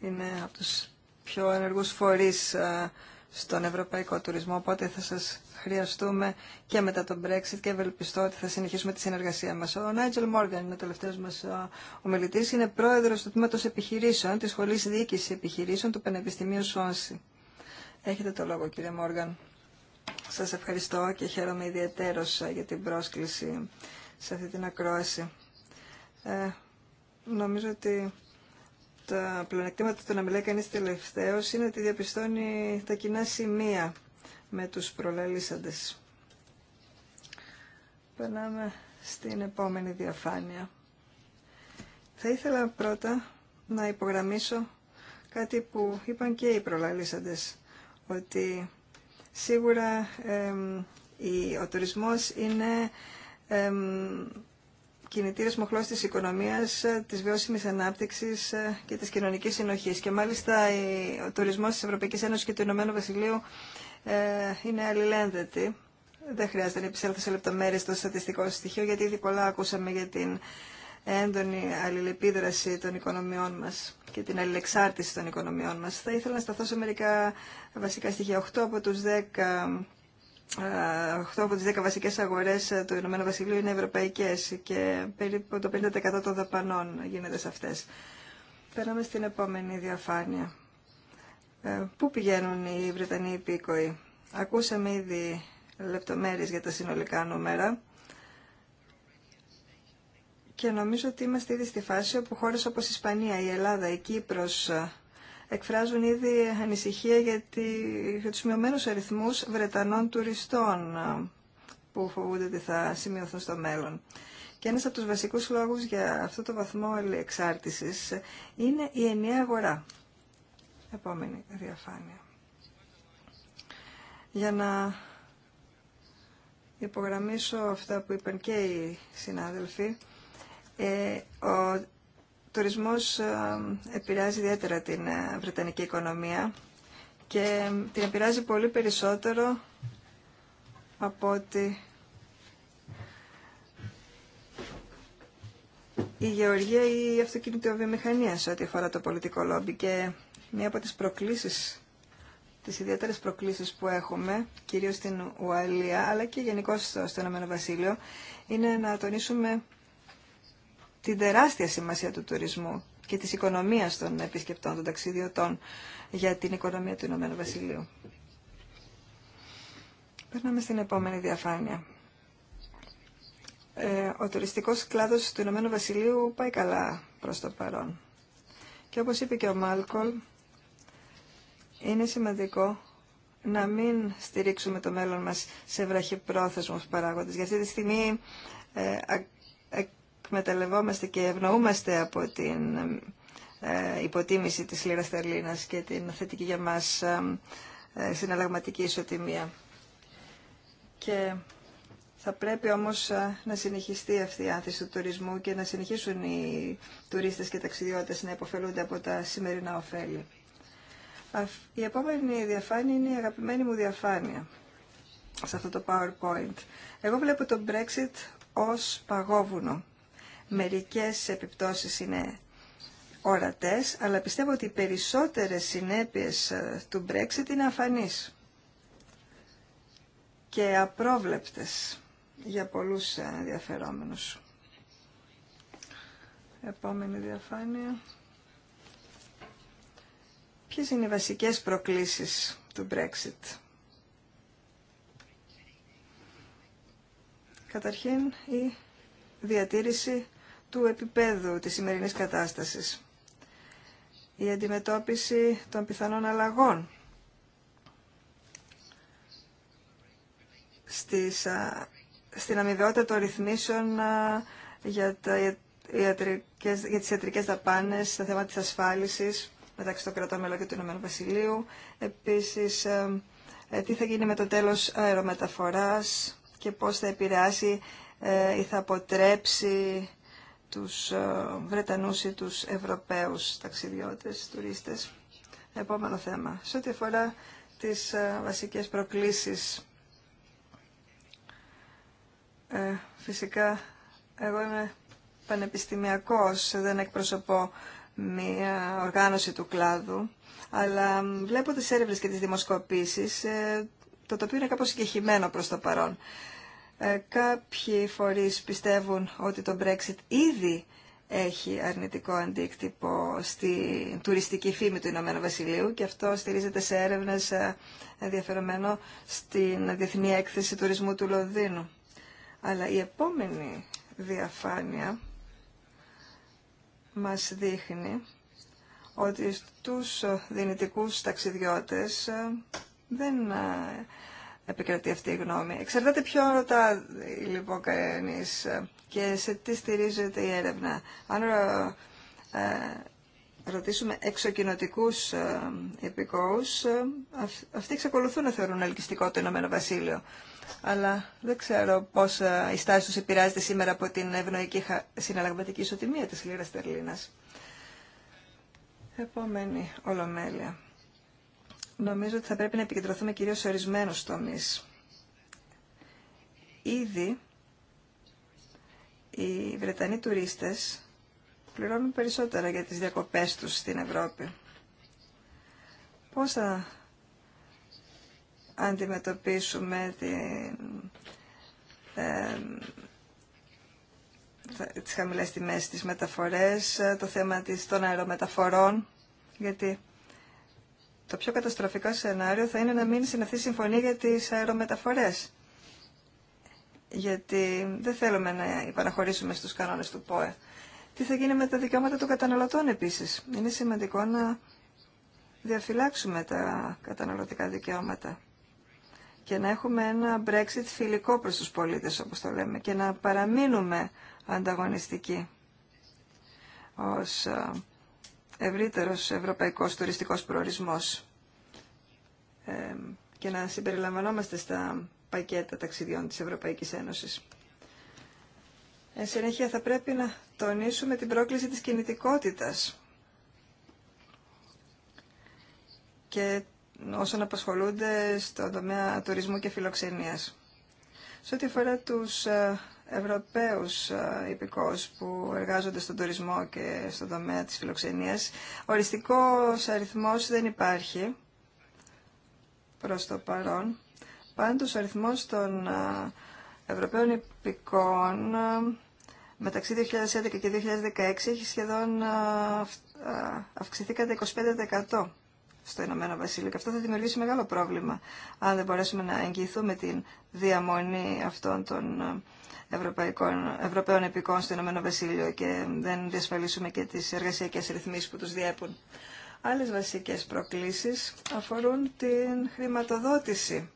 είναι από τους πιο ενεργούς φορείς ε, στον ευρωπαϊκό τουρισμό, οπότε θα σας χρειαστούμε και μετά τον Brexit και ευελπιστώ ότι θα συνεχίσουμε τη συνεργασία μας. Ο Νάιτζελ Μόργαν είναι ο τελευταίος μας ε, ομιλητής, είναι πρόεδρος του Τμήματος Επιχειρήσεων, της Σχολής Διοίκησης Επιχειρήσεων του Πανεπιστημίου Σόνση. Έχετε το λόγο κύριε Μόργαν. Σας ευχαριστώ και χαίρομαι ιδιαίτερος ε, για την πρόσκληση σε αυτή την ακρόαση. Ε, νομίζω ότι τα πλονεκτήματα του να μιλάει κανείς τελευταίος είναι ότι διαπιστώνει τα κοινά σημεία με τους προλαλήσαντες. Περνάμε στην επόμενη διαφάνεια. Θα ήθελα πρώτα να υπογραμμίσω κάτι που είπαν και οι προλαλήσαντες, ότι Σίγουρα ο τουρισμός είναι κινητήρες μοχλός της οικονομίας, της βιώσιμης ανάπτυξης ε, και της κοινωνικής συνοχής. Και μάλιστα ο τουρισμός της Ευρωπαϊκής Ένωσης και του Ηνωμένου Βασιλείου ε, είναι αλληλένδετη. Δεν χρειάζεται να επισέλθω σε λεπτομέρειες στο στατιστικό στοιχείο γιατί ήδη πολλά ακούσαμε για την έντονη αλληλεπίδραση των οικονομιών μας και την αλληλεξάρτηση των οικονομιών μας. Θα ήθελα να σταθώ σε μερικά βασικά στοιχεία. 8 από τους 10 8 ε, από τις 10 βασικές αγορές του Ηνωμένου Βασιλείου είναι ευρωπαϊκές και περίπου το 50% των δαπανών γίνεται σε αυτές. Περνάμε στην επόμενη διαφάνεια. Ε, πού πηγαίνουν οι Βρετανοί υπήκοοι. Ακούσαμε ήδη λεπτομέρειες για τα συνολικά νούμερα. Και νομίζω ότι είμαστε ήδη στη φάση όπου χώρες όπως η Ισπανία, η Ελλάδα, η Κύπρος ε, εκφράζουν ήδη ανησυχία για, τη, για τους μειωμένους αριθμούς Βρετανών τουριστών ε, που φοβούνται ότι θα σημειωθούν στο μέλλον. Και ένας από τους βασικούς λόγους για αυτό το βαθμό εξάρτησης ε, είναι η ενιαία αγορά. Επόμενη διαφάνεια. Για να υπογραμμίσω αυτά που είπαν και οι συνάδελφοι, ε, ο τουρισμός ε, επηρεάζει ιδιαίτερα την ε, Βρετανική οικονομία και την επηρεάζει πολύ περισσότερο από ότι η γεωργία ή η αυτοκινητοβιομηχανία σε ό,τι αφορά το πολιτικό λόμπι και μία από τις προκλήσεις τις ιδιαίτερες προκλήσεις που έχουμε, κυρίως στην Ουαλία, αλλά και γενικώ στο Ηνωμένο Βασίλειο, είναι να τονίσουμε την τεράστια σημασία του τουρισμού και της οικονομίας των επισκεπτών, των ταξιδιωτών για την οικονομία του Ηνωμένου Βασιλείου. Περνάμε στην επόμενη διαφάνεια. Ε, ο τουριστικός κλάδος του Ηνωμένου Βασιλείου πάει καλά προς το παρόν. Και όπως είπε και ο Μάλκολ, είναι σημαντικό να μην στηρίξουμε το μέλλον μας σε βραχυπρόθεσμους παράγοντες. Για αυτή τη στιγμή ε, εκμεταλλευόμαστε και ευνοούμαστε από την ε, υποτίμηση της λίρας τερλίνας και την θετική για μας ε, ε, συναλλαγματική ισοτιμία. Και θα πρέπει όμως να συνεχιστεί αυτή η άνθηση του τουρισμού και να συνεχίσουν οι τουρίστες και ταξιδιώτες να υποφελούνται από τα σημερινά ωφέλη. Η επόμενη διαφάνεια είναι η αγαπημένη μου διαφάνεια σε αυτό το PowerPoint. Εγώ βλέπω το Brexit ως παγόβουνο Μερικές επιπτώσεις είναι ορατές, αλλά πιστεύω ότι οι περισσότερες συνέπειες ε, του Brexit είναι αφανείς και απρόβλεπτες για πολλούς ε, ενδιαφερόμενους. Επόμενη διαφάνεια. Ποιες είναι οι βασικές προκλήσεις του Brexit. Καταρχήν η διατήρηση του επίπεδου της σημερινής κατάστασης. Η αντιμετώπιση των πιθανών αλλαγών στις, στην αμοιβαιότητα των ρυθμίσεων για, τα ιατρικές, για τις ιατρικές δαπάνες, τα θέματα της ασφάλισης μεταξύ των κρατών μελών και του Ηνωμένου Βασιλείου. Επίσης, ε, τι θα γίνει με το τέλος αερομεταφοράς και πώς θα επηρεάσει ε, ή θα αποτρέψει τους ε, Βρετανούς ή τους Ευρωπαίους ταξιδιώτες, τουρίστες. Επόμενο θέμα. Σε ό,τι αφορά τις ε, βασικές προκλήσεις, ε, φυσικά εγώ είμαι πανεπιστημιακός, δεν εκπροσωπώ μια οργάνωση του κλάδου, αλλά βλέπω τις έρευνες και τις δημοσκοπήσεις, το τοπίο είναι κάπως συγκεχημένο προς το παρόν. Ε, κάποιοι φορείς πιστεύουν ότι το Brexit ήδη έχει αρνητικό αντίκτυπο στη τουριστική φήμη του Ηνωμένου Βασιλείου και αυτό στηρίζεται σε έρευνες ε, ενδιαφερομένο στην Διεθνή Έκθεση Τουρισμού του Λονδίνου. Αλλά η επόμενη διαφάνεια μας δείχνει ότι στους δυνητικούς ταξιδιώτες ε, δεν επικρατεί αυτή η γνώμη. Εξαρτάται ποιο ρωτά λοιπόν κανεί ε, και σε τι στηρίζεται η έρευνα. Αν ε, ρωτήσουμε εξοκοινοτικούς επικόους, ε, αυτοί εξακολουθούν να θεωρούν ελκυστικό το Ηνωμένο Βασίλειο. Αλλά δεν ξέρω πώς η στάση του επηρεάζεται σήμερα από την ευνοϊκή συναλλαγματική ισοτιμία της Λίρα Τερλίνα. Επόμενη ολομέλεια. Νομίζω ότι θα πρέπει να επικεντρωθούμε κυρίως σε ορισμένους τομείς. Ήδη οι Βρετανοί τουρίστες πληρώνουν περισσότερα για τις διακοπές τους στην Ευρώπη. Πώς θα αντιμετωπίσουμε την, ε, τις χαμηλές τιμές μεταφορές, το θέμα της, των αερομεταφορών, γιατί το πιο καταστροφικό σενάριο θα είναι να μην η συμφωνία για τις αερομεταφορές. Γιατί δεν θέλουμε να υπαναχωρήσουμε στους κανόνες του ΠΟΕ. Τι θα γίνει με τα δικαιώματα των καταναλωτών επίσης. Είναι σημαντικό να διαφυλάξουμε τα καταναλωτικά δικαιώματα και να έχουμε ένα Brexit φιλικό προς τους πολίτες, όπως το λέμε, και να παραμείνουμε ανταγωνιστικοί ως ευρύτερος ευρωπαϊκός τουριστικός προορισμός ε, και να συμπεριλαμβανόμαστε στα πακέτα ταξιδιών της Ευρωπαϊκής Ένωσης. Εν συνεχεία θα πρέπει να τονίσουμε την πρόκληση της κινητικότητας και όσων απασχολούνται στον τομέα τουρισμού και φιλοξενίας. Σε ό,τι αφορά τους ε, Ευρωπαίους ε, υπηκόους που εργάζονται στον τουρισμό και στον τομέα της φιλοξενίας. Οριστικός αριθμός δεν υπάρχει προς το παρόν. Πάντως ο αριθμός των ε, Ευρωπαίων υπηκών ε, μεταξύ 2011 και 2016 έχει σχεδόν αυξηθεί κατά 25% στο Ηνωμένο Βασίλειο. Και αυτό θα δημιουργήσει μεγάλο πρόβλημα αν δεν μπορέσουμε να εγγυηθούμε την διαμονή αυτών των ε, Ευρωπαϊκών, Ευρωπαίων επικών στο Ηνωμένο Βασίλειο και δεν διασφαλίσουμε και τις εργασιακές ρυθμίσεις που τους διέπουν. Άλλες βασικές προκλήσεις αφορούν την χρηματοδότηση.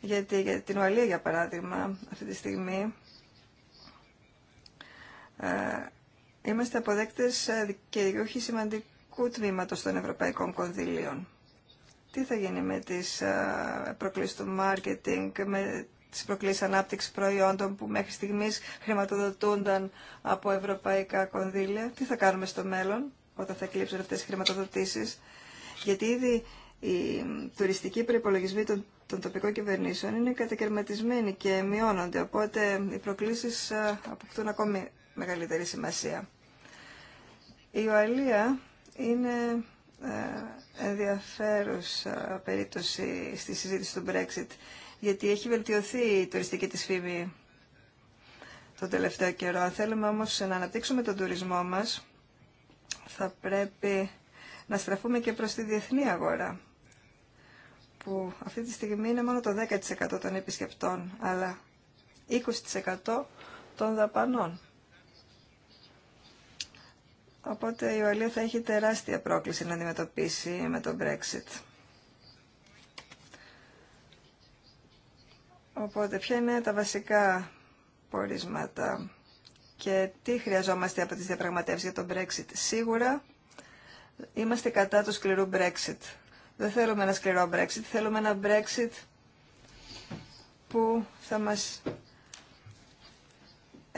Γιατί για την Ουαλία, για παράδειγμα, αυτή τη στιγμή ε, είμαστε αποδέκτες ε, και όχι σημαντικοί κοινωνικού τμήματος των ευρωπαϊκών κονδύλιων. Τι θα γίνει με τις ε, προκλήσεις του marketing, με τις προκλήσεις ανάπτυξη προϊόντων που μέχρι στιγμής χρηματοδοτούνταν από ευρωπαϊκά κονδύλια. Τι θα κάνουμε στο μέλλον όταν θα κλείψουν αυτέ οι χρηματοδοτήσεις. Γιατί ήδη οι τουριστικοί προπολογισμοί των, των, τοπικών κυβερνήσεων είναι κατακαιρματισμένοι και μειώνονται, οπότε οι προκλήσεις ε, αποκτούν ακόμη μεγαλύτερη σημασία. Η Ουαλία είναι ε, ενδιαφέρουσα περίπτωση στη συζήτηση του Brexit, γιατί έχει βελτιωθεί η τουριστική της φήμη το τελευταίο καιρό. Αν θέλουμε όμως να αναπτύξουμε τον τουρισμό μας, θα πρέπει να στραφούμε και προς τη διεθνή αγορά, που αυτή τη στιγμή είναι μόνο το 10% των επισκεπτών, αλλά 20% των δαπανών. Οπότε η Ουαλία θα έχει τεράστια πρόκληση να αντιμετωπίσει με το Brexit. Οπότε ποια είναι τα βασικά πορίσματα και τι χρειαζόμαστε από τις διαπραγματεύσεις για το Brexit. Σίγουρα είμαστε κατά του σκληρού Brexit. Δεν θέλουμε ένα σκληρό Brexit, θέλουμε ένα Brexit που θα μας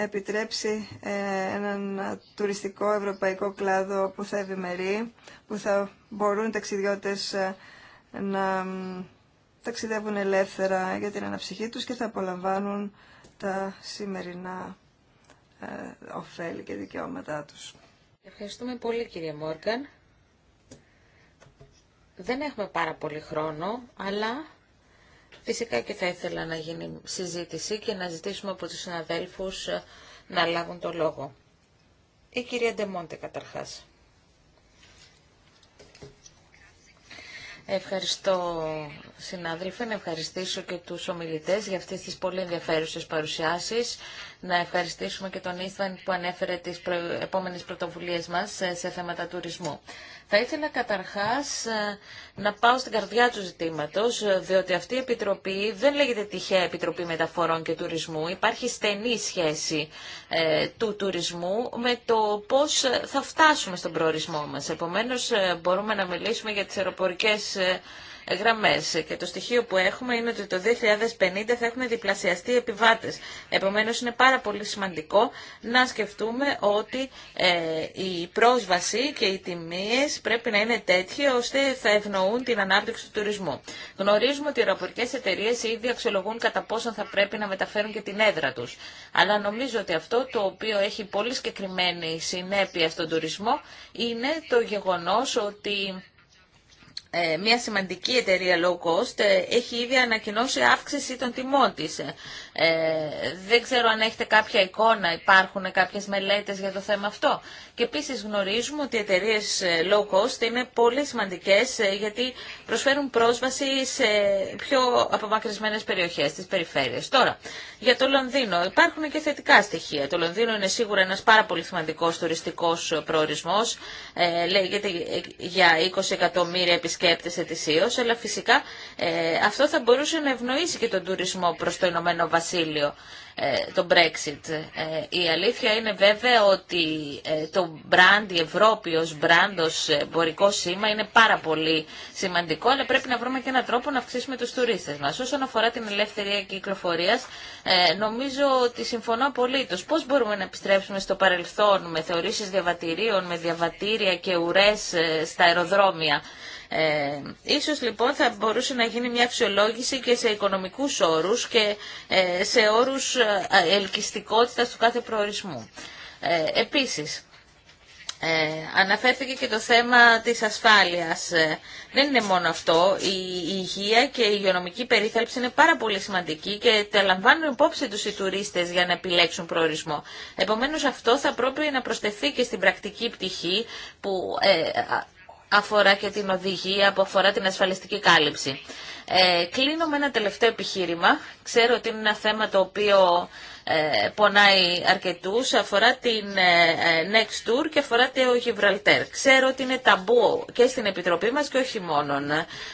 επιτρέψει ε, έναν τουριστικό ευρωπαϊκό κλάδο που θα ευημερεί, που θα μπορούν οι ταξιδιώτες ε, να ταξιδεύουν ελεύθερα για την αναψυχή τους και θα απολαμβάνουν τα σημερινά ε, ωφέλη και δικαιώματά τους. Ευχαριστούμε πολύ κύριε Μόργαν. Δεν έχουμε πάρα πολύ χρόνο, αλλά Φυσικά και θα ήθελα να γίνει συζήτηση και να ζητήσουμε από τους συναδέλφους ε, να λάβουν το λόγο. Η κυρία Ντεμόντε καταρχάς. Ευχαριστώ συνάδελφε, να ευχαριστήσω και τους ομιλητές για αυτές τις πολύ ενδιαφέρουσες παρουσιάσεις να ευχαριστήσουμε και τον Ίστβαν που ανέφερε τις επόμενες πρωτοβουλίες μας σε θέματα τουρισμού. Θα ήθελα καταρχάς ε, να πάω στην καρδιά του ζητήματος, ε, διότι αυτή η Επιτροπή δεν λέγεται τυχαία Επιτροπή Μεταφορών και Τουρισμού. Υπάρχει στενή σχέση ε, του τουρισμού με το πώς θα φτάσουμε στον προορισμό μας. Επομένως, μπορούμε να μιλήσουμε για τις αεροπορικές και το στοιχείο που έχουμε είναι ότι το 2050 θα έχουν διπλασιαστεί οι επιβάτες. Επομένως είναι πάρα πολύ σημαντικό να σκεφτούμε ότι ε, η πρόσβαση και οι τιμίες πρέπει να είναι τέτοιοι ώστε θα ευνοούν την ανάπτυξη του τουρισμού. Γνωρίζουμε ότι οι αεροπορικέ εταιρείε ήδη αξιολογούν κατά πόσον θα πρέπει να μεταφέρουν και την έδρα τους. Αλλά νομίζω ότι αυτό το οποίο έχει πολύ συγκεκριμένη συνέπεια στον τουρισμό είναι το γεγονός ότι ε, μια σημαντική εταιρεία low cost ε, έχει ήδη ανακοινώσει αύξηση των τιμών της. Ε, ε, δεν ξέρω αν έχετε κάποια εικόνα, υπάρχουν κάποιες μελέτες για το θέμα αυτό. Και επίσης γνωρίζουμε ότι οι εταιρείε ε, low cost είναι πολύ σημαντικές ε, γιατί προσφέρουν πρόσβαση σε πιο απομακρυσμένες περιοχές της περιφέρειας. Τώρα, για το Λονδίνο υπάρχουν και θετικά στοιχεία. Το Λονδίνο είναι σίγουρα ένας πάρα πολύ σημαντικός τουριστικός προορισμός. Ε, λέγεται για 20 εκατομμύρια επισκέπτες ετησίως, αλλά φυσικά ε, αυτό θα μπορούσε να ευνοήσει και τον τουρισμό προς το Ηνωμένο Βασίλειο ε, το Brexit. Ε, η αλήθεια είναι βέβαια ότι ε, το brand, η Ευρώπη ως brand, ως εμπορικό σήμα είναι πάρα πολύ σημαντικό, αλλά πρέπει να βρούμε και έναν τρόπο να αυξήσουμε τους τουρίστες μας. Όσον αφορά την ελεύθερη κυκλοφορία, νομίζω ότι συμφωνώ απολύτως. Πώς μπορούμε να επιστρέψουμε στο παρελθόν με θεωρήσεις διαβατηρίων, με διαβατήρια και ουρές στα αεροδρόμια. Ε, ίσως λοιπόν θα μπορούσε να γίνει μια αξιολόγηση και σε οικονομικούς όρους και ε, σε όρους ε, ελκυστικότητας του κάθε προορισμού. Ε, επίσης, ε, αναφέρθηκε και το θέμα της ασφάλειας. δεν είναι μόνο αυτό. Η, υγεία και η υγειονομική περίθαλψη είναι πάρα πολύ σημαντική και τα λαμβάνουν υπόψη τους οι τουρίστες για να επιλέξουν προορισμό. Επομένως αυτό θα πρέπει να προσθεθεί και στην πρακτική πτυχή που αφορά και την οδηγία που αφορά την ασφαλιστική κάλυψη. Ε, κλείνω με ένα τελευταίο επιχείρημα. Ξέρω ότι είναι ένα θέμα το οποίο ε, πονάει αρκετούς, αφορά την ε, ε, Next Tour και αφορά το Γιβραλτέρ. Ξέρω ότι είναι ταμπού και στην Επιτροπή μας και όχι μόνον.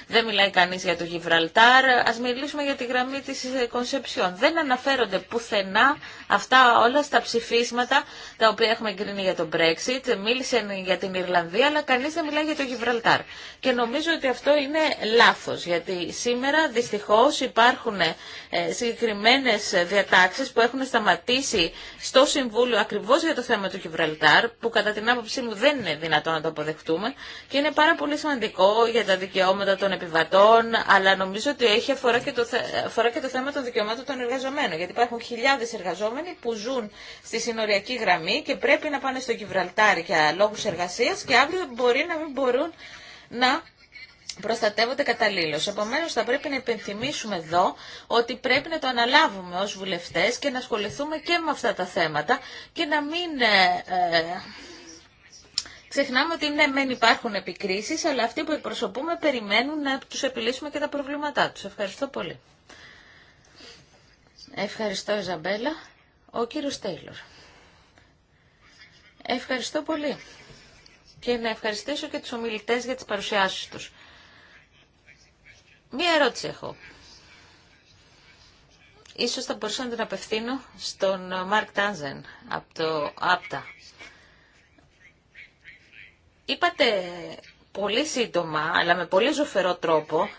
Δεν μιλάει κανείς για το Γιβραλτάρ, ας μιλήσουμε για τη γραμμή της Κονσεψιών. Δεν αναφέρονται πουθενά αυτά όλα στα ψηφίσματα τα οποία έχουμε εγκρίνει για το Brexit, μίλησε για την Ιρλανδία, αλλά κανείς δεν μιλάει για το Γιβραλτάρ. Και νομίζω ότι αυτό είναι λάθος, γιατί σήμερα δυστυχώς υπάρχουν συγκεκριμένες διατάξεις που έχουν σταματήσει στο Συμβούλιο ακριβώς για το θέμα του Γιβραλτάρ, που κατά την άποψή μου δεν είναι δυνατό να το αποδεχτούμε και είναι πάρα πολύ σημαντικό για τα δικαιώματα των επιβατών, αλλά νομίζω ότι έχει αφορά και το, αφορά και το θέμα των δικαιωμάτων των εργαζομένων, γιατί υπάρχουν χιλιάδες εργαζόμενοι που ζουν στη συνοριακή γραμμή και πρέπει να πάνε στο Γιβραλτάρ για λόγους εργασίας και αύριο μπορεί να μην μπορούν να προστατεύονται καταλήλως. Επομένως θα πρέπει να υπενθυμίσουμε εδώ ότι πρέπει να το αναλάβουμε ως βουλευτές και να ασχοληθούμε και με αυτά τα θέματα και να μην ε, ε, ξεχνάμε ότι ναι μεν υπάρχουν επικρίσεις αλλά αυτοί που εκπροσωπούμε περιμένουν να τους επιλύσουμε και τα προβλήματά τους. Ευχαριστώ πολύ. Ευχαριστώ Ιζαμπέλα. Ο κύριος Τέιλορ. Ευχαριστώ πολύ. Και να ευχαριστήσω και τους ομιλητές για τις παρουσιάσεις τους. Μία ερώτηση έχω. Ίσως θα μπορούσα να την απευθύνω στον ε, Μάρκ Τάνζεν από το ΑΠΤΑ. Είπατε πολύ σύντομα, αλλά με πολύ ζωφερό τρόπο,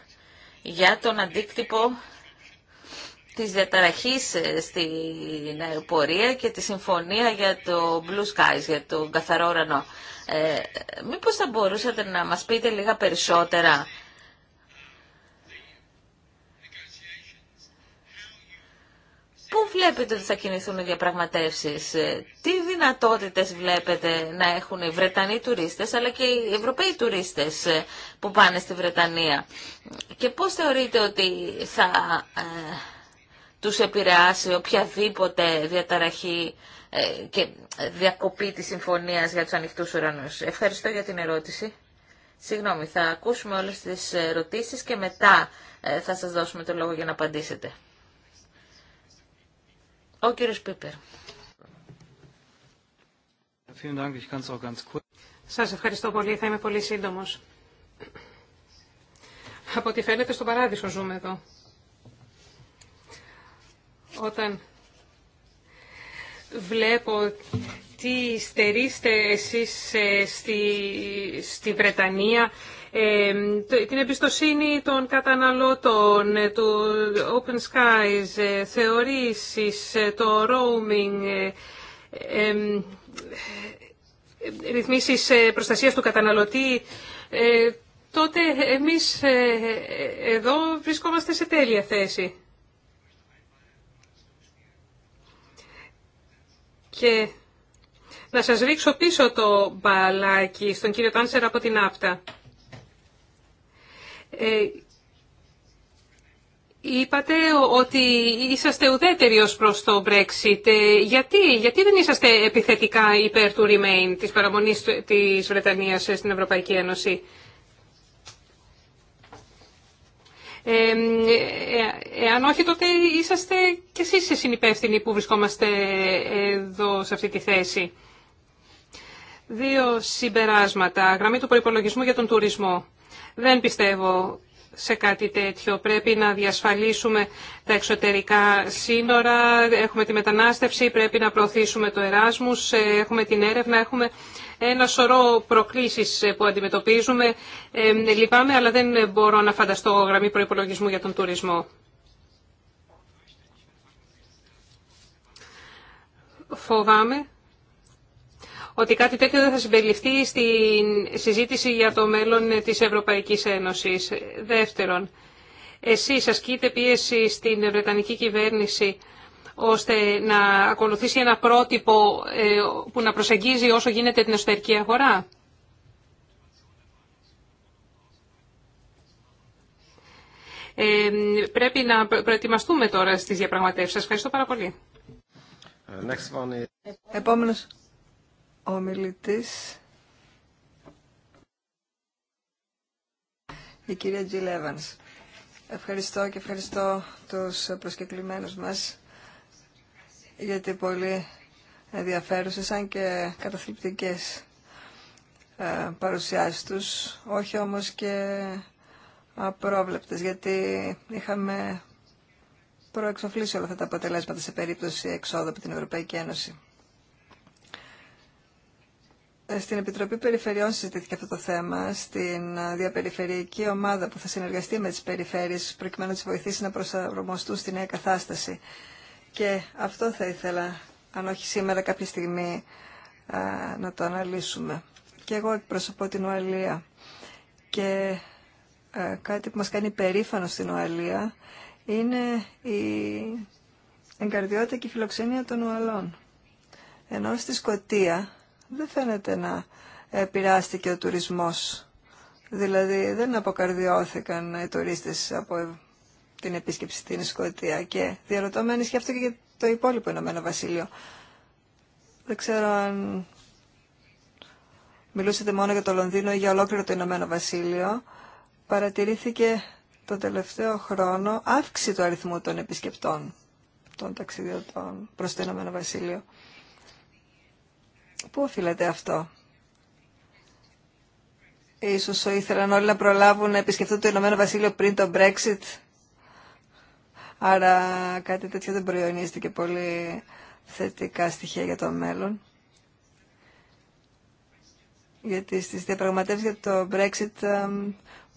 για τον αντίκτυπο της διαταραχής ε, στην αεροπορία και τη συμφωνία για το Blue Skies, για το καθαρό ουρανό. Ε, μήπως θα μπορούσατε να μας πείτε λίγα περισσότερα Πού βλέπετε ότι θα κινηθούν οι διαπραγματεύσει, ε, τι δυνατότητες βλέπετε να έχουν οι Βρετανοί τουρίστες αλλά και οι Ευρωπαίοι τουρίστες ε, που πάνε στη Βρετανία και πώς θεωρείτε ότι θα ε, τους επηρεάσει οποιαδήποτε διαταραχή ε, και διακοπή τη συμφωνίας για τους ανοιχτούς ουρανού. Ευχαριστώ για την ερώτηση. Συγγνώμη, θα ακούσουμε όλες τις ερωτήσεις και μετά θα σας δώσουμε το λόγο για να απαντήσετε. Ο κύριος Πίπερ. Σας ευχαριστώ πολύ. Θα είμαι πολύ σύντομος. Από ό,τι φαίνεται στο παράδεισο ζούμε εδώ. Όταν βλέπω τι στερείστε εσείς ε, στη, στη Βρετανία την εμπιστοσύνη των καταναλωτών, ε, του Open Skies, ε, θεωρήσεις, ε, το roaming, ρυθμίσεις προστασίας του καταναλωτή, τότε εμείς εδώ βρισκόμαστε σε τέλεια θέση. Και να σας ρίξω πίσω το μπαλάκι στον κύριο Τάνσερ από την Άπτα. Ε, είπατε ότι είσαστε ουδέτεροι ως προς το Brexit. Ε, γιατί, γιατί δεν είσαστε επιθετικά υπέρ του Remain, της παραμονής της Βρετανίας στην Ευρωπαϊκή Ένωση. Ε, ε, εάν όχι, τότε είσαστε κι εσείς οι συνυπεύθυνοι που βρισκόμαστε εδώ σε αυτή τη θέση. Δύο συμπεράσματα. Γραμμή του προϋπολογισμού για τον τουρισμό. Δεν πιστεύω σε κάτι τέτοιο. Πρέπει να διασφαλίσουμε τα εξωτερικά σύνορα, έχουμε τη μετανάστευση, πρέπει να προωθήσουμε το Εράσμους, ε, έχουμε την έρευνα, έχουμε ένα σωρό προκλήσεις ε, που αντιμετωπίζουμε. Ε, λυπάμαι, αλλά δεν μπορώ να φανταστώ γραμμή προϋπολογισμού για τον τουρισμό. Φοβάμαι ότι κάτι τέτοιο δεν θα συμπεριληφθεί στη συζήτηση για το μέλλον της Ευρωπαϊκής Ένωσης. Δεύτερον, εσείς ασκείτε πίεση στην Βρετανική κυβέρνηση ώστε να ακολουθήσει ένα πρότυπο ε, που να προσεγγίζει όσο γίνεται την εσωτερική αγορά. Ε, πρέπει να προετοιμαστούμε τώρα στις διαπραγματεύσεις. Σας ευχαριστώ πάρα πολύ. Επόμενος. Ο η κυρία Τζιλ Ευχαριστώ και ευχαριστώ τους προσκεκλημένους μας γιατί πολύ ενδιαφέρουσες, αν και καταθλιπτικές ε, παρουσιάσεις τους, όχι όμως και απρόβλεπτες, γιατί είχαμε προεξοφλήσει όλα αυτά τα αποτελέσματα σε περίπτωση εξόδου από την Ευρωπαϊκή Ένωση. Ε, στην Επιτροπή Περιφερειών συζητήθηκε αυτό το θέμα, στην ε, διαπεριφερειακή ομάδα που θα συνεργαστεί με τις περιφέρειες προκειμένου να τις βοηθήσει να προσαρμοστούν στη νέα κατάσταση. Και αυτό θα ήθελα, αν όχι σήμερα κάποια στιγμή, ε, να το αναλύσουμε. Και εγώ εκπροσωπώ την Ουαλία και κάτι που μας κάνει περήφανο στην Ουαλία είναι η εγκαρδιότητα και η φιλοξενία των Ουαλών. Ενώ στη Σκοτία δεν φαίνεται να επηρεάστηκε ο τουρισμός. Δηλαδή δεν αποκαρδιώθηκαν οι τουρίστες από την επίσκεψη στην Σκοτία και διαρωτώ με αυτό και για το υπόλοιπο Ηνωμένο Βασίλειο. Δεν ξέρω αν μιλούσατε μόνο για το Λονδίνο ή για ολόκληρο το Ηνωμένο Βασίλειο. Παρατηρήθηκε το τελευταίο χρόνο αύξηση του αριθμού των επισκεπτών των ταξιδιωτών προς το Ηνωμένο Βασίλειο. Πού οφείλεται αυτό. Ίσως ήθελαν όλοι να προλάβουν να επισκεφτούν το Ηνωμένο Βασίλειο πριν το Brexit. Άρα κάτι τέτοιο δεν προϊονίστηκε πολύ θετικά στοιχεία για το μέλλον. Γιατί στις διαπραγματεύσεις για το Brexit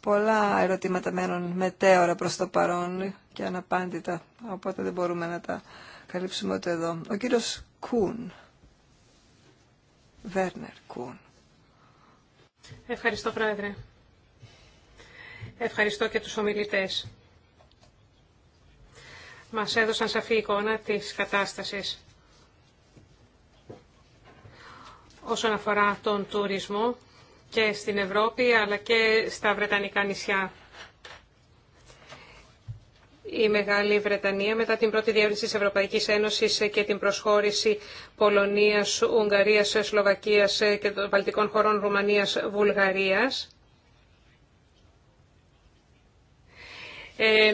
πολλά ερωτήματα μένουν μετέωρα προς το παρόν και αναπάντητα. Οπότε δεν μπορούμε να τα καλύψουμε ούτε εδώ. Ο κύριος Κούν. Ευχαριστώ, Πρόεδρε. Ευχαριστώ και τους ομιλητές. Μας έδωσαν σαφή εικόνα της κατάστασης. όσον αφορά τον τουρισμό και στην Ευρώπη αλλά και στα Βρετανικά νησιά η Μεγάλη Βρετανία μετά την πρώτη διεύρυνση της Ευρωπαϊκής Ένωσης και την προσχώρηση Πολωνίας, Ουγγαρίας, Σλοβακίας και των Βαλτικών χωρών Ρουμανίας, Βουλγαρίας. Ε,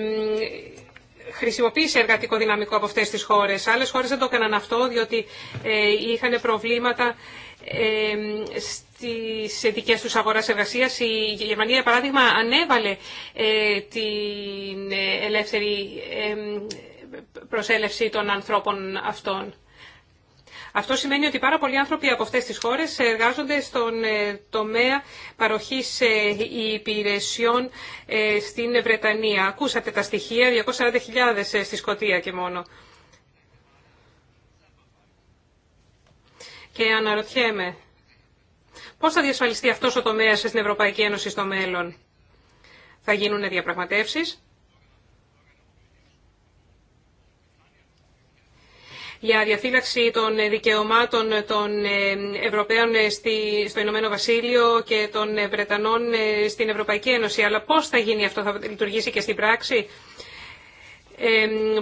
χρησιμοποίησε εργατικό δυναμικό από αυτές τις χώρες. Άλλες χώρες δεν το έκαναν αυτό διότι ε, είχαν προβλήματα ε, στις δικέ τους αγοράς εργασίας. Η Γερμανία, παράδειγμα, ανέβαλε ε, την ε, ελεύθερη ε, προσέλευση των ανθρώπων αυτών. Αυτό σημαίνει ότι πάρα πολλοί άνθρωποι από αυτές τις χώρες εργάζονται στον τομέα παροχής υπηρεσιών στην Βρετανία. Ακούσατε τα στοιχεία, 240.000 στη Σκοτία και μόνο. Και αναρωτιέμαι, Πώς θα διασφαλιστεί αυτός ο τομέας στην Ευρωπαϊκή Ένωση στο μέλλον. Θα γίνουν διαπραγματεύσεις. για διαφύλαξη των δικαιωμάτων των ε, Ευρωπαίων ε, στο Ηνωμένο Βασίλειο και των ε, Βρετανών στην Ευρωπαϊκή Ένωση. Αλλά πώς θα γίνει αυτό, θα λειτουργήσει και στην πράξη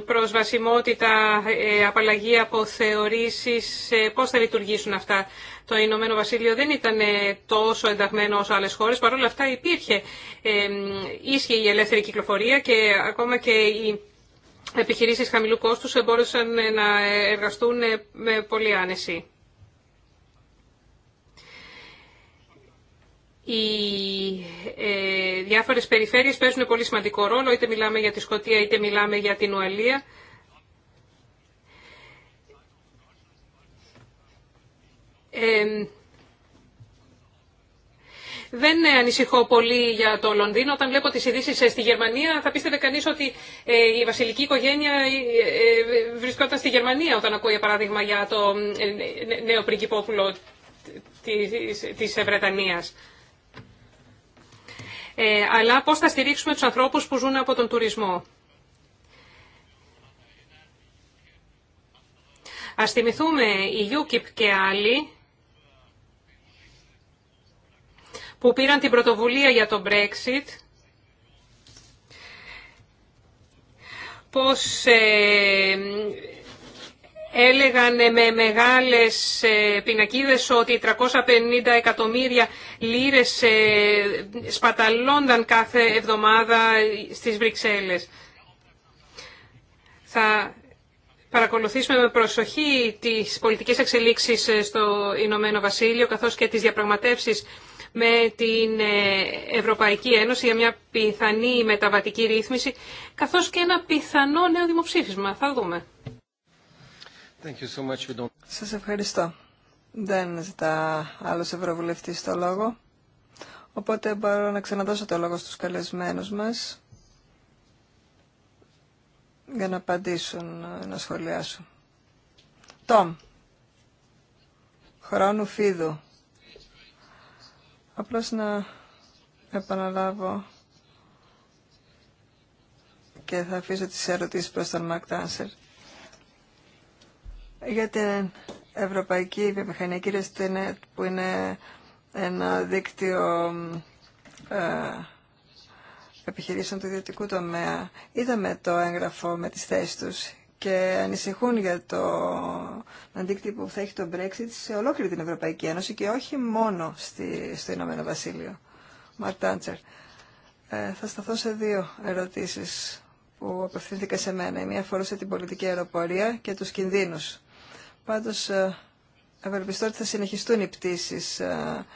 προσβασιμότητα, ε, απαλλαγή από θεωρήσεις, ε, πώς θα λειτουργήσουν αυτά. Το Ηνωμένο Βασίλειο δεν ήταν ε, τόσο ενταγμένο όσο άλλες χώρες, παρόλα αυτά υπήρχε ίσχυη η ελεύθερη κυκλοφορία και ακόμα και οι επιχειρήσεις χαμηλού κόστους μπορούσαν να εργαστούν με πολύ άνεση. οι ε, διάφορες περιφέρειες παίζουν πολύ σημαντικό ρόλο, είτε μιλάμε για τη Σκωτία είτε μιλάμε για την Ουαλία. δεν ανησυχώ πολύ για το Λονδίνο. Όταν βλέπω τις ειδήσει ε, στη Γερμανία θα πίστευε κανείς ότι ε, η βασιλική οικογένεια ε, βρισκόταν στη Γερμανία όταν ακούει για παράδειγμα για το νέο πριγκυπόπουλο της Βρετανίας. Ε, αλλά πώς θα στηρίξουμε τους ανθρώπους που ζουν από τον τουρισμό. Ας θυμηθούμε η UKIP και άλλοι που πήραν την πρωτοβουλία για το Brexit, πώς ε, έλεγαν με μεγάλες ε, πινακίδες ότι 350 εκατομμύρια λίρες ε, σπαταλώνταν κάθε εβδομάδα στις Βρυξέλλες. Θα παρακολουθήσουμε με προσοχή τις πολιτικές εξελίξεις ε, στο Ηνωμένο Βασίλειο καθώς και τις διαπραγματεύσεις με την Ευρωπαϊκή Ένωση για μια πιθανή μεταβατική ρύθμιση καθώς και ένα πιθανό νέο δημοψήφισμα. Θα δούμε. Σα Σας ευχαριστώ. Δεν ζητά άλλο ευρωβουλευτής το λόγο. Οπότε μπορώ να ξαναδώσω το λόγο στους καλεσμένους μας για να απαντήσουν, να σχολιάσουν. Τόμ, χρόνου φίδου. Απλώς να επαναλάβω και θα αφήσω τις ερωτήσεις προς τον Μακ Τάνσερ για την Ευρωπαϊκή Βιομηχανία, κυρίως που είναι ένα δίκτυο ε, επιχειρήσεων του ιδιωτικού τομέα. Είδαμε το έγγραφο με τις θέσεις τους και ανησυχούν για το αντίκτυπο που θα έχει το Brexit σε ολόκληρη την Ευρωπαϊκή Ένωση και όχι μόνο στη, στο Ηνωμένο Βασίλειο. Μαρτάντσερ, ε, θα σταθώ σε δύο ερωτήσεις που απευθύνθηκα σε μένα. Η μία αφορούσε την πολιτική αεροπορία και τους κινδύνους. Πάντως ε, ευελπιστώ ότι θα συνεχιστούν οι πτήσεις ε,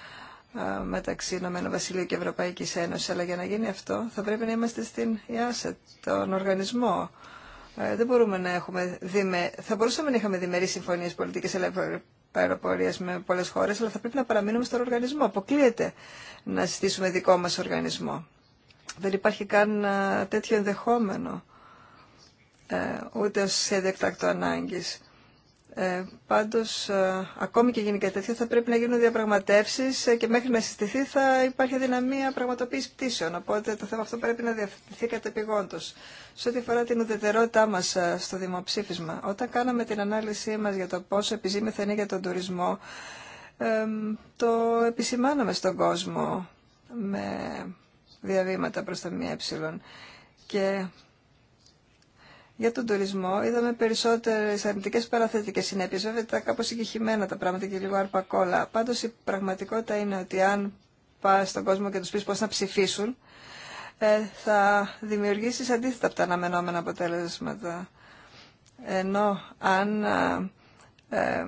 ε, μεταξύ Ηνωμένου Βασιλείου και Ευρωπαϊκής Ένωσης, αλλά για να γίνει αυτό θα πρέπει να είμαστε στην ΙΑΣΕΤ, τον οργανισμό. δεν μπορούμε να έχουμε διμε... Θα μπορούσαμε να είχαμε διμερεί συμφωνίες πολιτικής αεροπορίας με πολλές χώρες, αλλά θα πρέπει να παραμείνουμε στον οργανισμό. Αποκλείεται να συστήσουμε δικό μας οργανισμό. Δεν υπάρχει καν τέτοιο ενδεχόμενο, ούτε ω σε διεκτάκτο ανάγκης. Ε, πάντως, ε, ακόμη και γίνει κάτι θα πρέπει να γίνουν διαπραγματεύσεις ε, και μέχρι να συστηθεί θα υπάρχει δυναμία πραγματοποίηση πτήσεων. Οπότε το θέμα αυτό πρέπει να διευθυνθεί κατεπηγόντως. Σε ό,τι αφορά την ουδετερότητά μας ε, στο δημοψήφισμα, όταν κάναμε την ανάλυση μας για το πόσο επιζήμεθα είναι για τον τουρισμό, το επισημάναμε στον κόσμο με διαβήματα προ τα ΜΕ. Και για τον τουρισμό είδαμε περισσότερες αρνητικές παραθετικές συνέπειες. Βέβαια ήταν κάπως συγκεχημένα τα πράγματα και λίγο αρπακόλα. Πάντως η πραγματικότητα είναι ότι αν πά στον κόσμο και τους πει πώς να ψηφίσουν, ε, θα δημιουργήσει αντίθετα από τα αναμενόμενα αποτέλεσματα. Ενώ αν ε, ε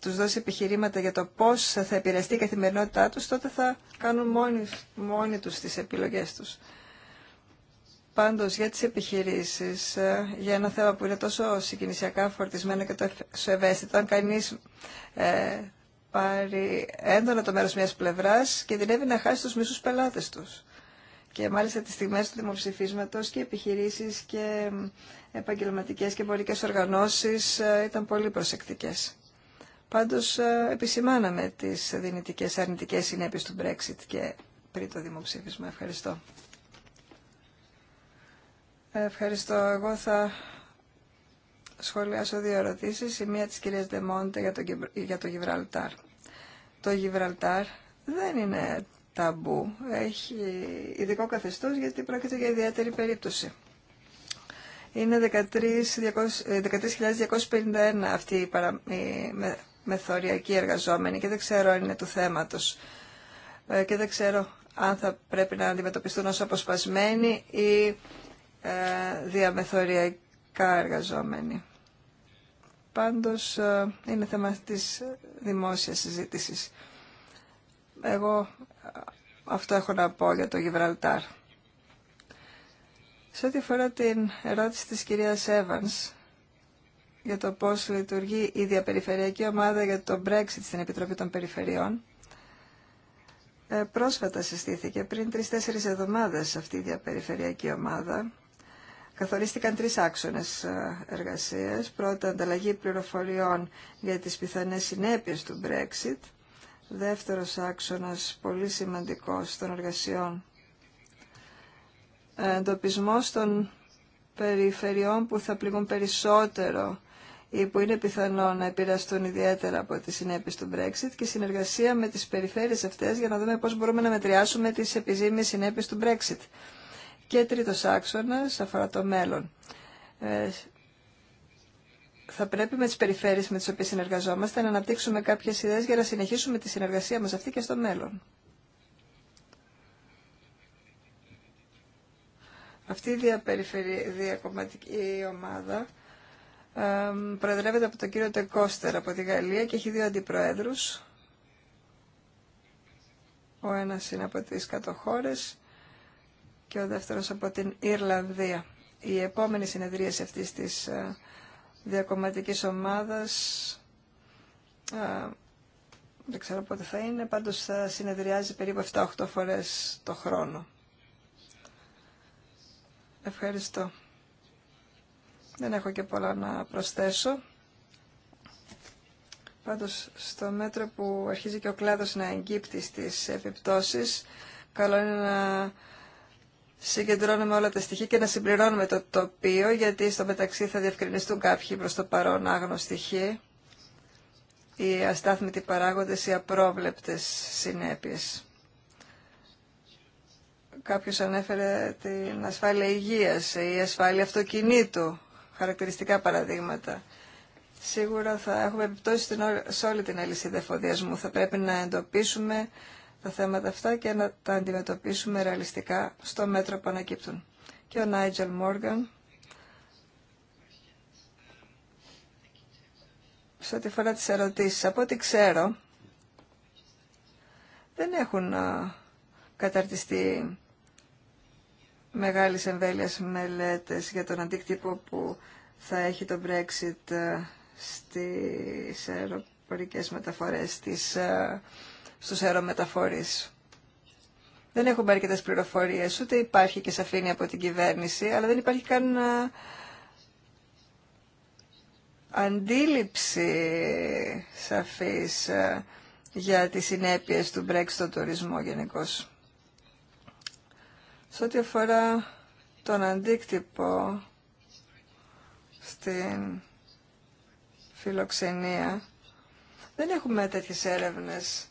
τους δώσει επιχειρήματα για το πώς θα επηρεαστεί η καθημερινότητά τους, τότε θα κάνουν μόνοι, μόνοι τους τις επιλογές τους. Πάντω για τι επιχειρήσει ε, για ένα θέμα που είναι τόσο συγκινησιακά φορτισμένο και το ευαίσθητο, αν κανεί ε, πάρει έντονα το μέρο μια πλευρά, κινδυνεύει να χάσει του μίσου πελάτε του. Και μάλιστα τι στιγμέ του δημοψηφίσματο και επιχειρήσει και επαγγελματικέ και εμπορικές οργανώσεις ε, ήταν πολύ προσεκτικές. Πάντως ε, επισημάναμε τι δυνητικέ αρνητικέ συνέπειε του Brexit και πριν το δημοψήφισμα. Ευχαριστώ. Ευχαριστώ. Εγώ θα σχολιάσω δύο ερωτήσεις. Η μία της κυρίας Δεμόντε για το, το Γιβραλτάρ. Το Γιβραλτάρ δεν είναι ταμπού. Έχει ειδικό καθεστώς γιατί πρόκειται για ιδιαίτερη περίπτωση. Είναι 13.251 αυτοί οι, παρα, οι μεθοριακοί εργαζόμενοι και δεν ξέρω αν είναι του θέματος. Ε, και δεν ξέρω αν θα πρέπει να αντιμετωπιστούν ως αποσπασμένοι ή ε, διαμεθοριακά εργαζόμενοι. Πάντως ε, είναι θέμα της δημόσιας συζήτησης. Εγώ ε, αυτό έχω να πω για το Γιβραλτάρ. Σε ό,τι αφορά την ερώτηση της κυρίας Evans για το πώς λειτουργεί η διαπεριφερειακή ομάδα για το Brexit στην Επιτροπή των Περιφερειών, πρόσφατα συστήθηκε πριν τρεις-τέσσερις εβδομάδες αυτή η διαπεριφερειακή ομάδα Καθορίστηκαν τρεις άξονες ε, εργασίας. Πρώτα, ανταλλαγή πληροφοριών για τις πιθανές συνέπειες του Brexit. Δεύτερος άξονας, πολύ σημαντικός των εργασιών, ε, εντοπισμό των περιφερειών που θα πληγούν περισσότερο ή που είναι πιθανό να επηρεαστούν ιδιαίτερα από τις συνέπειες του Brexit και συνεργασία με τις περιφέρειες αυτές για να δούμε πώς μπορούμε να μετριάσουμε τις επιζήμιες συνέπειες του Brexit. Και τρίτος άξονας αφορά το μέλλον. Ε, θα πρέπει με τις περιφέρειες με τις οποίες συνεργαζόμαστε να αναπτύξουμε κάποιες ιδέες για να συνεχίσουμε τη συνεργασία μας αυτή και στο μέλλον. Αυτή η διακομματική ομάδα ε, προεδρεύεται από τον κύριο Τεκώστερ από τη Γαλλία και έχει δύο αντιπροέδρους. Ο ένα είναι από τις κατοχώρες και ο δεύτερος από την Ιρλανδία. Η επόμενη συνεδρίαση αυτής της ε, διακομματικής ομάδας ε, δεν ξέρω πότε θα είναι, πάντως θα συνεδριάζει περίπου 7-8 φορές το χρόνο. Ευχαριστώ. Δεν έχω και πολλά να προσθέσω. Πάντως, στο μέτρο που αρχίζει και ο κλάδος να εγκύπτει στις επιπτώσεις, καλό είναι να συγκεντρώνουμε όλα τα στοιχεία και να συμπληρώνουμε το τοπίο, γιατί στο μεταξύ θα διευκρινιστούν κάποιοι προς το παρόν άγνωστοι οι αστάθμητοι παράγοντες, οι απρόβλεπτες συνέπειες. Κάποιος ανέφερε την ασφάλεια υγείας ή ασφάλεια αυτοκινήτου, χαρακτηριστικά παραδείγματα. Σίγουρα θα έχουμε επιπτώσει σε όλη την αλυσίδα εφοδιασμού. Θα πρέπει να εντοπίσουμε τα θέματα αυτά και να τα αντιμετωπίσουμε ρεαλιστικά στο μέτρο που ανακύπτουν. Και ο Νάιτζελ Μόργαν, σε ό,τι φορά τις ερωτήσεις, από ό,τι ξέρω, δεν έχουν καταρτιστεί μεγάλες εμβέλειας μελέτες για τον αντίκτυπο που θα έχει το Brexit ε, στις αεροπορικές μεταφορές, της στους αερομεταφορείς. Δεν έχουμε αρκετέ πληροφορίε, ούτε υπάρχει και σαφήνεια από την κυβέρνηση, αλλά δεν υπάρχει καν ε, αντίληψη σαφής ε, για τις συνέπειες του Brexit στον τουρισμό γενικώ. Σε ό,τι αφορά τον αντίκτυπο στην φιλοξενία, δεν έχουμε τέτοιες έρευνες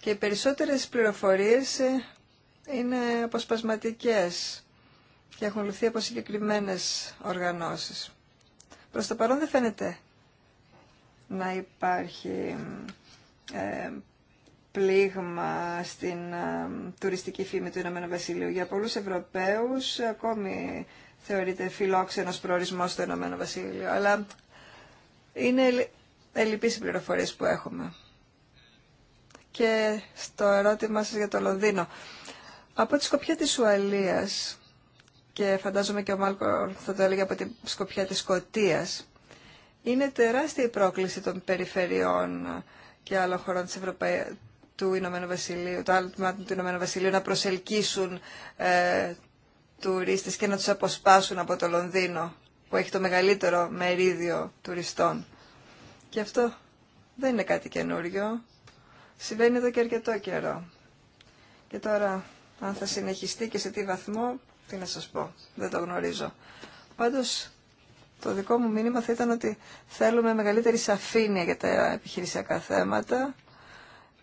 και οι περισσότερες πληροφορίες ε, είναι αποσπασματικές και έχουν λουθεί από συγκεκριμένε οργανώσεις. Προς το παρόν δεν φαίνεται να υπάρχει ε, πλήγμα στην ε, τουριστική φήμη του Ηνωμένου Βασιλείου. Για πολλούς Ευρωπαίους ακόμη θεωρείται φιλόξενος προορισμός στο Ηνωμένο Βασίλειο, αλλά είναι ελλειπείς οι πληροφορίες που έχουμε και στο ερώτημά σας για το Λονδίνο. Από τη σκοπιά της Ουαλίας και φαντάζομαι και ο Μάλκορ θα το έλεγε από τη σκοπιά της Σκοτίας είναι τεράστια η πρόκληση των περιφερειών και άλλων χωρών της του Ηνωμένου Βασιλείου, το άλλο του Ηνωμένου Βασιλείου να προσελκύσουν ε, τουρίστες και να τους αποσπάσουν από το Λονδίνο που έχει το μεγαλύτερο μερίδιο τουριστών. Και αυτό δεν είναι κάτι καινούριο. Συμβαίνει εδώ και αρκετό καιρό. Και τώρα, αν θα συνεχιστεί και σε τι βαθμό, τι να σας πω, δεν το γνωρίζω. Πάντως, το δικό μου μήνυμα θα ήταν ότι θέλουμε μεγαλύτερη σαφήνεια για τα επιχειρησιακά θέματα,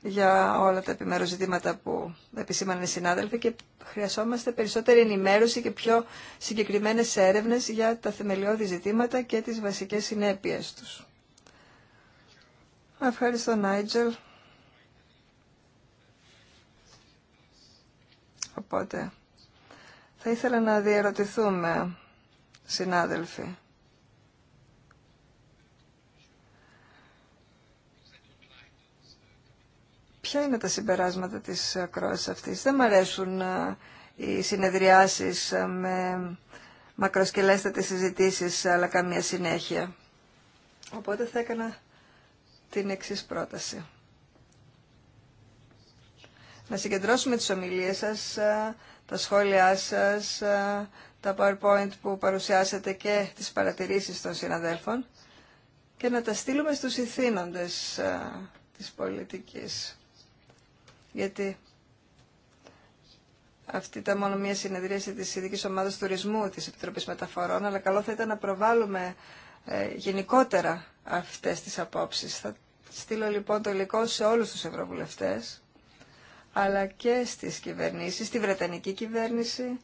για όλα τα επιμέρους ζητήματα που επισήμανε οι συνάδελφοι και χρειαζόμαστε περισσότερη ενημέρωση και πιο συγκεκριμένες έρευνες για τα θεμελιώδη ζητήματα και τις βασικές συνέπειες τους. Ευχαριστώ Νάιτζελ. Οπότε θα ήθελα να διαρωτηθούμε, συνάδελφοι. Ποια είναι τα συμπεράσματα της ακρόασης αυτής. Δεν μ' αρέσουν ε, οι συνεδριάσεις ε, με μακροσκελέστατες συζητήσεις αλλά καμία συνέχεια. Οπότε θα έκανα την εξής πρόταση να συγκεντρώσουμε τις ομιλίες σας, ε, τα σχόλιά σας, ε, τα PowerPoint που παρουσιάσατε και τις παρατηρήσεις των συναδέλφων και να τα στείλουμε στους ηθήνοντες ε, της πολιτικής. Γιατί αυτή ήταν μόνο μια συνεδρίαση της ειδικής ομάδας τουρισμού της Επιτροπής Μεταφορών, αλλά καλό θα ήταν να προβάλλουμε γενικότερα αυτές τις απόψεις. Θα στείλω λοιπόν το υλικό σε όλους τους ευρωβουλευτές αλλά και στις κυβερνήσεις, στη Βρετανική κυβέρνηση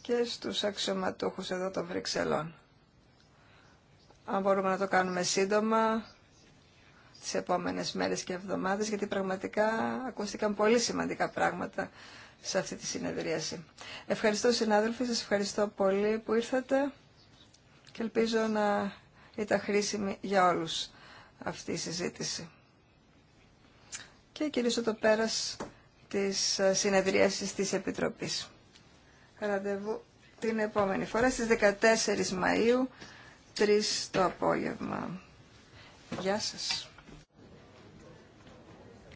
και στους αξιωματούχους εδώ των Βρυξελών. Αν μπορούμε να το κάνουμε σύντομα τις επόμενες μέρες και εβδομάδες, γιατί πραγματικά ακούστηκαν πολύ σημαντικά πράγματα σε αυτή τη συνεδρίαση. Ευχαριστώ συνάδελφοι, σας ευχαριστώ πολύ που ήρθατε και ελπίζω να ήταν χρήσιμη για όλους αυτή η συζήτηση και κυρίως το πέρας της ε, συνεδρίασης της Επιτροπής. Ραντεβού την επόμενη φορά στις 14 Μαΐου, 3 το απόγευμα. Γεια σας.